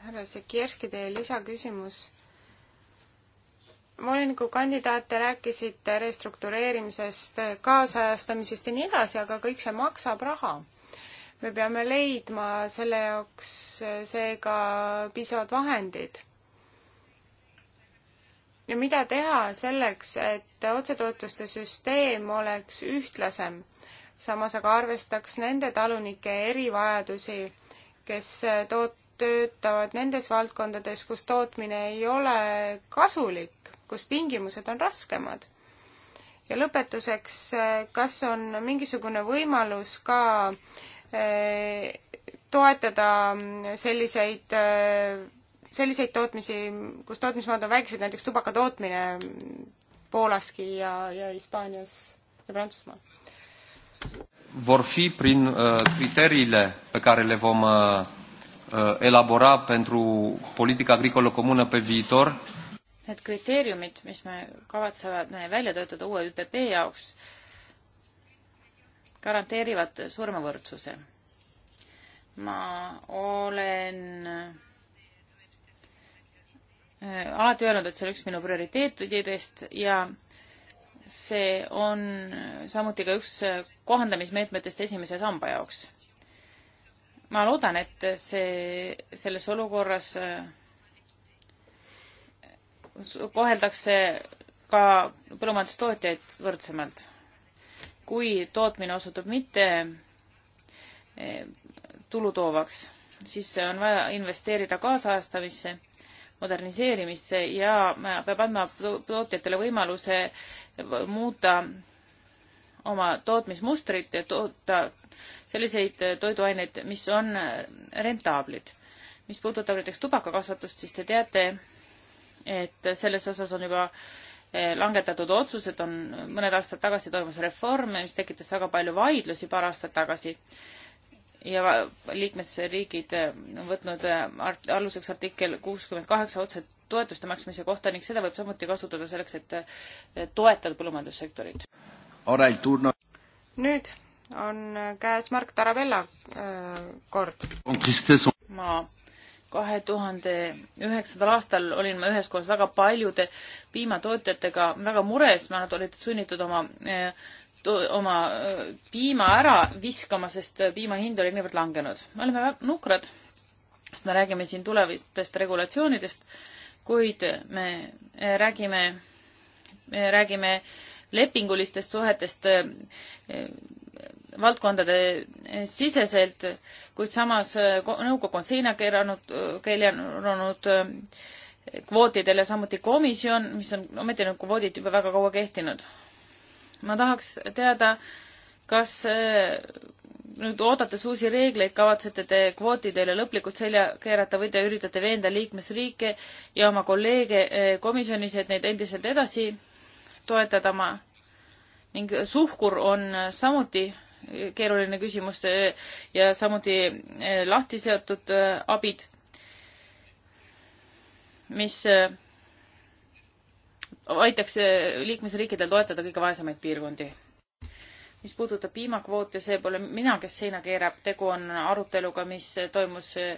härra Sikierski, teie lisaküsimus. volinikukandidaat, te rääkisite restruktureerimisest, kaasajastamisest ja nii edasi, aga kõik see maksab raha. me peame leidma selle jaoks seega piisavad vahendid ja mida teha selleks, et otsetoetuste süsteem oleks ühtlasem, samas aga arvestaks nende talunike erivajadusi, kes toot-, töötavad nendes valdkondades, kus tootmine ei ole kasulik, kus tingimused on raskemad. ja lõpetuseks, kas on mingisugune võimalus ka eh, toetada selliseid eh, selliseid tootmisi, kus tootmismaad on väiksed, näiteks tubaka tootmine Poolaski ja, ja Hispaanias ja Prantsusmaal. Vor fi prin uh, criteriile pe care le vom uh, uh elabora pentru politica agricolă comună pe viitor. Need kriteeriumid, mis me kavatsevad me välja töötada uue ÜPP jaoks, garanteerivad surmavõrdsuse. ma olen Äh, alati öelnud, et see on üks minu prioriteetidest ja see on samuti ka üks äh, kohandamismeetmetest esimese samba jaoks. ma loodan, et see, selles olukorras äh, koheldakse ka põllumajandustootjaid võrdsemalt. kui tootmine osutub mitte tulutoovaks, siis on vaja investeerida kaasajastamisse moderniseerimisse ja äh, peab andma tootjatele võimaluse muuta oma tootmismustrit ja toota selliseid toiduaineid, mis on rentaablid. mis puudutab näiteks tubakakasvatust, siis te teate, et selles osas on juba äh, langetatud otsused, on mõned aastad tagasi toimus reform, mis tekitas väga palju vaidlusi paar aastat tagasi ja liikmesriigid äh, on võtnud äh, art-, aluseks artikkel kuuskümmend kaheksa otse toetuste maksmise kohta ning seda võib samuti kasutada selleks, et äh, toetada põllumajandussektorit. nüüd on käes Mark Tarabella kord. ma kahe tuhande üheksandal aastal olin ma üheskoos väga paljude piimatootjatega väga mures, nad olid sunnitud oma oma piima ära viskama, sest piima hind oli niivõrd langenud. me oleme nukrad, sest me räägime siin tulevistest regulatsioonidest, kuid me räägime, me räägime lepingulistest suhetest valdkondade siseselt, kuid samas nõukogu on seina keeranud, keljanud kvootidele, samuti komisjon, mis on ometi need kvoodid juba väga kaua kehtinud ma tahaks teada, kas äh, nüüd oodates uusi reegleid, kavatsete te kvootidele lõplikult selja keerata või te üritate veenda liikmesriike ja oma kolleege äh, komisjonis, et neid endiselt edasi toetada ma ning suhkur on äh, samuti keeruline küsimus ja samuti lahti seotud abid, mis aitaks eh, liikmesriikidel toetada kõige vaesemaid piirkondi. mis puudutab piimakvoote, see pole mina, kes seina keerab, tegu on aruteluga, mis toimus eh,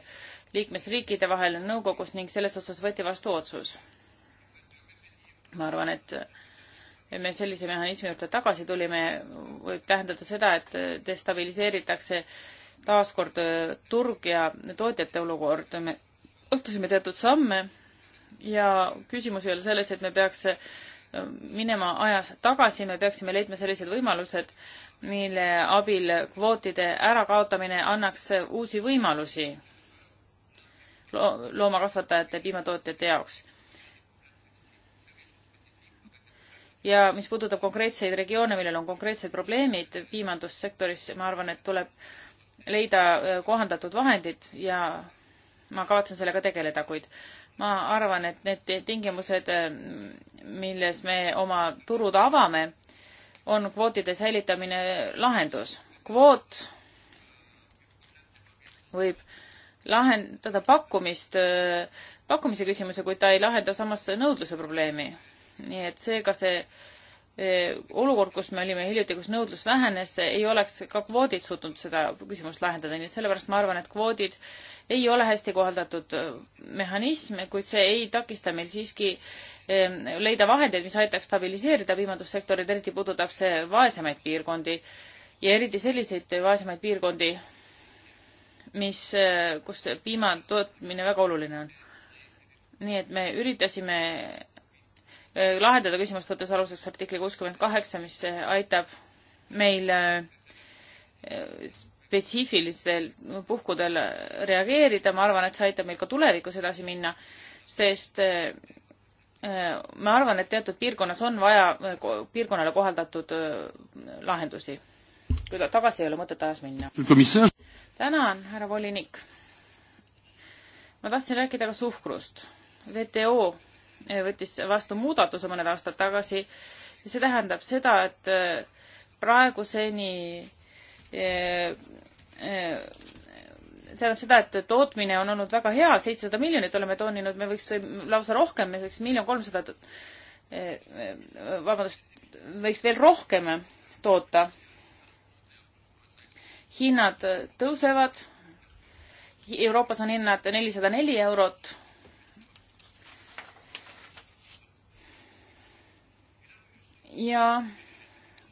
liikmesriikide vahel nõukogus ning selles osas võeti vastu otsus. ma arvan, et eh, me sellise mehhanismi juurde tagasi tulime, võib tähendada seda, et destabiliseeritakse taaskord turg ja tootjate olukord. me astusime teatud samme ja küsimus ei ole selles, et me peaks äh, minema ajas tagasi, me peaksime leidma sellised võimalused, mille abil kvootide ärakaotamine annaks uusi võimalusi loomakasvatajate, piimatootjate jaoks. ja mis puudutab konkreetseid regioone, millel on konkreetsed probleemid piimandussektoris, ma arvan, et tuleb leida äh, kohandatud vahendid ja ma kavatsen sellega tegeleda, kuid ma arvan, et need tingimused, äh, milles me oma turud avame, on kvootide säilitamine lahendus. kvoot võib lahendada pakkumist, äh, pakkumise küsimuse, kuid ta ei lahenda samas nõudluse probleemi. nii et seega see, ka see Äh, olukord, kus me olime hiljuti, kus nõudlus vähenes, ei oleks ka kvoodid suutnud seda küsimust lahendada, nii et sellepärast ma arvan, et kvoodid ei ole hästi kohaldatud äh, mehhanism, kuid see ei takista meil siiski ähm, leida vahendeid, mis aitaks stabiliseerida piimandussektorit, eriti puudutab see vaesemaid piirkondi ja eriti selliseid vaesemaid piirkondi, mis, äh, kus piima tootmine väga oluline on. nii et me üritasime Äh, lahendada küsimust, võttes aluseks artikli kuuskümmend kaheksa, mis äh, aitab meil äh, spetsiifilistel puhkudel reageerida, ma arvan, et see aitab meil ka tulevikus edasi minna, sest ma arvan, et teatud piirkonnas on vaja piirkonnale kohaldatud lahendusi. kui tagasi ei ole mõtet ajas minna. tänan, härra volinik. ma tahtsin rääkida ka suhkrust. WTO võttis vastu muudatuse mõned aastad tagasi ja see tähendab seda, et äh, praeguseni see äh, äh, tähendab seda, et tootmine on olnud väga hea, seitsesada miljonit oleme tooninud, me võiks lausa rohkem, me võiks miljon kolmsada, vabandust, võiks veel rohkem toota. hinnad tõusevad. Euroopas on hinnad nelisada neli eurot ja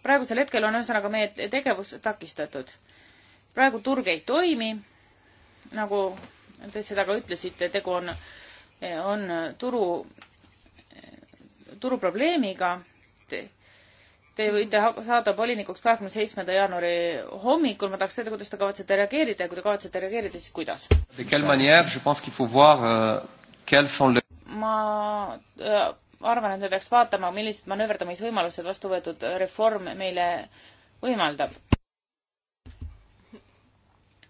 praegusel hetkel on ühesõnaga meie tegevus takistatud. praegu turg ei toimi, nagu te seda ka ütlesite, tegu on, on turu, turuprobleemiga. Te võite saada volinikuks kahekümne seitsmenda jaanuari hommikul, ma tahaks teada, kuidas te kavatsete reageerida ja kui te kavatsete reageerida, siis kuidas? Euh, ma äh, arvan, et me peaks vaatama, millised manööverdamisvõimalused vastu võetud reform meile võimaldab.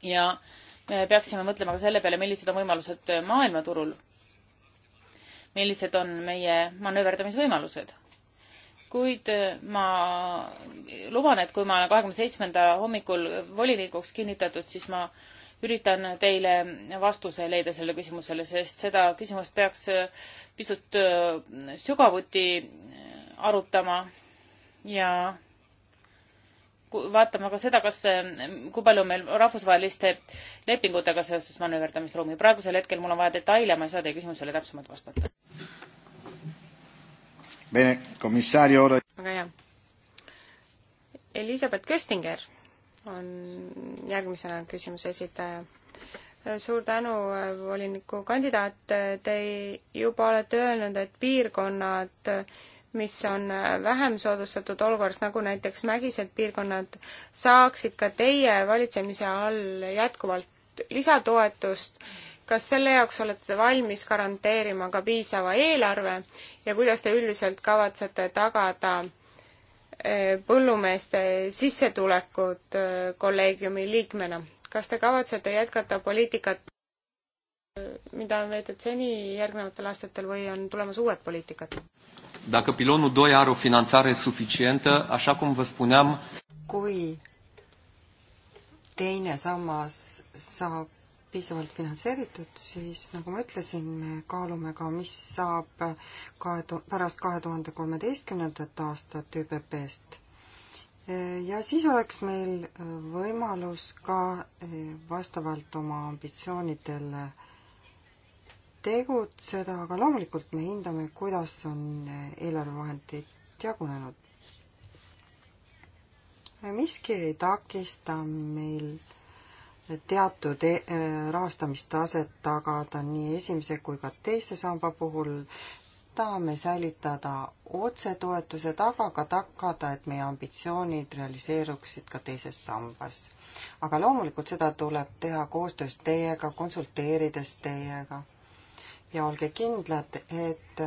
ja me peaksime mõtlema ka selle peale, millised on võimalused maailmaturul. millised on meie manööverdamisvõimalused. kuid ma luban, et kui ma olen kahekümne seitsmenda hommikul volinikuks kinnitatud, siis ma äh, üritan teile vastuse leida sellele küsimusele, sest seda küsimust peaks äh, pisut äh, sügavuti äh, arutama ja vaatama ka seda, kas, kui palju meil rahvusvaheliste lepingutega seoses manööverdamisruumi. praegusel hetkel mul on vaja detaile, ma ei saa teie küsimusele täpsemalt vastata. väga hea. Elisabeth Köstinger on järgmisena küsimuse esitaja. suur tänu, volinikukandidaat, te juba olete öelnud, et piirkonnad mis on vähem soodustatud olukorras, nagu näiteks mägised piirkonnad, saaksid ka teie valitsemise all jätkuvalt lisatoetust. kas selle jaoks olete valmis garanteerima ka piisava eelarve ja kuidas te üldiselt kavatsete tagada Eh, põllumeeste sissetulekud eh, kolleegiumi liikmena. kas te kavatsete jätkata poliitikat, eh, mida on veetud seni järgnevatel aastatel või on tulemas uued poliitikad? Dacă pilonul 2 are o finanțare suficientă, așa cum vă spuneam... Kui teine sammas saab piisavalt finantseeritud, siis nagu ma ütlesin, me kaalume ka, mis saab kahe tu-, pärast kahe tuhande kolmeteistkümnendat aastat ÜPP-st. ja siis oleks meil äh, võimalus ka äh, vastavalt oma ambitsioonidele tegutseda, aga loomulikult me hindame, kuidas on äh, eelarvevahendid jagunenud. miski ei takista meil teatud e-, e-, rahastamistaset tagada nii esimese kui ka teise samba puhul. tahame säilitada otsetoetused, aga ka tagada, et meie ambitsioonid realiseeruksid ka teises sambas. aga loomulikult seda tuleb teha koostöös teiega, konsulteerides teiega. ja olge kindlad, et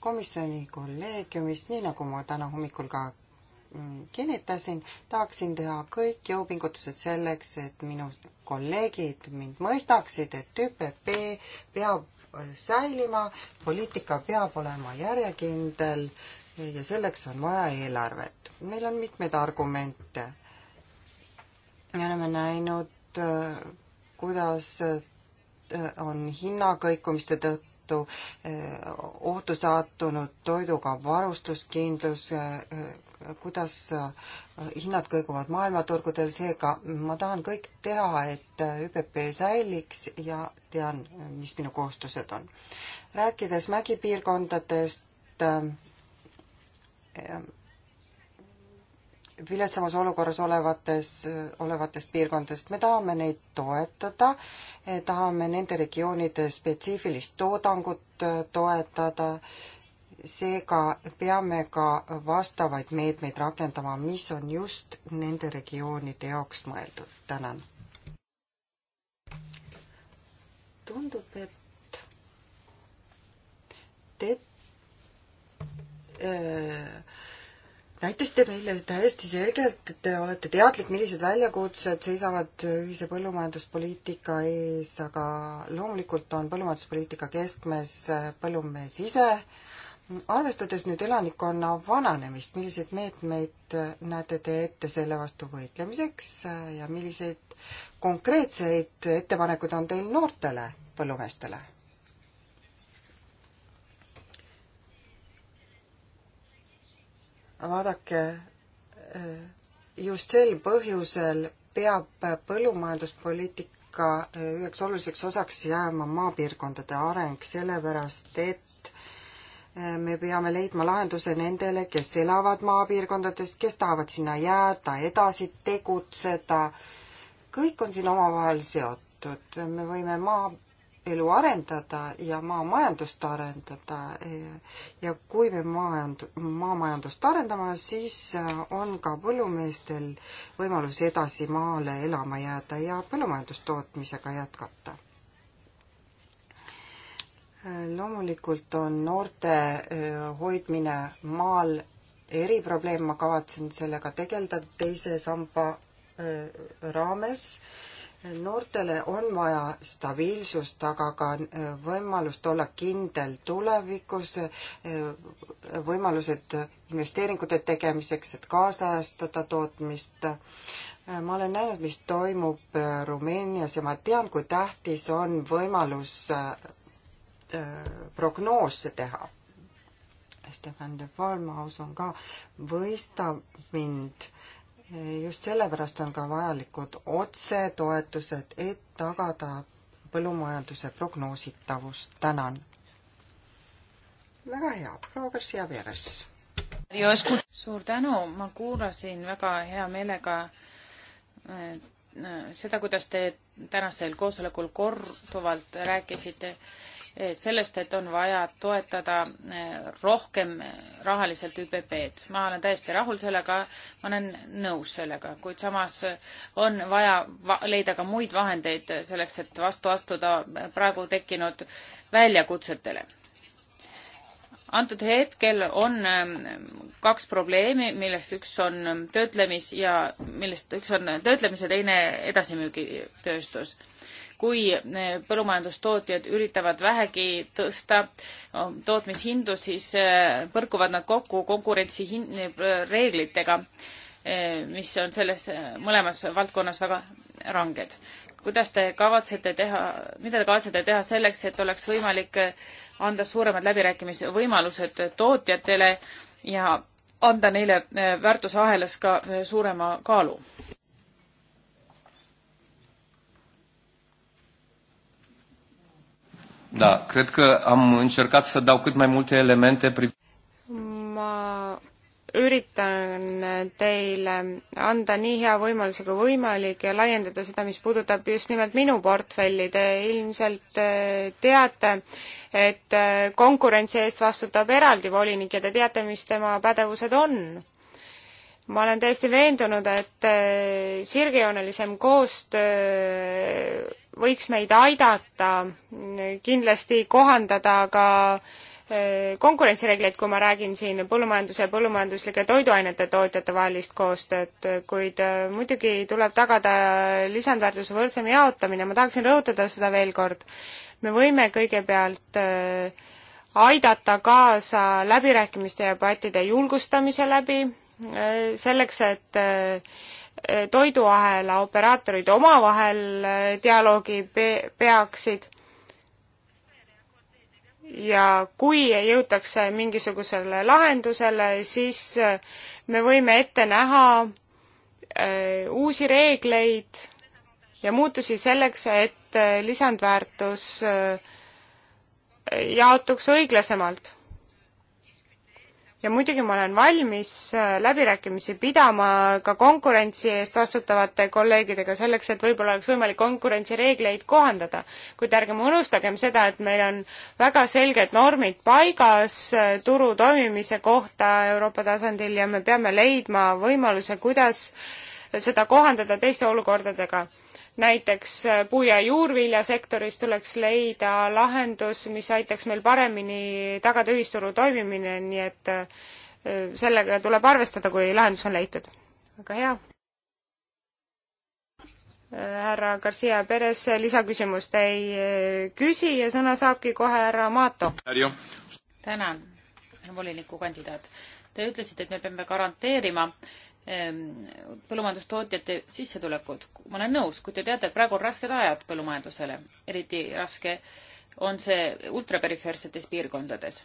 komisjoni kolleegiumis, nii nagu ma täna hommikul ka kinnitasin, tahaksin teha kõik jõupingutused selleks, et minu kolleegid mind mõistaksid, et ÜPP peab säilima, poliitika peab olema järjekindel ja selleks on vaja eelarvet. meil on mitmeid argumente. me oleme näinud, äh, kuidas äh, on hinnakõikumiste tõttu äh, ohtu sattunud toiduga varustuskindlus, kuidas äh, hinnad kõiguvad maailmaturgudel, seega ma tahan kõik teha, et äh, ÜPP säiliks ja tean, äh, mis minu kohustused on. rääkides mägipiirkondadest, ähm, ähm, viletsamas olukorras olevates, olevatest piirkondadest, me tahame neid toetada, eh, tahame nende regioonide spetsiifilist toodangut toetada äh,, seega peame ka vastavaid meetmeid rakendama, mis on just nende regioonide jaoks mõeldud. tänan. tundub, et te äh, näitasite meile täiesti selgelt, et te olete teadlik, millised väljakutsed seisavad ühise põllumajanduspoliitika ees, aga loomulikult on põllumajanduspoliitika keskmes äh, põllumees ise arvestades nüüd elanikkonna vananemist, milliseid meetmeid äh, näete te ette selle vastu võitlemiseks äh, ja milliseid konkreetseid ettepanekuid on teil noortele põllumeestele? vaadake, äh, just sel põhjusel peab põllumajanduspoliitika üheks oluliseks osaks jääma maapiirkondade areng, sellepärast et me peame leidma lahenduse nendele, kes elavad maapiirkondades, kes tahavad sinna jääda, edasi tegutseda. kõik on siin omavahel seotud, me võime maaelu arendada ja maamajandust arendada. ja kui me maajand-, maamajandust arendame, siis on ka põllumeestel võimalus edasi maale elama jääda ja põllumajandustootmisega jätkata loomulikult on noorte hoidmine maal eriprobleem, ma kavatsen sellega tegeleda teise samba raames. noortele on vaja stabiilsust, aga ka võimalust olla kindel tulevikus, võimalused investeeringute tegemiseks, et kaasajastada tootmist ma olen näinud, mis toimub Rumeenias ja ma tean, kui tähtis on võimalus Äh, prognoose teha. Stefan de Formaus on ka, võistab mind just sellepärast on ka vajalikud otsetoetused, et tagada põllumajanduse prognoositavust. tänan. väga hea, proua Garcia Perez. suur tänu, ma kuulasin väga hea meelega äh, seda, kuidas te tänasel koosolekul korduvalt rääkisite sellest, et on vaja toetada eh, rohkem eh, rahaliselt ÜPP-d. ma olen täiesti rahul sellega, ma olen nõus sellega, kuid samas eh, on vaja va leida ka muid vahendeid selleks, et vastu astuda praegu tekkinud väljakutsetele. antud hetkel on kaks probleemi, millest üks on töötlemis ja millest üks on töötlemise, teine edasimüügitööstus kui eh, põllumajandustootjad üritavad vähegi tõsta eh, tootmishindu, siis eh, põrkuvad nad kokku konkurentsireeglitega, mis on selles mõlemas valdkonnas väga ranged. kuidas te kavatsete teha, mida te kavatsete teha selleks, et oleks võimalik anda suuremad läbirääkimisvõimalused tootjatele ja anda neile väärtusahelas ka suurema kaalu? Da, cred că am încercat să dau cât mai multe elemente privind ma üritan teile anda nii hea võimaluse kui võimalik ja laiendada seda, mis puudutab just nimelt minu portfelli. Te ilmselt eh, teate, et eh, konkurentsi eest vastutab eraldi volinik ja te teate, mis tema pädevused on ma olen täiesti veendunud, et eh, sirgjoonelisem koostöö võiks meid aidata kindlasti kohandada ka eh, konkurentsireegleid, kui ma räägin siin põllumajanduse ja põllumajanduslike toiduainete tootjate vahelist koostööd, kuid eh, muidugi tuleb tagada lisandväärtuse võrdsem jaotamine, ma tahaksin rõhutada seda veel kord. me võime kõigepealt eh, aidata kaasa läbirääkimiste ja debattide julgustamise läbi, selleks et Eh, toiduahela operaatorid omavahel eh, dialoogi peaksid ja kui jõutakse mingisugusele lahendusele, siis eh, me võime ette näha uusi reegleid ja muutusi selleks, et lisandväärtus jaotuks õiglasemalt ja muidugi ma olen valmis äh, läbirääkimisi pidama ka konkurentsi eest vastutavate kolleegidega selleks, et võib-olla oleks võimalik konkurentsireegleid kohandada. kuid ärgem unustagem seda, et meil on väga selged normid paigas äh, turu toimimise kohta Euroopa tasandil ja me peame leidma võimaluse, kuidas seda kohandada teiste olukordadega näiteks äh, puu- ja juurviljasektoris tuleks leida lahendus, mis aitaks meil paremini tagada ühisturu toimimine, nii et äh, sellega tuleb arvestada, kui lahendus on leitud. väga hea. Äh, härra Garcia Perez lisaküsimust ei küsi ja sõna saabki kohe härra Maato. tänan, volinikukandidaat. Te ütlesite, et me peame garanteerima, Ehm, põllumajandustootjate sissetulekud. ma olen nõus, kuid te teate, et praegu on rasked ajad põllumajandusele, eriti raske on see ultraperifeersetes piirkondades.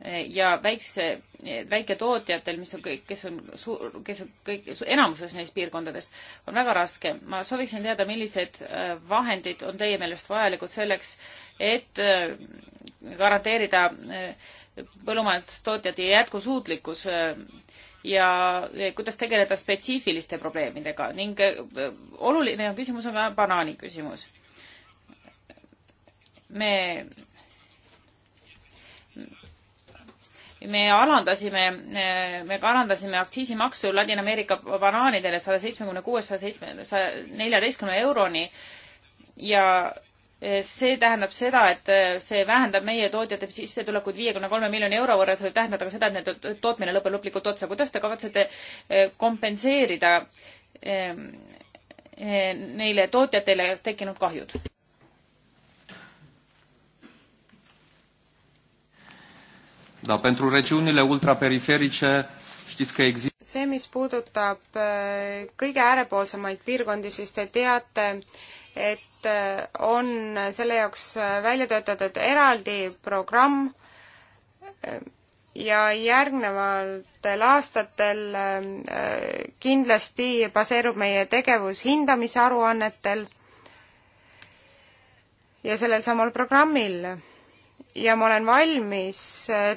Eh, ja väikse, eh, väiketootjatel, mis on kõik, kes on suur, kes on kõik, enamuses neist piirkondadest, on väga raske. ma sooviksin teada, millised eh, vahendid on teie meelest vajalikud selleks, et garanteerida eh, põllumajandustootjate jätkusuutlikkus eh, ja eh, kuidas tegeleda spetsiifiliste probleemidega ning oluline on küsimus on ka banaani küsimus. me me alandasime, me ka alandasime aktsiisimaksu Ladina-Ameerika banaanidele saja seitsmekümne kuuest saja seitsme, saja neljateistkümne euroni ja see tähendab seda, et eh, see vähendab meie tootjate sissetulekuid viiekümne kolme miljoni euro võrra, see võib tähendada ka seda, et nende tootmine lõpeb lõplikult otsa. kuidas te kavatsete eh, kompenseerida ehm, eh, neile tootjatele tekkinud kahjud? Da, pentru regiunile ultraperiferice știți că există... See, mis puudutab kõige äärepoolsemaid piirkondi, siis te teate, et äh, on selle jaoks äh, välja töötatud eraldi programm äh, ja järgnevatel aastatel kindlasti baseerub meie tegevus hindamise aruannetel ja sellel samal programmil ja ma olen valmis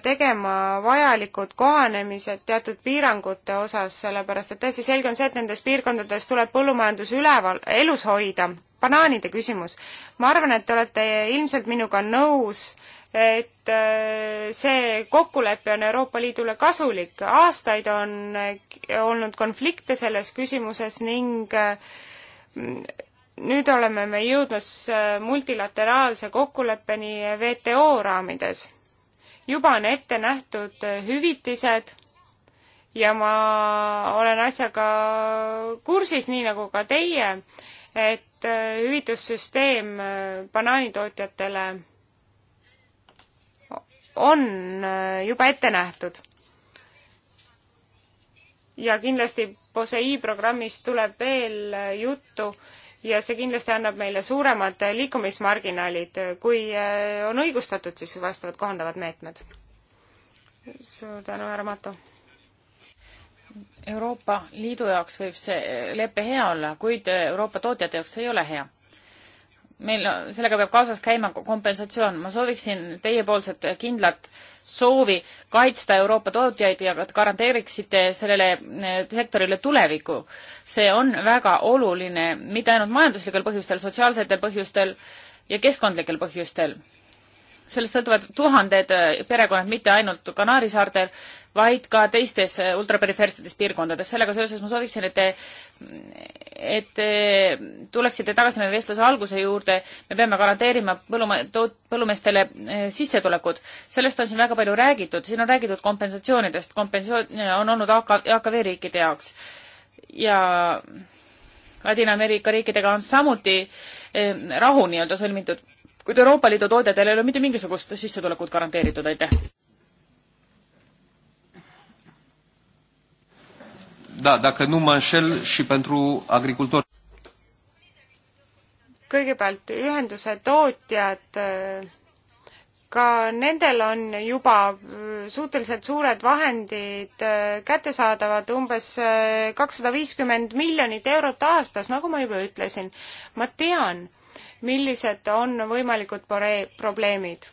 tegema vajalikud kohanemised teatud piirangute osas, sellepärast et täiesti selge on see, et nendes piirkondades tuleb põllumajandus üleval, elus hoida banaanide küsimus. ma arvan, et te olete ilmselt minuga nõus, et äh, see kokkulepe on Euroopa Liidule kasulik. aastaid on äh, olnud konflikte selles küsimuses ning äh, nüüd oleme me jõudmas multilateraalse kokkuleppeni WTO raamides. juba on ette nähtud hüvitised ja ma olen asjaga kursis, nii nagu ka teie, et et äh, hüvitussüsteem äh, banaanitootjatele on äh, juba ette nähtud. ja kindlasti POSEI programmist tuleb veel juttu ja see kindlasti annab meile suuremad liikumismarginaalid, kui on õigustatud, siis vastavad kohandavad meetmed. suur tänu, härra Mato Euroopa Liidu jaoks võib see lepe hea olla, kuid Euroopa tootjate jaoks see ei ole hea. meil, sellega peab kaasas käima kompensatsioon. ma sooviksin teiepoolset kindlat soovi kaitsta Euroopa tootjaid ja garanteeriksite sellele eh, sektorile tuleviku. see on väga oluline, mitte ainult majanduslikel põhjustel, sotsiaalsetel põhjustel ja keskkondlikel põhjustel sellest sõltuvad tuhanded eh, perekonnad, mitte ainult Kanaari saartel, vaid ka teistes äh, ultraperifeersetes piirkondades. sellega seoses ma sooviksin, et te, et te tuleksite tagasi meie vestluse alguse juurde. me peame garanteerima põllume-, põllumeestele äh, sissetulekud. sellest on siin väga palju räägitud, siin on räägitud kompensatsioonidest, kompensatsioon äh, on olnud AK, AKV riikide jaoks ja Ladina-Ameerika riikidega on samuti rahu nii-öelda sõlmitud kuid Euroopa Liidu toodetel ei ole mitte mingisugust sissetulekut garanteeritud, aitäh! Da, dacă nu mă înșel și pentru agricultori. Kõigepealt ühenduse tootjad, ka nendel on juba äh, suhteliselt suured vahendid äh, kättesaadavad, umbes äh, kakssada viiskümmend miljonit eurot aastas, nagu ma juba ütlesin. ma tean, millised on võimalikud probleemid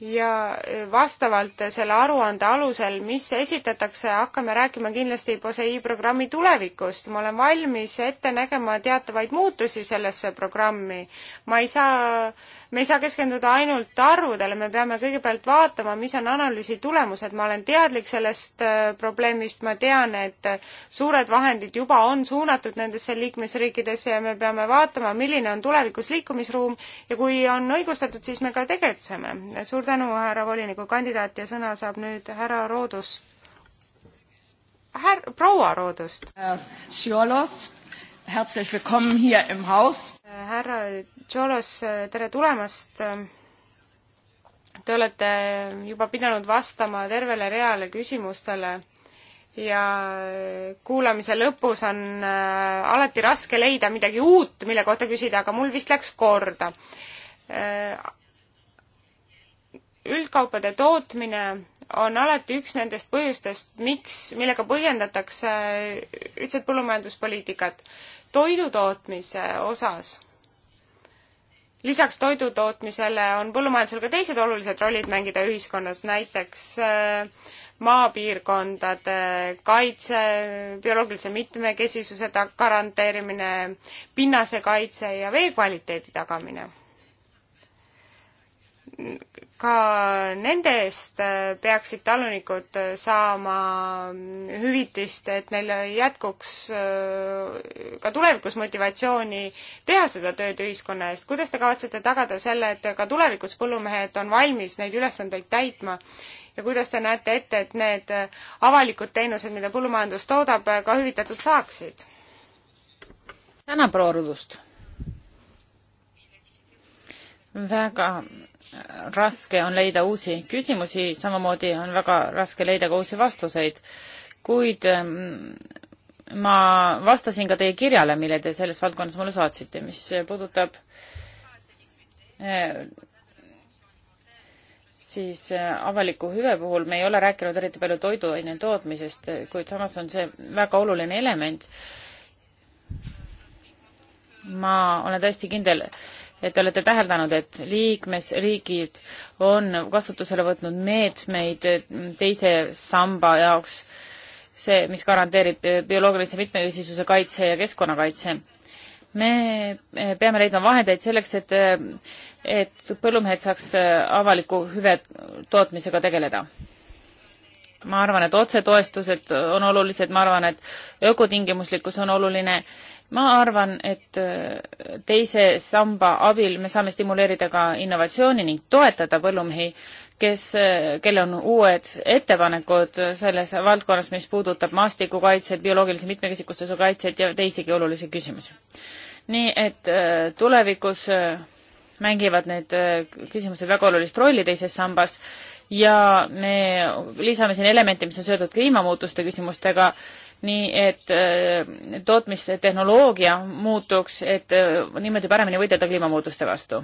ja vastavalt selle aruande alusel, mis esitatakse, hakkame rääkima kindlasti POSEI programmi tulevikust. ma olen valmis ette nägema teatavaid muutusi sellesse programmi. ma ei saa, me ei saa keskenduda ainult arvudele, me peame kõigepealt vaatama, mis on analüüsi tulemused. ma olen teadlik sellest äh, probleemist, ma tean, et suured vahendid juba on suunatud nendesse liikmesriikidesse ja me peame vaatama, milline on tulevikus liikumisruum ja kui on õigustatud, siis me ka tegutseme. suur tänu, härra volinikukandidaat ja sõna saab nüüd härra Roodust. Härra, proua Roodust. Äh, härra Tšolos, tere tulemast Te olete juba pidanud vastama tervele reale küsimustele ja kuulamise lõpus on äh, alati raske leida midagi uut, mille kohta küsida, aga mul vist läks korda. Äh, üldkaupade tootmine on alati üks nendest põhjustest, miks, millega põhjendatakse üldse põllumajanduspoliitikat. toidu tootmise osas lisaks toidu tootmisele on põllumajandusel ka teised olulised rollid mängida ühiskonnas, näiteks äh, maapiirkondade kaitse, bioloogilise mitmekesisuse garanteerimine, pinnase kaitse ja vee kvaliteedi tagamine ka nende eest äh, peaksid talunikud äh, saama mm, hüvitist, et neil jätkuks äh, ka tulevikus motivatsiooni teha seda tööd ühiskonna eest. kuidas te kavatsete tagada selle, et ka tulevikus põllumehed on valmis neid ülesandeid täitma? ja kuidas te näete ette, et need avalikud teenused, mida põllumajandus toodab, ka hüvitatud saaksid? tänan, proua Rudust! väga raske on leida uusi küsimusi, samamoodi on väga raske leida ka uusi vastuseid, kuid ähm, ma vastasin ka teie kirjale, mille te selles valdkonnas mulle saatsite, mis puudutab äh, siis äh, avaliku hüve puhul me ei ole rääkinud eriti palju toiduaine tootmisest, kuid samas on see väga oluline element. ma olen täiesti kindel, et te olete täheldanud, et liikmesriigid on kasutusele võtnud meetmeid teise samba jaoks, see, mis garanteerib bioloogilise mitmekesisuse kaitse ja keskkonnakaitse. me peame leidma vahendeid selleks, et, et põllumehed saaks avaliku hüve tootmisega tegeleda ma arvan, et otsetoestused on olulised, ma arvan, et ökotingimuslikkus on oluline ma arvan, et äh, teise samba abil me saame stimuleerida ka innovatsiooni ning toetada põllumehi, kes, äh, kellel on uued ettepanekud selles valdkonnas, mis puudutab maastikukaitset, bioloogilise mitmekesisuse kaitset ja teisigi olulisi küsimusi. nii et äh, tulevikus mängivad need küsimused väga olulist rolli teises sambas ja me lisame siin elemente, mis on seotud kliimamuutuste küsimustega nii et äh, tootmistehnoloogia muutuks, et äh, niimoodi paremini võidelda kliimamuutuste vastu.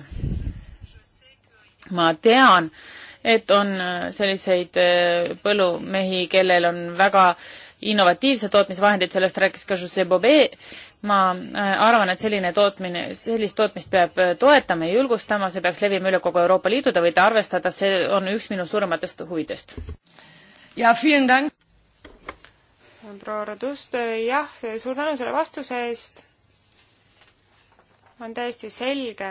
ma tean, et on äh, selliseid põllumehi, kellel on väga innovatiivsed tootmisvahendid, sellest rääkis ka Jose Bobe. ma arvan, et selline tootmine, sellist tootmist peab toetama ja julgustama, see peaks levima üle kogu Euroopa Liidu, te võite arvestada, see on üks minu suurematest huvidest. ja, proua Rodust, jah, suur tänu selle vastuse eest. on täiesti selge,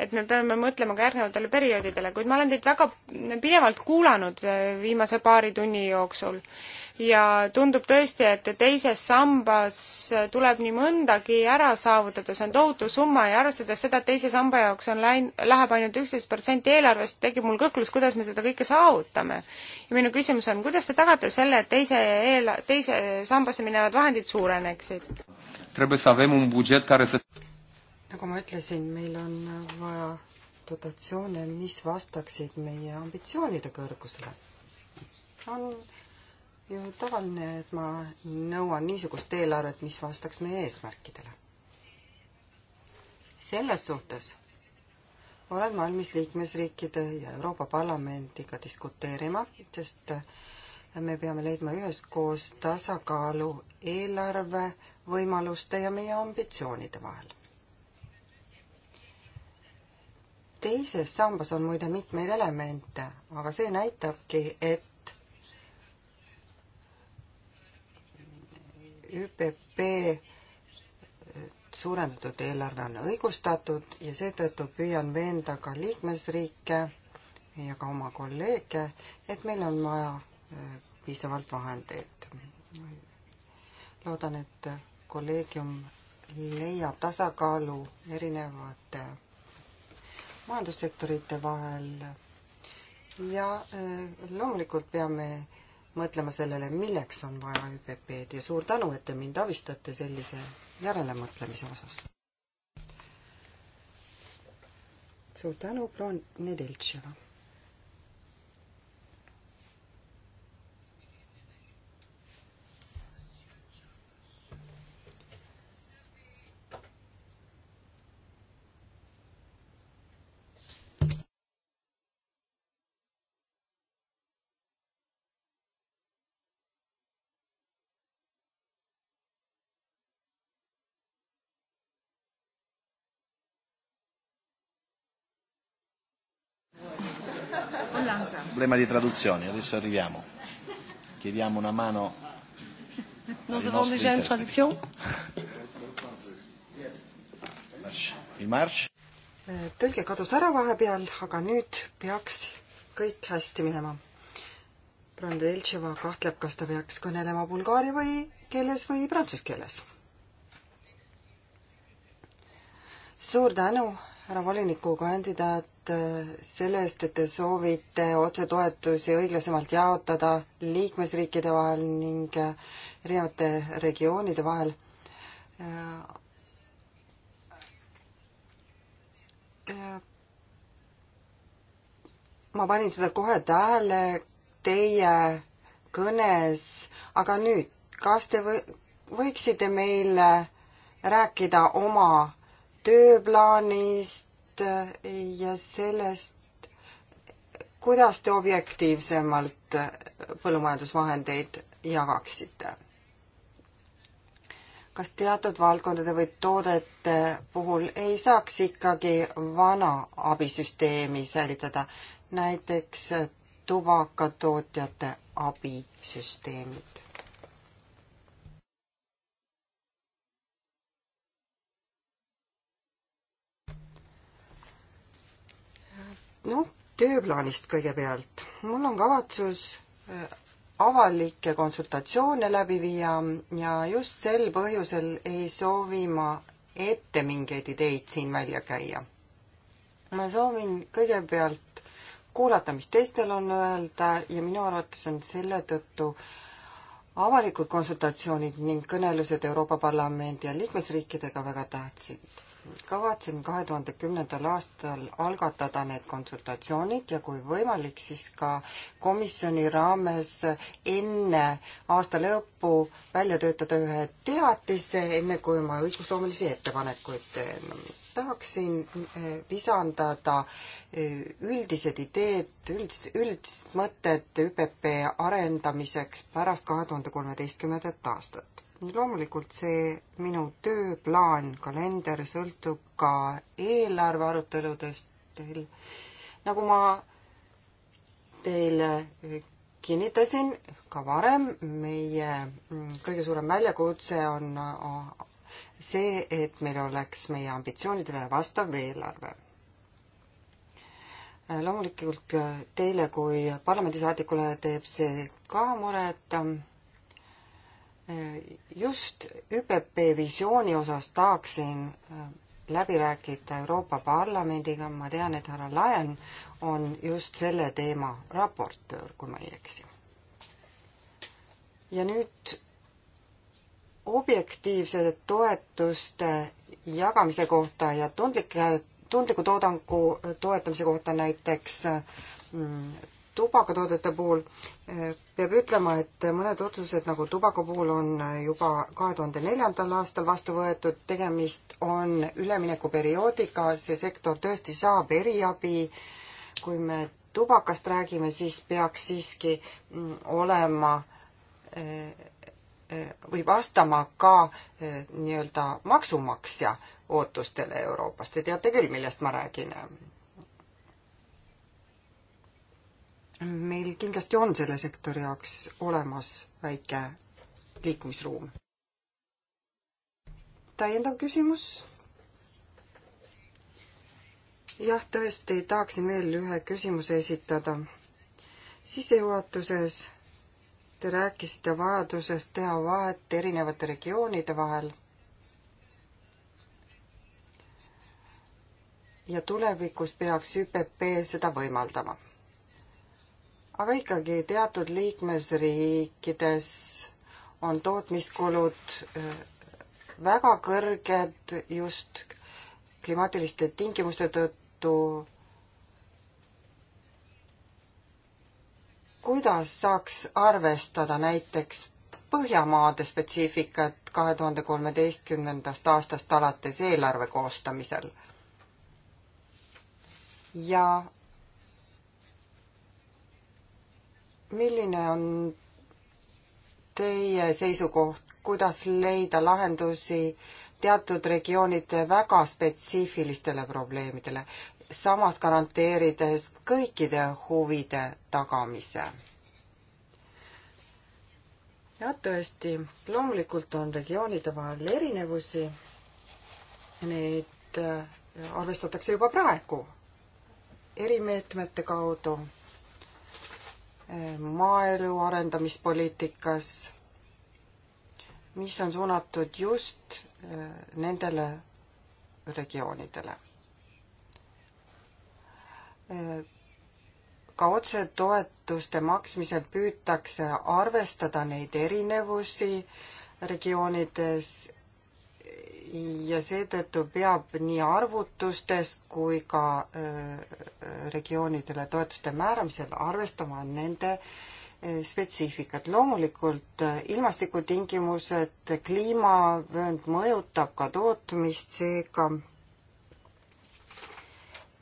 et me peame mõtlema ka järgnevatele perioodidele, kuid ma olen teid väga pidevalt kuulanud äh, viimase paari tunni jooksul ja tundub tõesti, et teises sambas äh, tuleb nii mõndagi ära saavutada, see on tohutu summa ja arvestades seda, et teise samba jaoks on läin-, läheb ainult üksteist protsenti eelarvest, tekib mul kõhklus, kuidas me seda kõike saavutame. ja minu küsimus on, kuidas te tagate selle, et teise eel-, teise sambasse minevad vahendid suureneksid? nagu ma ütlesin, meil on vaja dotatsioone, mis vastaksid meie ambitsioonide kõrgusele. on ju tavaline, et ma nõuan niisugust eelarvet, mis vastaks meie eesmärkidele. selles suhtes olen valmis liikmesriikide ja Euroopa Parlamendiga diskuteerima, sest me peame leidma üheskoos tasakaalu eelarve võimaluste ja meie ambitsioonide vahel. teises sambas on muide mitmeid elemente, aga see näitabki, et ÜPP suurendatud eelarve on õigustatud ja seetõttu püüan veenda ka liikmesriike ja ka oma kolleege, et meil on vaja äh, piisavalt vahendeid. loodan, et kolleegium leiab tasakaalu erinevate majandussektorite vahel ja äh, loomulikult peame mõtlema sellele, milleks on vaja ÜPP-d ja suur tänu, et te mind abistate sellise järelemõtlemise osas. suur tänu, proua Nedeltševa problema di traduzione, adesso arriviamo. Chiediamo una mano. Nous avons déjà une traduction. tõlge kadus ära vahepeal, aga nüüd peaks kõik hästi minema. Brandeltševa kahtleb, kas ta peaks kõnelema bulgaari või keeles või prantsuse keeles. suur tänu härra volinikukandidaat, selle eest, et te soovite otsetoetusi õiglasemalt jaotada liikmesriikide vahel ning erinevate regioonide vahel. ma panin seda kohe tähele teie kõnes, aga nüüd, kas te või-, võiksite meile rääkida oma tööplaanist ja sellest, kuidas te objektiivsemalt põllumajandusvahendeid jagaksite? kas teatud valdkondade või toodete puhul ei saaks ikkagi vana abisüsteemi säilitada, näiteks tubakatootjate abisüsteemid? noh, tööplaanist kõigepealt. mul on kavatsus äh, avalikke konsultatsioone läbi viia ja just sel põhjusel ei soovi ma ette mingeid ideid siin välja käia. ma soovin kõigepealt kuulata, mis teistel on öelda ja minu arvates on selle tõttu avalikud konsultatsioonid ning kõnelused Euroopa Parlamendi ja liikmesriikidega väga tähtsad kavatsen kahe tuhande kümnendal aastal algatada need konsultatsioonid ja kui võimalik, siis ka komisjoni raames enne aasta lõppu välja töötada ühe teatise, enne kui ma õigusloomelisi ettepanekuid teen. tahaksin eh, visandada eh, üldised ideed, üldist, üldist mõtet ÜPP arendamiseks pärast kahe tuhande kolmeteistkümnendat aastat loomulikult see minu tööplaan, kalender sõltub ka eelarve aruteludest teil. nagu ma teile kinnitasin ka varem, meie mm, kõige suurem väljakutse on see, et meil oleks meie ambitsioonidele vastav eelarve. loomulikult teile kui parlamendisaadikule teeb see ka muret just ÜPP visiooni osas tahaksin äh, läbi rääkida Euroopa Parlamendiga, ma tean, et härra Laen on just selle teema raportöör, kui ma ei eksi. ja nüüd objektiivsete toetuste jagamise kohta ja tundlike, tundliku toodangu toetamise kohta näiteks mm, tubakatoodete puhul eh, peab ütlema, et mõned otsused nagu tubaka puhul on juba kahe tuhande neljandal aastal vastu võetud, tegemist on üleminekuperioodiga, see sektor tõesti saab eriabi. kui me tubakast räägime, siis peaks siiski mm, olema eh, eh, või vastama ka nii-öelda maksumaksja ootustele Euroopast, te teate küll, millest ma räägin meil kindlasti on selle sektori jaoks olemas väike liikumisruum. täiendav küsimus? jah, tõesti, tahaksin veel ühe küsimuse esitada. sissejuhatuses te rääkisite vajadusest teha vahet erinevate regioonide vahel. ja tulevikus peaks ÜPP seda võimaldama aga ikkagi teatud liikmesriikides on tootmiskulud äh, väga kõrged just klimaatiliste tingimuste tõttu. kuidas saaks arvestada näiteks Põhjamaade spetsiifikat kahe tuhande kolmeteistkümnendast aastast alates eelarve koostamisel? ja milline on teie seisukoht, kuidas leida lahendusi teatud regioonide väga spetsiifilistele probleemidele, samas garanteerides kõikide huvide tagamise? jah, tõesti, loomulikult on regioonide vahel erinevusi. Neid äh, arvestatakse juba praegu erimeetmete kaudu maaelu arendamispoliitikas, mis on suunatud just äh, nendele regioonidele. Äh, ka otsetoetuste maksmisel püütakse arvestada neid erinevusi regioonides ja seetõttu peab nii arvutustes kui ka äh, regioonidele toetuste määramisel arvestama nende äh, spetsiifikat. loomulikult äh, ilmastikutingimused, kliimavöönd mõjutab ka tootmist, seega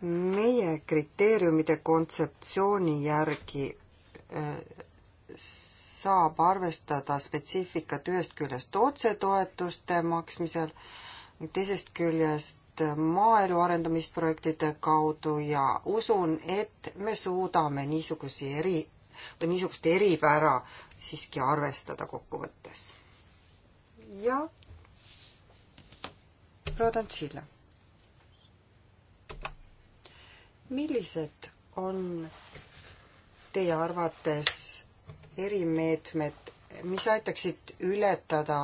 meie kriteeriumide kontseptsiooni järgi saab arvestada spetsiifikat ühest küljest otsetoetuste maksmisel, teisest küljest maaelu arendamisprojektide kaudu ja usun, et me suudame niisugusi eri, või niisugust eripära siiski arvestada kokkuvõttes. ja loodan sille. millised on teie arvates erimeetmed, mis aitaksid ületada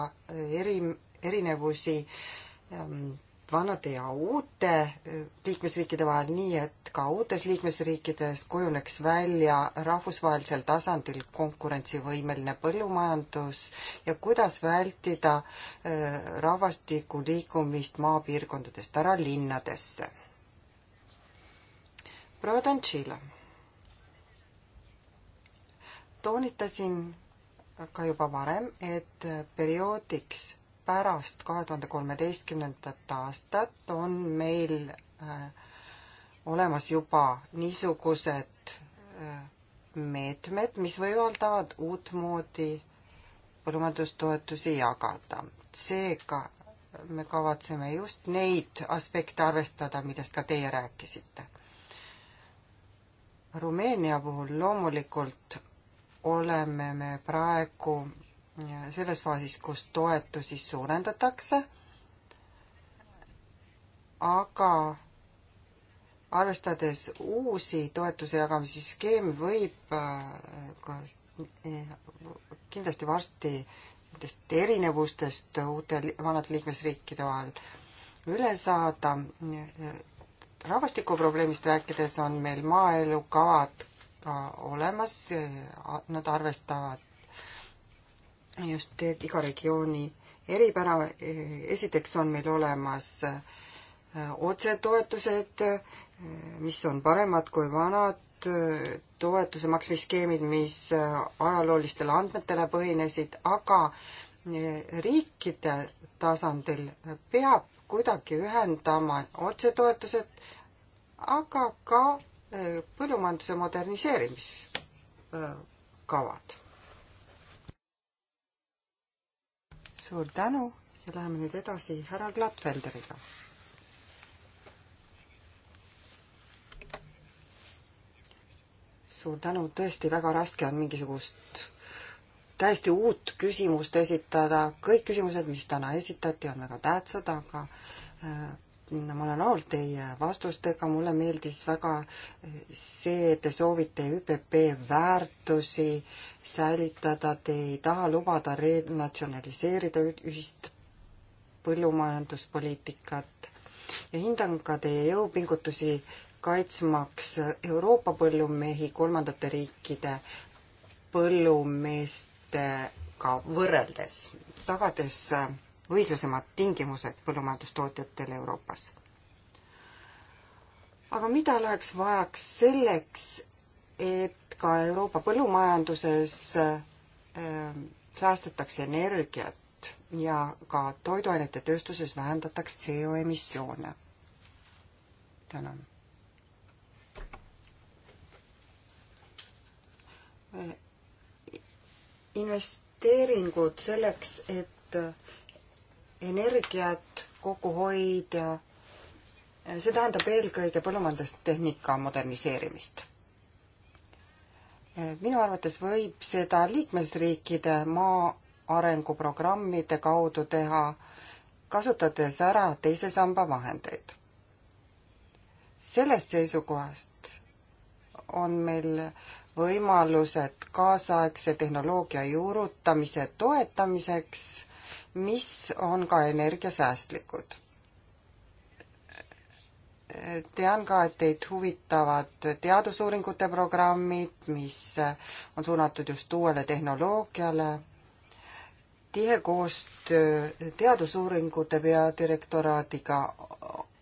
eri, erinevusi ähm, vanade ja uute äh, liikmesriikide vahel, nii et ka uutes liikmesriikides kujuneks välja rahvusvahelisel tasandil konkurentsivõimeline põllumajandus ja kuidas vältida äh, rahvastiku liikumist maapiirkondadest ära linnadesse. proua Tantšila toonitasin ka juba varem, et perioodiks pärast kahe tuhande kolmeteistkümnendat aastat on meil äh, olemas juba niisugused äh, meetmed, mis võimaldavad uutmoodi põllumajandustoetusi jagada. seega me kavatseme just neid aspekte arvestada, millest ka teie rääkisite. Rumeenia puhul loomulikult oleme me praegu selles faasis, kus toetusi suurendatakse, aga arvestades uusi toetuse jagamise skeemi, võib äh, kindlasti varsti nendest erinevustest uute, vanade liikmesriikide vahel üle saada. rahvastikuprobleemist rääkides on meil maaelukavad ka olemas, nad arvestavad just iga regiooni eripära, esiteks on meil olemas äh, otsetoetused, äh, mis on paremad kui vanad äh, toetuse maksmisskeemid, mis ajaloolistele andmetele põhinesid, aga riikide tasandil peab kuidagi ühendama otsetoetused, aga ka põllumajanduse moderniseerimiskavad. suur tänu ja läheme nüüd edasi härra Gladfelderiga. suur tänu, tõesti väga raske on mingisugust täiesti uut küsimust esitada, kõik küsimused, mis täna esitati, on väga tähtsad, aga äh, ma olen rahul teie vastustega, mulle meeldis väga see, et te soovite ÜPP väärtusi säilitada, te ei taha lubada renatsionaliseerida ühist põllumajanduspoliitikat ja hindan ka teie jõupingutusi kaitsmaks Euroopa põllumehi kolmandate riikide põllumeestega võrreldes, tagades õiglasemad tingimused põllumajandustootjatele Euroopas. aga mida läheks vajaks selleks, et ka Euroopa põllumajanduses äh, säästetakse energiat ja ka toiduainete tööstuses vähendataks CO emissioone. tänan. Äh, investeeringud selleks, et energiat kokku hoida. see tähendab eelkõige põllumajandustehnika moderniseerimist. minu arvates võib seda liikmesriikide maa arenguprogrammide kaudu teha, kasutades ära teise samba vahendeid. sellest seisukohast on meil võimalused kaasaegse tehnoloogia juurutamise toetamiseks mis on ka energiasäästlikud. tean ka, et teid huvitavad teadusuuringute programmid, mis on suunatud just uuele tehnoloogiale. tihe koostöö teadusuuringute peadirektoraadiga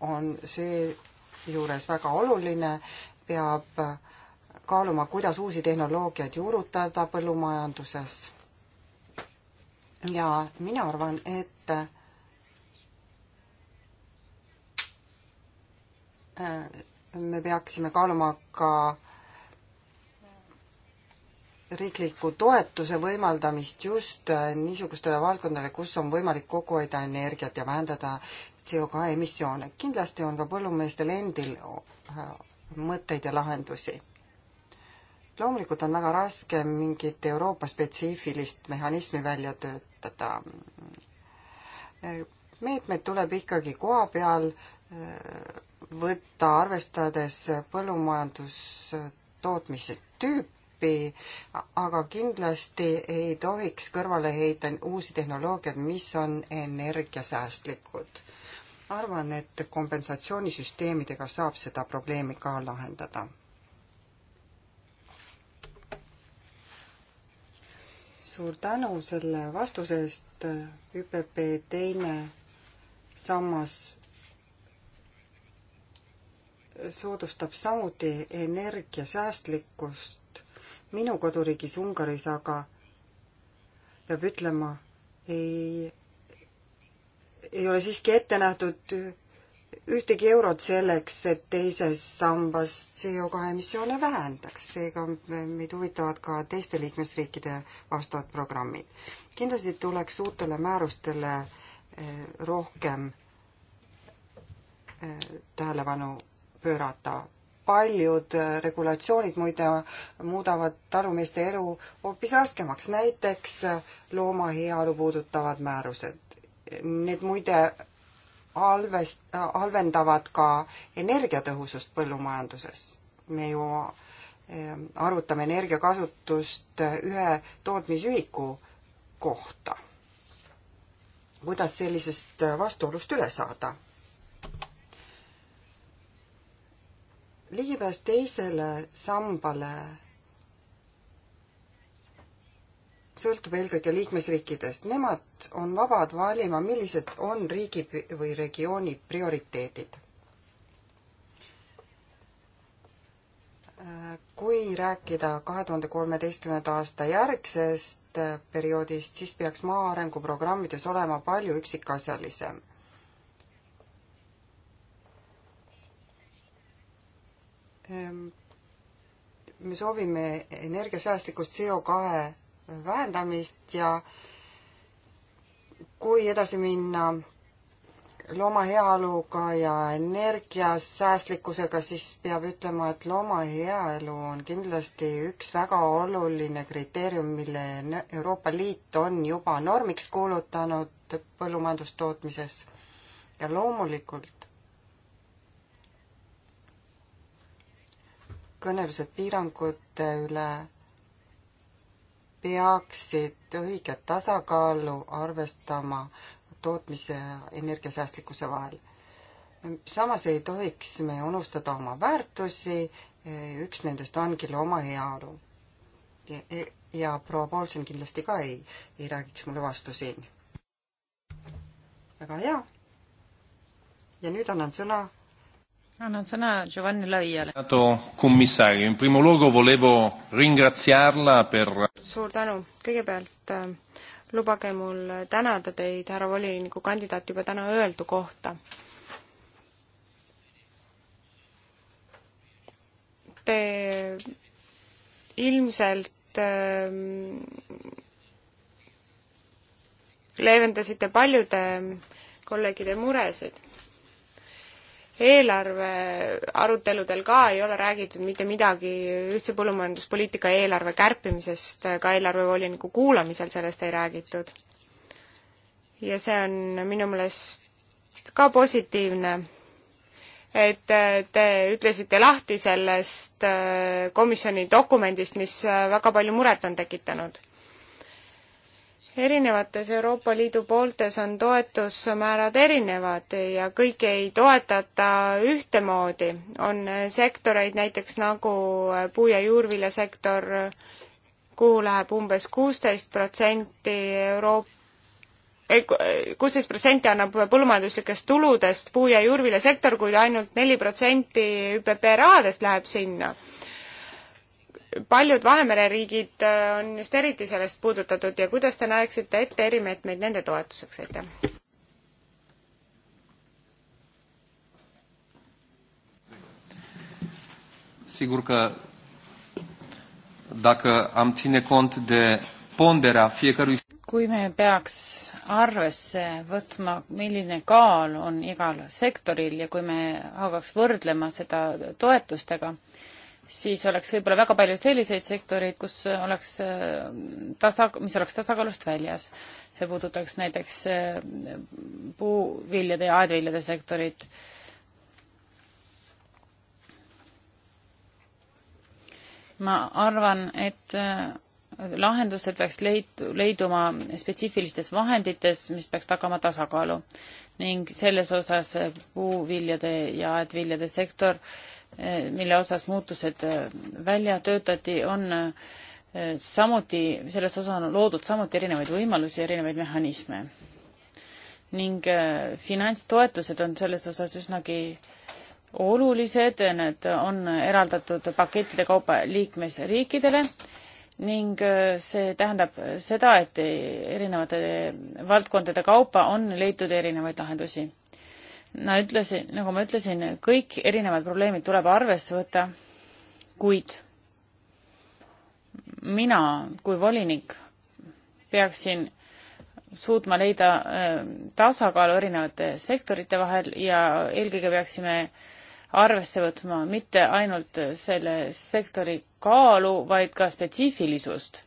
on seejuures väga oluline, peab kaaluma, kuidas uusi tehnoloogiaid juurutada põllumajanduses ja mina arvan, et äh, me peaksime kaaluma ka riikliku toetuse võimaldamist just äh, niisugustele valdkondadele, kus on võimalik kokku hoida energiat ja vähendada CO2 emissioone. kindlasti on ka põllumeestel endil äh, mõtteid ja lahendusi loomulikult on väga raske mingit Euroopa-spetsiifilist mehhanismi välja töötada. meetmed tuleb ikkagi koha peal äh, võtta, arvestades põllumajandustootmise tüüpi, aga kindlasti ei tohiks kõrvale heita uusi tehnoloogiaid, mis on energiasäästlikud. arvan, et kompensatsioonisüsteemidega saab seda probleemi ka lahendada suur tänu selle vastuse eest. ÜPP teine sammas soodustab samuti energiasäästlikkust. minu koduriigis Ungaris aga peab ütlema, ei, ei ole siiski ette nähtud ühtegi eurot selleks, et teisest sambast CO2 emissioone vähendaks, seega meid huvitavad ka teiste liikmesriikide vastavad programmid. kindlasti tuleks uutele määrustele eh, rohkem eh, tähelepanu pöörata. paljud eh, regulatsioonid muide muudavad talumeeste elu hoopis raskemaks, näiteks looma heaolu puudutavad määrused. Need muide halvest, halvendavad ka energiatõhusust põllumajanduses. me ju ehm, arvutame energiakasutust ühe tootmisühiku kohta. kuidas sellisest vastuolust üle saada? ligipääs teisele sambale sõltub eelkõige liikmesriikidest. Nemad on vabad valima, millised on riigi või regiooni prioriteedid. Äh, kui rääkida kahe tuhande kolmeteistkümnenda aasta järgsest äh, perioodist, siis peaks maa arenguprogrammides olema palju üksikasjalisem äh, me soovime energiasäästlikust CO2 vähendamist ja kui edasi minna looma heaoluga ja energiasäästlikkusega, siis peab ütlema, et looma heaelu on kindlasti üks väga oluline kriteerium, mille Euroopa Liit on juba normiks kuulutanud põllumajandustootmises. ja loomulikult kõnelused piirangute üle peaksid õiget tasakaalu arvestama tootmise ja energiasäästlikkuse vahel. samas ei tohiks me unustada oma väärtusi, üks nendest ongi looma heaolu. ja, ja, ja proua Paulsen kindlasti ka ei, ei räägiks mulle vastu siin. väga hea. ja nüüd annan sõna annan sõna Giovanni Laiale. kommissario, in primo luogo volevo ringraziarla per suur tänu, kõigepealt äh, lubage mul tänada teid, härra volinikukandidaat, juba täna öeldu kohta te ilmselt äh, leevendasite paljude kolleegide muresid eelarve aruteludel ka ei ole räägitud mitte midagi ühtse põllumajanduspoliitika eelarve kärpimisest, ka eelarvevoliniku kuulamisel sellest ei räägitud. ja see on minu meelest ka positiivne, et te ütlesite lahti sellest äh, komisjoni dokumendist, mis väga palju muret on tekitanud erinevates Euroopa Liidu pooltes on toetusmäärad erinevad ja kõiki ei toetata ühtemoodi. on sektoreid näiteks nagu puu- ja juurviljasektor, kuhu läheb umbes kuusteist protsenti Euroopa kuusteist protsenti annab põllumajanduslikest tuludest puu- ja juurviljasektor, kuid ainult neli protsenti ÜPP rahadest läheb sinna paljud Vahemere riigid äh, on just eriti sellest puudutatud ja kuidas te näeksite ette erimeetmeid nende toetuseks, aitäh? Sigur că dacă am ține cont de ponderea fiecărui kui me peaks arvesse võtma, milline kaal on igal sektoril ja kui me hakkaks võrdlema seda toetustega, siis oleks võib-olla väga palju selliseid sektoreid, kus oleks äh, tasa, mis oleks tasakaalust väljas. see puudutaks näiteks äh, puuviljade ja aedviljade sektorit. ma arvan, et äh, lahendused peaks leid-, leiduma spetsiifilistes vahendites, mis peaks tagama tasakaalu. ning selles osas puuviljade ja aedviljade sektor äh, mille osas muutused äh, välja töötati, on äh, samuti, selles osas on loodud samuti erinevaid võimalusi, erinevaid mehhanisme. ning äh, finantstoetused on selles osas üsnagi olulised, need on eraldatud pakettide kaupa liikmesriikidele ning see tähendab seda, et erinevate valdkondade kaupa on leitud erinevaid lahendusi no ütlesin, nagu ma ütlesin, kõik erinevad probleemid tuleb arvesse võtta, kuid mina kui volinik peaksin suutma leida äh, tasakaalu erinevate sektorite vahel ja eelkõige peaksime arvesse võtma mitte ainult selle sektori kaalu, vaid ka spetsiifilisust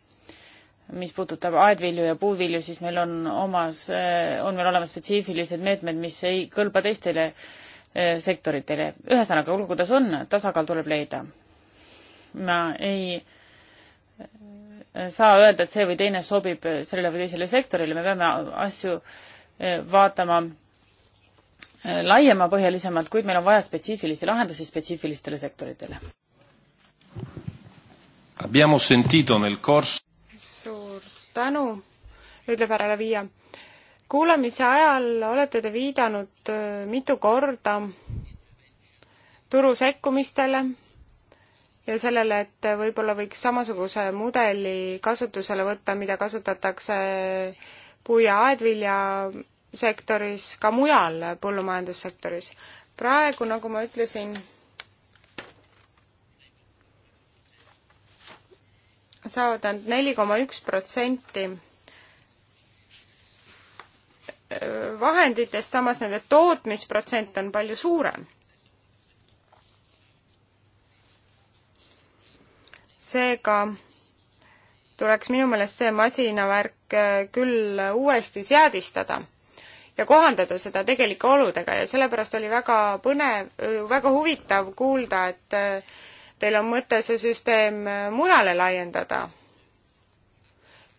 mis puudutab aedvilju ja puuvilju, siis meil on omas, äh, on meil olemas spetsiifilised meetmed, mis ei kõlba teistele äh, sektoritele. ühesõnaga, olgu kuidas on, tasakaal tuleb leida. ma ei äh, saa öelda, et see või teine sobib sellele või teisele sektorile, me peame asju vaatama laiemapõhjalisemalt, kuid meil on vaja spetsiifilisi lahendusi spetsiifilistele sektoritele. Abbiamo sentito nel corso suur tänu, ütleb härra Lavia. kuulamise ajal olete te viidanud äh, mitu korda turu sekkumistele ja sellele, et võib-olla võiks samasuguse mudeli kasutusele võtta, mida kasutatakse puu- ja aedviljasektoris, ka mujal põllumajandussektoris. praegu, nagu ma ütlesin, saavad nad neli koma üks protsenti äh, vahenditest, samas nende tootmisprotsent on palju suurem. seega tuleks minu meelest see masinavärk äh, küll uuesti seadistada ja kohandada seda tegelike oludega ja sellepärast oli väga põnev, väga huvitav kuulda, et äh, Teil on mõte see süsteem äh, mujale laiendada.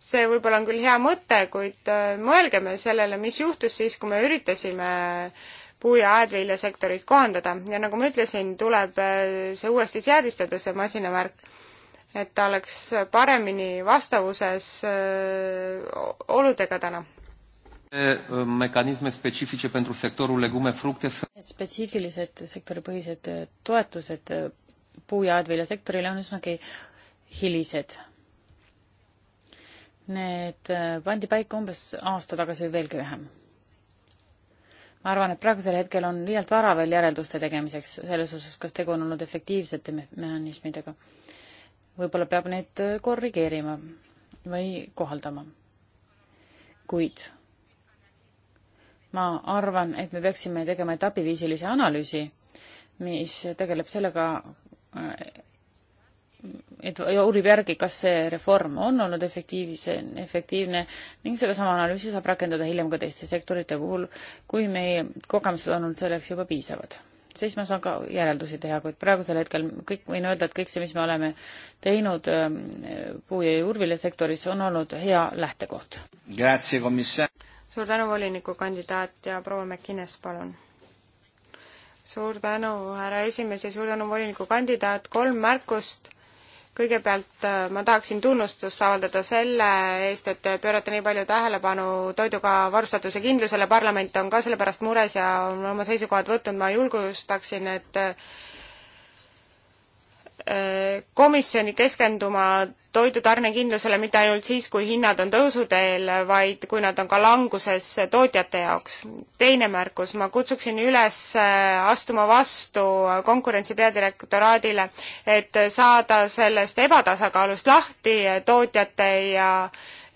see võib-olla on küll hea mõte, kuid äh, mõelgem sellele, mis juhtus siis, kui me üritasime äh, puu- ja aedviljasektorit kohandada ja nagu ma ütlesin, tuleb see uuesti seadistada, see masinavärk et ta oleks paremini vastavuses oludega täna. mekanisme spetsiifilised sektori legume, frukte. spetsiifilised sektoripõhised toetused puu- ja aedviljasektorile on üsnagi hilised. Need äh, pandi paika umbes aasta tagasi või veelgi vähem. ma arvan, et praegusel hetkel on liialt vara veel järelduste tegemiseks selles osas, kas tegu on olnud efektiivsete me mehhanismidega. võib-olla peab neid äh, korrigeerima või kohaldama. kuid ma arvan, et me peaksime tegema etapiviisilise analüüsi, mis tegeleb sellega, et uurib järgi, kas see reform on olnud efektiivse, efektiivne ning sedasama analüüsi saab rakendada hiljem ka teiste sektorite puhul, kui meie kogemused on olnud selleks juba piisavad. siis ma saan ka järeldusi teha, kuid praegusel hetkel kõik, võin öelda, et kõik see, mis me oleme teinud ähm, puu- ja juurviljasektoris, on olnud hea lähtekoht. suur tänu, volinikukandidaat ja proua McInnes, palun suur tänu, härra esimees ja suur tänu, volinikukandidaat, kolm märkust. kõigepealt äh, ma tahaksin tunnustust avaldada selle eest, et te pöörate nii palju tähelepanu toiduga varustatuse kindlusele, parlament on ka selle pärast mures ja on oma seisukohad võtnud, ma julgustaksin, et komisjoni keskenduma toidutarnekindlusele mitte ainult siis, kui hinnad on tõusuteel, vaid kui nad on ka languses tootjate jaoks. teine märkus, ma kutsuksin üles äh, astuma vastu konkurentsi peadirektoraadile, et saada sellest ebatasakaalust lahti tootjate ja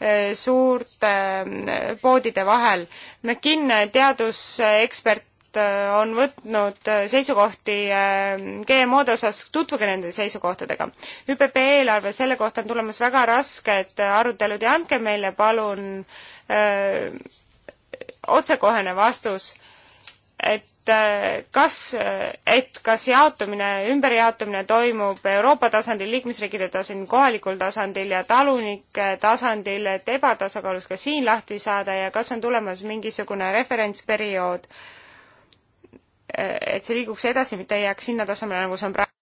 äh, suurte äh, poodide vahel. McKinn teadusekspert Äh, on võtnud äh, seisukohti äh, GMO-de osas, tutvuge nende seisukohtadega. ÜPP eelarve, selle kohta on tulemas väga rasked arutelud ja andke meile palun öö, otsekohene vastus, et kas, et kas jaotumine, ümberjaotumine toimub Euroopa tasandil, liikmesriikide tasandil, kohalikul tasandil ja talunike tasandil, et ebatasakaalus ka siin lahti saada ja kas on tulemas mingisugune referentsperiood äh, et see liiguks edasi, mitte ei jääks sinna tasemele, nagu see on praegu.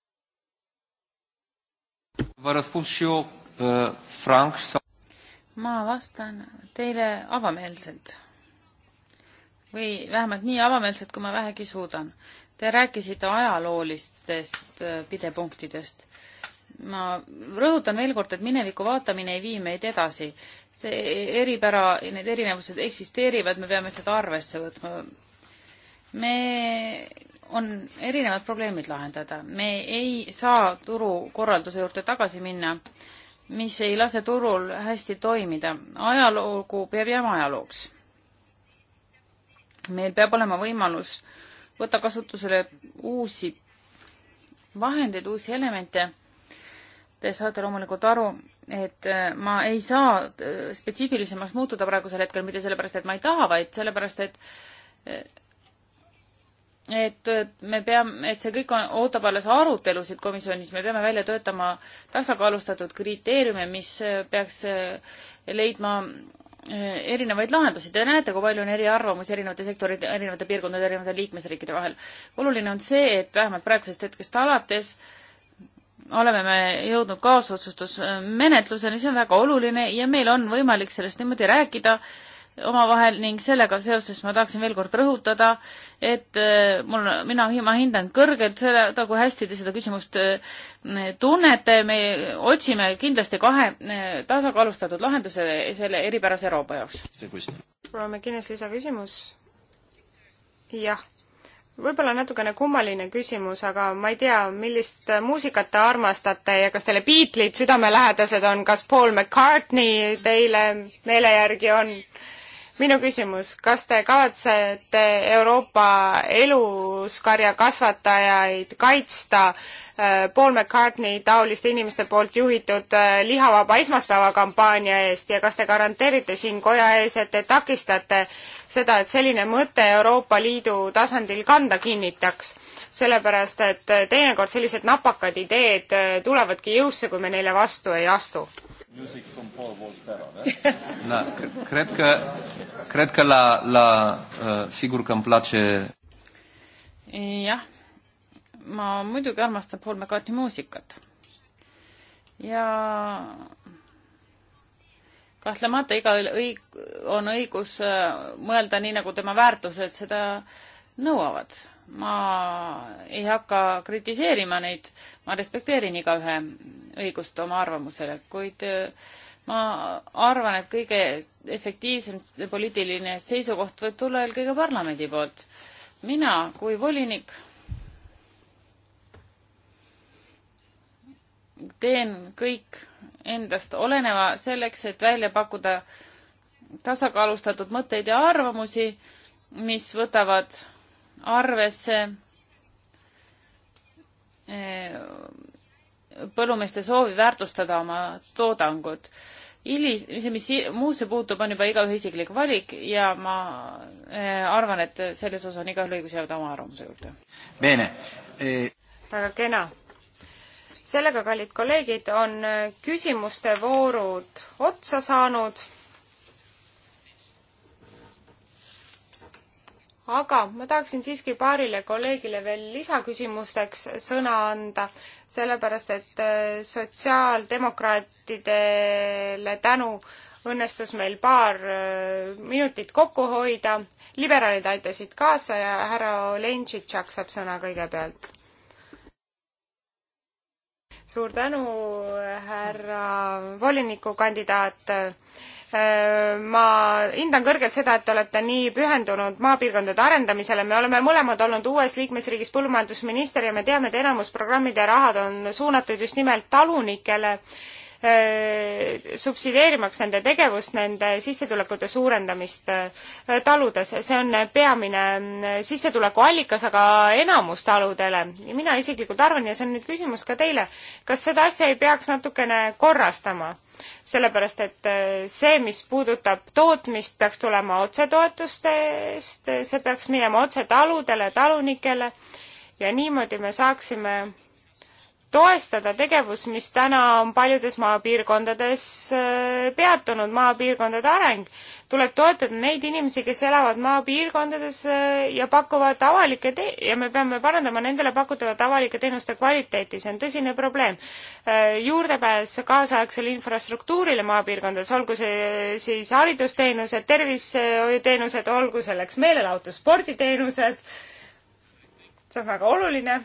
E, ma vastan teile avameelselt või vähemalt nii avameelselt, kui ma vähegi suudan. Te rääkisite ajaloolistest e, pidepunktidest. ma rõhutan veel kord, et mineviku vaatamine ei vii meid edasi. see e, eripära, need erinevused eksisteerivad, me peame seda arvesse võtma me, on erinevad probleemid lahendada, me ei saa turukorralduse juurde tagasi minna, mis ei lase turul hästi toimida. ajalugu peab jääma ajalooks. meil peab olema võimalus võtta kasutusele uusi vahendeid, uusi elemente. Te saate loomulikult aru, et äh, ma ei saa äh, spetsiifilisemaks muutuda praegusel hetkel mitte sellepärast, et ma ei taha, vaid sellepärast, et äh, et me peame, et see kõik on, ootab alles arutelusid komisjonis, me peame välja töötama tasakaalustatud kriteeriume, mis äh, peaks äh, leidma äh, erinevaid lahendusi. Te näete, kui palju on eriarvamusi erinevate sektorite, erinevate piirkondade, erinevate liikmesriikide vahel. oluline on see, et vähemalt praegusest hetkest alates oleme me jõudnud kaasotsustusmenetluseni, see on väga oluline ja meil on võimalik sellest niimoodi rääkida äh, omavahel ning sellega seoses ma tahaksin veel kord rõhutada, et äh, mul, mina, ma hindan kõrgelt seda, kui hästi te seda küsimust äh, tunnete, me otsime kindlasti kahe äh, tasakaalustatud lahenduse selle eripärase Euroopa jaoks. proua Mäkinis, lisaküsimus? jah võib-olla natukene kummaline küsimus, aga ma ei tea, millist muusikat te armastate ja kas teile Beatlesid südamelähedased on, kas Paul McCartney teile meele järgi on? minu küsimus, kas te kavatsete Euroopa eluskarja kasvatajaid kaitsta äh, Paul McCartney taoliste inimeste poolt juhitud äh, lihavaba esmaspäeva kampaania eest ja kas te garanteerite siin koja ees, et te takistate seda, et selline mõte Euroopa Liidu tasandil kanda kinnitaks? sellepärast, et äh, teinekord sellised napakad ideed tulevadki jõusse, kui me neile vastu ei astu Music from Paul was better, da, cred că, cred că la, la, uh, sigur că îmi place. jah, ma muidugi armastan Paul McCartney muusikat. ja kahtlemata igal õig-, on õigus äh, mõelda nii, nagu tema väärtused seda nõuavad ma ei hakka kritiseerima neid, ma respekteerin igaühe õigust oma arvamusele, kuid äh, ma arvan, et kõige efektiivsem poliitiline seisukoht võib tulla eelkõige parlamendi poolt. mina kui volinik teen kõik endast oleneva selleks, et välja pakkuda tasakaalustatud mõtteid ja arvamusi, mis võtavad arvesse eh, põllumeeste soovi väärtustada oma toodangut. Hilis-, see, mis muusse puutub, on juba igaühe isiklik valik ja ma eh, arvan, et selles osas on igaühel õigus jääda oma arvamuse juurde. Bene e. väga kena. sellega, kallid kolleegid, on küsimuste voorud otsa saanud aga ma tahaksin siiski paarile kolleegile veel lisaküsimusteks sõna anda, sellepärast et äh, sotsiaaldemokraatidele tänu õnnestus meil paar äh, minutit kokku hoida, liberaalid aitasid kaasa ja härra Olenšitšak saab sõna kõigepealt. suur tänu, härra volinikukandidaat Äh, ma hindan kõrgelt seda, et te olete nii pühendunud maapiirkondade arendamisele, me oleme mõlemad olnud uues liikmesriigis põllumajandusminister ja me teame, et enamus programmide rahad on suunatud just nimelt talunikele, äh, subsideerimaks nende tegevust, nende sissetulekute suurendamist äh, taludes. see on peamine sissetulekuallikas, aga enamus taludele. mina isiklikult arvan ja see on nüüd küsimus ka teile, kas seda asja ei peaks natukene korrastama? sellepärast et eh, see, mis puudutab tootmist, peaks tulema otsetoetustest, see peaks minema otse taludele, talunikele ja niimoodi me saaksime toestada tegevus, mis täna on paljudes maapiirkondades äh, peatunud, maapiirkondade areng. tuleb toetada neid inimesi, kes elavad maapiirkondades äh, ja pakuvad avalikke te- ja me peame parandama nendele pakutavat avalike teenuste kvaliteeti, see on tõsine probleem. Äh, juurdepääs kaasaegsele infrastruktuurile maapiirkondades, olgu see siis haridusteenused, tervishoiuteenused, olgu selleks meelelahutus, sporditeenused, see on väga oluline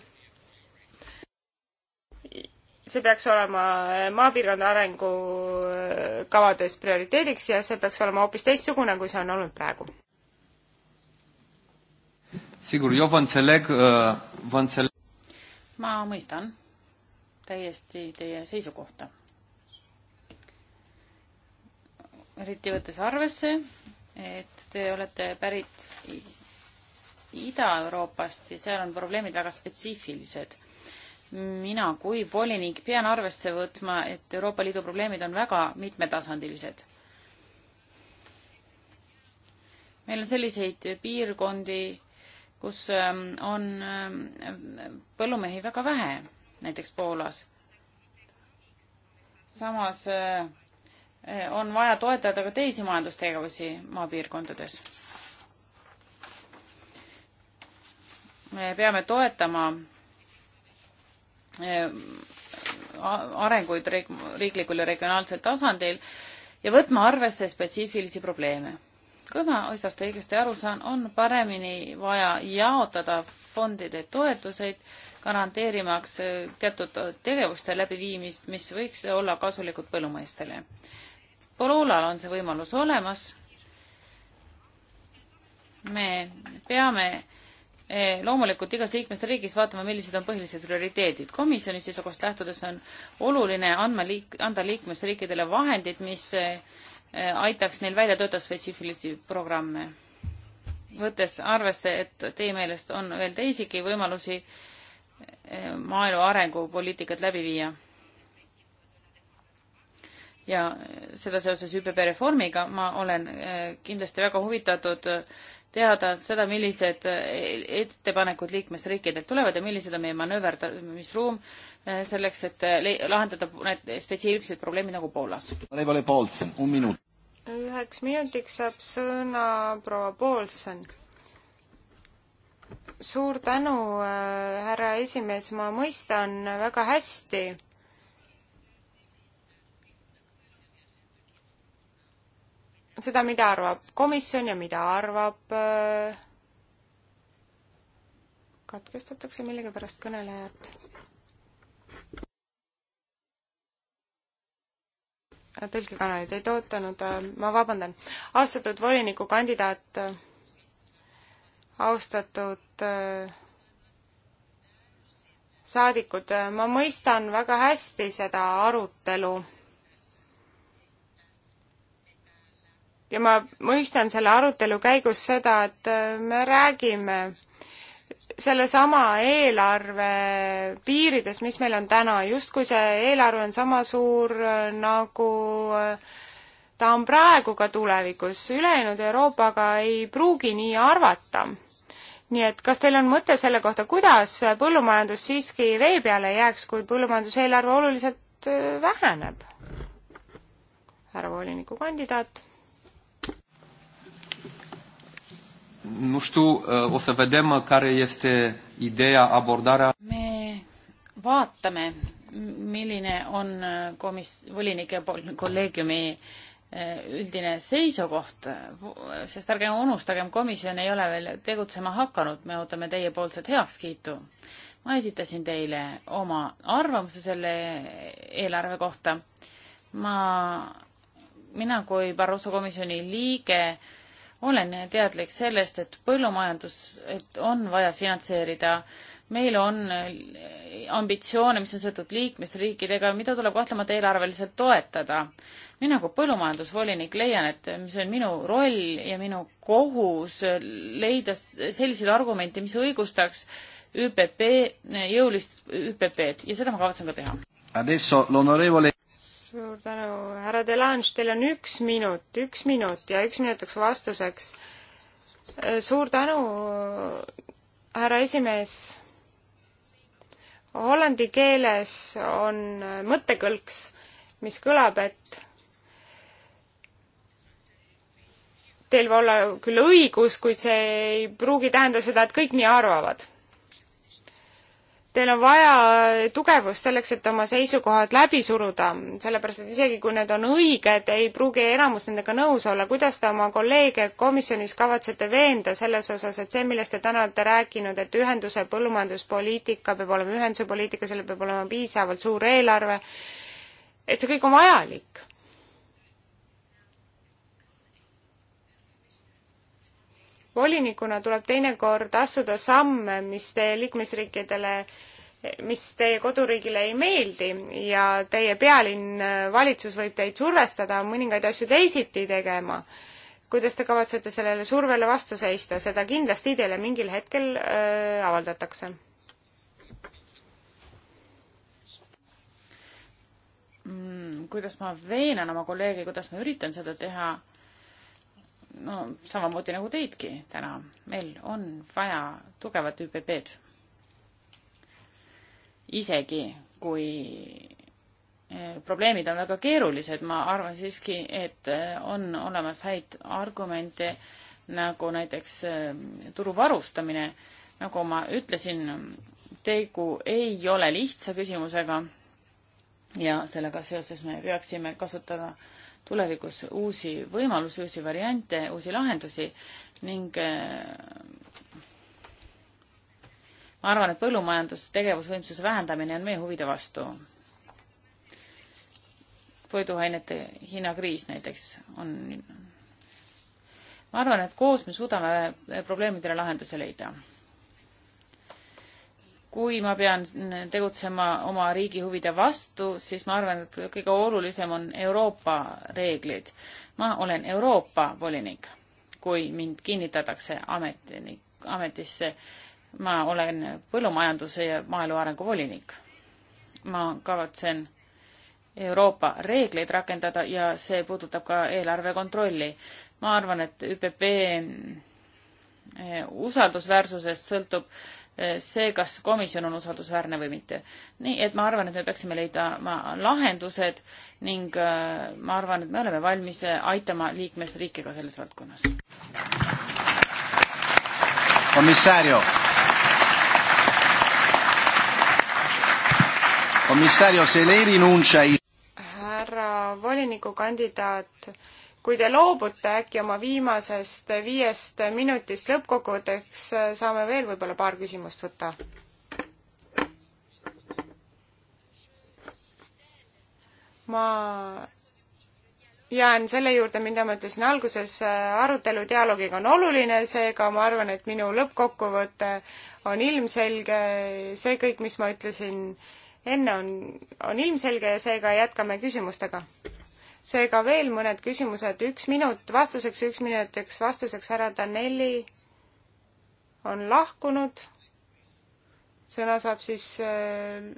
see peaks olema äh, maapiirkonna arengukavades prioriteediks ja see peaks olema hoopis teistsugune, kui see on olnud praegu. Sigur, eu vă înțeleg, vă înțeleg. Ma mõistan täiesti teie seisukohta. eriti võttes arvesse, et te olete pärit Ida-Euroopast ja seal on probleemid väga spetsiifilised mina kui volinik pean arvesse võtma, et Euroopa Liidu probleemid on väga mitmetasandilised. meil on selliseid piirkondi, kus ähm, on ähm, põllumehi väga vähe, näiteks Poolas. samas äh, on vaja toetada ka teisi majandustegevusi maapiirkondades. me peame toetama Ehm, arenguid riiklikul ja regionaalsel tasandil ja võtma arvesse spetsiifilisi probleeme. kui ma asjast õigesti aru saan, on paremini vaja jaotada fondide toetuseid, garanteerimaks eh, teatud tegevuste läbiviimist, mis võiks olla kasulikud põllumeestele. Polulal on see võimalus olemas. me peame Eh, loomulikult igas liikmesriigis vaatama, millised on põhilised prioriteedid. komisjoni seisukohast lähtudes on oluline andma liik-, anda liikmesriikidele vahendid, mis eh, aitaks neil välja töötada spetsiifilisi programme. võttes arvesse, et teie meelest on veel teisigi võimalusi eh, maaelu arengupoliitikat läbi viia. ja seda seoses ÜPP reformiga ma olen kindlasti väga huvitatud teada seda, millised ettepanekud liikmesriikidelt tulevad ja millised on meie manööverdamisruum eh, selleks, et eh, lahendada need spetsiifilised probleemid nagu Poolas. üheks minutiks saab sõna proua Poolsen suur tänu äh,, härra esimees, ma mõistan väga hästi seda, mida arvab komisjon ja mida arvab äh, katkestatakse millegipärast kõnelejat. Äh, tõlkekanalid ei tootanud, äh, ma vabandan. austatud volinikukandidaat, austatud saadikud, ma mõistan väga hästi seda arutelu ja ma mõistan selle arutelu käigus seda, et äh, me räägime sellesama eelarve piirides, mis meil on täna, justkui see eelarve on sama suur äh, nagu äh, ta on praegu ka tulevikus, ülejäänud Euroopaga ei pruugi nii arvata. nii et kas teil on mõte selle kohta, kuidas põllumajandus siiski vee peale ei jääks, kui põllumajanduseelarve oluliselt väheneb? härra volinikukandidaat nu știu, o să vedem care este ideea, abordarea. Me vaatame, milline on komis-, volinike kolleegiumi üldine seisukoht, sest ärgem unustagem, komisjon ei ole veel tegutsema hakanud, me ootame teiepoolset heakskiitu. ma esitasin teile oma arvamuse selle eelarve kohta. ma, mina kui Barroso komisjoni liige äh, olen teadlik sellest, et põllumajandus, et on vaja finantseerida. meil on äh, ambitsioone, mis on seotud liikmesriikidega, mida tuleb kahtlemata eelarveliselt toetada. mina kui põllumajandusvolinik leian, et see on minu roll ja minu kohus leida selliseid argumente, mis õigustaks ÜPP, jõulist ÜPP-d ja seda ma kavatsen ka teha. Adesso l'onorevole suur tänu, härra Delange, teil on üks minut, üks minut ja üks minutiks vastuseks. Äh, suur tänu, härra esimees. Hollandi keeles on äh, mõttekõlks, mis kõlab, et teil võib olla küll õigus, kuid see ei pruugi tähenda seda, et kõik nii arvavad Teil on vaja äh, tugevust selleks, et oma seisukohad läbi suruda, sellepärast et isegi kui need on õiged, ei pruugi enamus nendega nõus olla. kuidas te oma kolleege komisjonis kavatsete veenda selles osas, et see, millest te täna olete rääkinud, et ühenduse põllumajanduspoliitika peab olema ühenduse poliitika, sellel peab olema piisavalt suur eelarve, et see kõik on vajalik volinikuna tuleb teinekord astuda samme, mis teie liikmesriikidele, mis teie koduriigile ei meeldi ja teie pealinn, valitsus võib teid survestada mõningaid asju teisiti tegema. kuidas te kavatsete sellele survele vastu seista, seda kindlasti teile mingil hetkel öö, avaldatakse mm,? kuidas ma veenan oma kolleegi, kuidas ma üritan seda teha? no samamoodi nagu teidki täna, meil on vaja tugevat ÜPP-d. isegi kui eh, probleemid on väga keerulised, ma arvan siiski, et eh, on olemas häid argumente, nagu näiteks eh, turu varustamine, nagu ma ütlesin, tegu ei ole lihtsa küsimusega ja sellega seoses me peaksime kasutama äh, tulevikus uusi võimalusi, uusi variante, uusi lahendusi ning äh, ma arvan, et põllumajandustegevusvõimsuse vähendamine on meie huvide vastu. toiduainete hinnakriis näiteks on ma arvan, et koos me suudame probleemidele lahenduse leida kui ma pean tegutsema oma riigi huvide vastu, siis ma arvan, et kõige olulisem on Euroopa reeglid. ma olen Euroopa volinik, kui mind kinnitatakse ametinik, ametisse. ma olen põllumajanduse ja maaelu arengu volinik. ma kavatsen Euroopa reegleid rakendada ja see puudutab ka eelarve kontrolli. ma arvan, et ÜPP eh, usaldusväärsusest sõltub see, kas komisjon on usaldusväärne või mitte. nii et ma arvan, et me peaksime leidma lahendused ning äh, ma arvan, et me oleme valmis äh, aitama liikmesriike ka selles valdkonnas. komissario. komissario, see ei rinuncia härra volinikukandidaat kui te loobute äkki oma viimasest viiest minutist lõppkokkuvõtteks, saame veel võib-olla paar küsimust võtta. ma jään selle juurde, mida ma ütlesin alguses, arutelu dialoogiga on oluline, seega ma arvan, et minu lõppkokkuvõte on ilmselge, see kõik, mis ma ütlesin enne, on, on ilmselge ja seega jätkame küsimustega seega veel mõned küsimused, üks minut vastuseks, üks minutiks vastuseks, härra Danelli on lahkunud, sõna saab siis äh,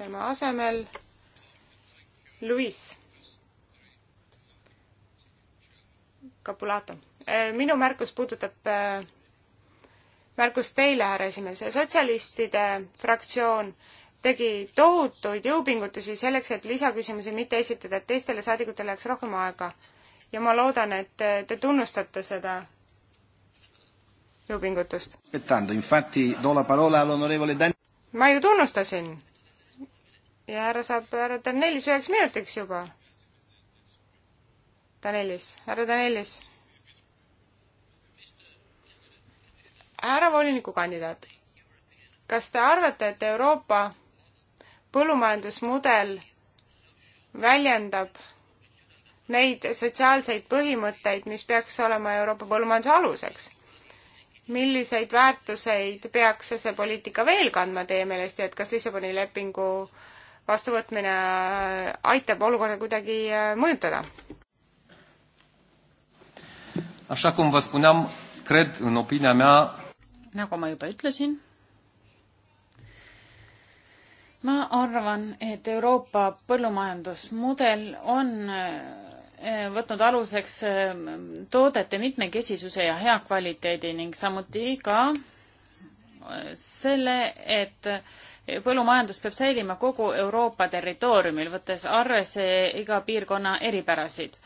tema asemel Luis Capulato. Äh, minu märkus puudutab äh, märkust teile, härra esimees, sotsialistide fraktsioon äh, tegi tohutuid jõupingutusi selleks, et lisaküsimusi mitte esitada, et teistele saadikutele jääks rohkem aega. ja ma loodan, et te tunnustate seda jõupingutust. ma ju tunnustasin. ja härra saab, härra Danelis üheks minutiks juba. Danelis, härra Danelis. härra volinikukandidaat, kas te arvate, et Euroopa põllumajandusmudel väljendab neid sotsiaalseid põhimõtteid, mis peaks olema Euroopa põllumajanduse aluseks. milliseid väärtuseid peaks see poliitika veel kandma teie meelest ja et kas Lissaboni lepingu vastuvõtmine äh, aitab olukorda kuidagi äh, mõjutada? nagu ma juba ütlesin ma arvan, et Euroopa põllumajandusmudel on eh, võtnud aluseks eh, toodete mitmekesisuse ja hea kvaliteedi ning samuti ka eh, selle, et põllumajandus peab säilima kogu Euroopa territooriumil, võttes arvesse iga piirkonna eripärasid.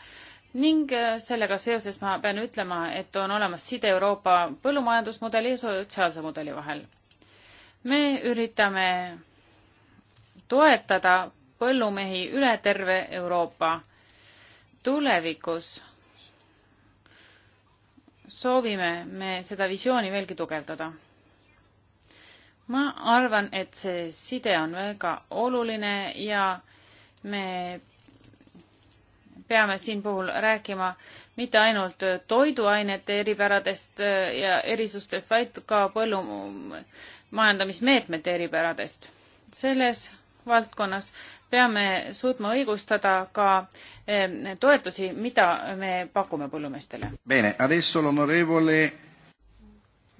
ning sellega seoses ma pean ütlema, et on olemas side Euroopa põllumajandusmudeli ja sotsiaalse mudeli vahel. me üritame toetada põllumehi üle terve Euroopa. tulevikus soovime me seda visiooni veelgi tugevdada. ma arvan, et see side on väga oluline ja me peame siin puhul rääkima mitte ainult toiduainete eripäradest ja erisustest, vaid ka põllumajandamismeetmete eripäradest. selles valdkonnas peame suutma õigustada ka eh, toetusi, mida me pakume põllumeestele.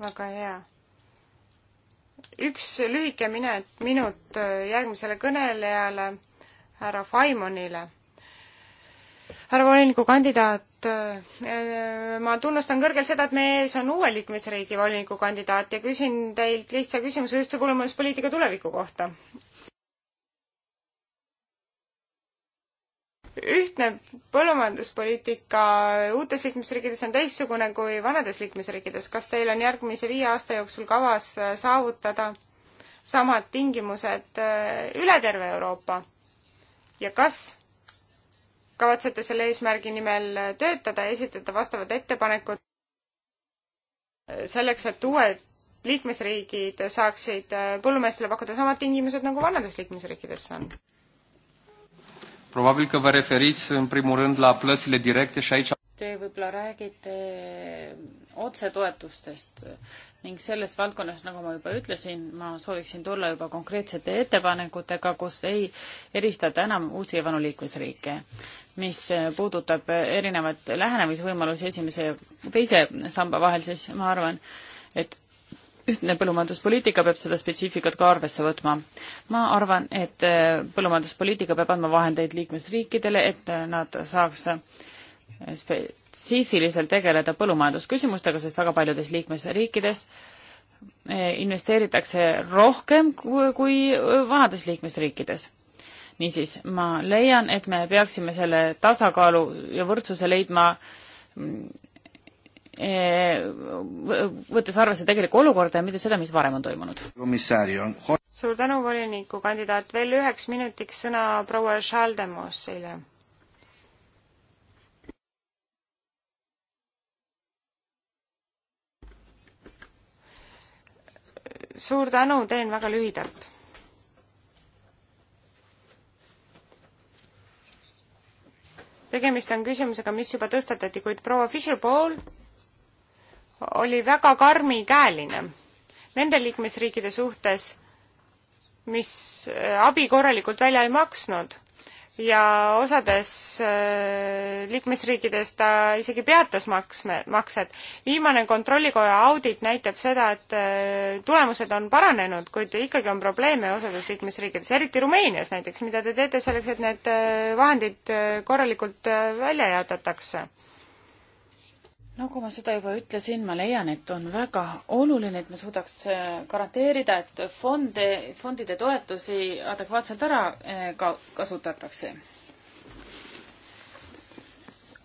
väga hea. üks lühike minet, minut eh, järgmisele kõnelejale, härra Faimonile. härra volinikukandidaat, eh, ma tunnustan kõrgelt seda, et meie ees on uue liikmesriigi volinikukandidaat ja küsin teilt lihtsa küsimuse ühtse põllumajanduspoliitika tuleviku kohta ühtne põllumajanduspoliitika uutes liikmesriikides on teistsugune kui vanades liikmesriikides. kas teil on järgmise viie aasta jooksul kavas äh, saavutada samad tingimused äh, üle terve Euroopa? ja kas kavatsete selle eesmärgi nimel äh, töötada ja esitada vastavad ettepanekud selleks, et uued liikmesriigid saaksid põllumeestele pakkuda samad tingimused, nagu vanades liikmesriikides on? Probabil că vă referiți în primul rând la plățile directe și aici Te võib-olla räägite otsetoetustest ning selles valdkonnas, nagu ma juba ütlesin, ma sooviksin tulla juba konkreetsete ettepanekutega, kus ei eristata enam uusi vanuliiklusriike mis puudutab erinevaid lähenemisvõimalusi esimese ja teise samba vahel, siis ma arvan, et ühtne põllumajanduspoliitika peab seda spetsiifikat ka arvesse võtma. ma arvan, et äh, põllumajanduspoliitika peab andma vahendeid liikmesriikidele, et äh, nad saaks äh, spetsiifiliselt tegeleda põllumajandusküsimustega, sest väga paljudes liikmesriikides investeeritakse rohkem kui vanades liikmesriikides. niisiis, ma leian, et me peaksime selle tasakaalu ja võrdsuse leidma mm, võttes arvesse tegelikku olukorda ja mitte seda, mis varem on toimunud. suur tänu, volinikukandidaat, veel üheks minutiks sõna proua Schaldemosile. suur tänu, teen väga lühidalt tegemist on küsimusega, mis juba tõstatati, kuid proua Fisher-Paul oli väga karmikäeline nende liikmesriikide suhtes, mis äh, abi korralikult välja ei maksnud ja osades äh, liikmesriikides ta isegi peatas maksme, maksed. viimane Kontrollikoja audit näitab seda, et äh, tulemused on paranenud, kuid ikkagi on probleeme osades liikmesriikides, eriti Rumeenias näiteks, mida te teete selleks, et need vahendid korralikult välja jaotatakse? nagu ma seda juba ütlesin, ma leian, et on väga oluline, et me suudaks äh, garanteerida, et fonde, fondide toetusi adekvaatselt ära äh, ka kasutatakse.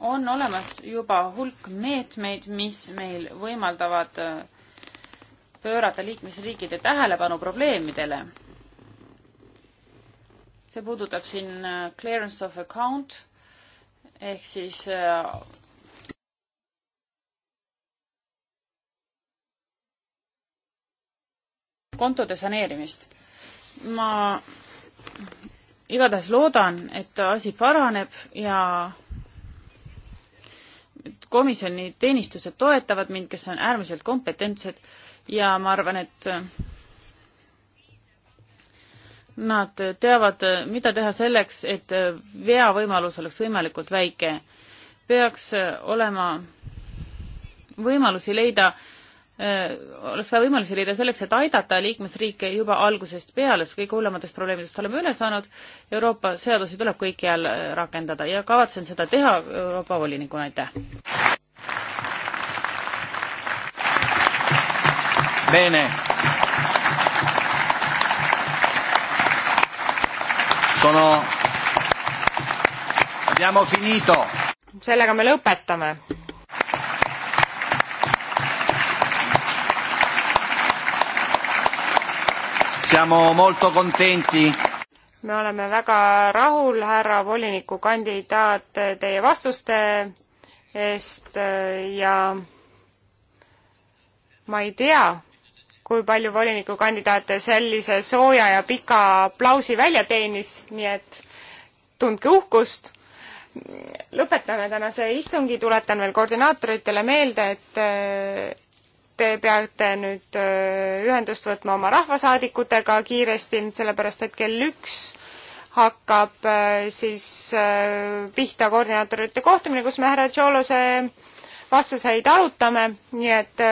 on olemas juba hulk meetmeid, mis meil võimaldavad äh, pöörata liikmesriikide tähelepanu probleemidele. see puudutab siin clearance of account ehk siis kontode saneerimist. ma igatahes loodan, et asi paraneb ja komisjoni teenistused toetavad mind, kes on äärmiselt kompetentsed ja ma arvan, et nad teavad, mida teha selleks, et veavõimalus oleks võimalikult väike. peaks olema võimalusi leida äh, Äh, oleks vaja võimalusi leida selleks, et aidata liikmesriike juba algusest peale, sest kõige hullematest probleemidest oleme üle saanud. Euroopa seadusi tuleb kõikjal äh, rakendada ja kavatsen seda teha Euroopa volinikuna, aitäh! Bene. Sono... Abbiamo finito. sellega me lõpetame. Siamo molto contenti. me oleme väga rahul, härra volinikukandidaat, teie vastuste eest ja ma ei tea, kui palju volinikukandidaate sellise sooja ja pika aplausi välja teenis, nii et tundke uhkust. lõpetame tänase istungi, tuletan veel koordinaatoritele meelde, et te peate nüüd ühendust võtma oma rahvasaadikutega kiiresti, sellepärast et kell üks hakkab siis pihta koordinaatorite kohtumine, kus me härra Tšolose vastuseid arutame, nii et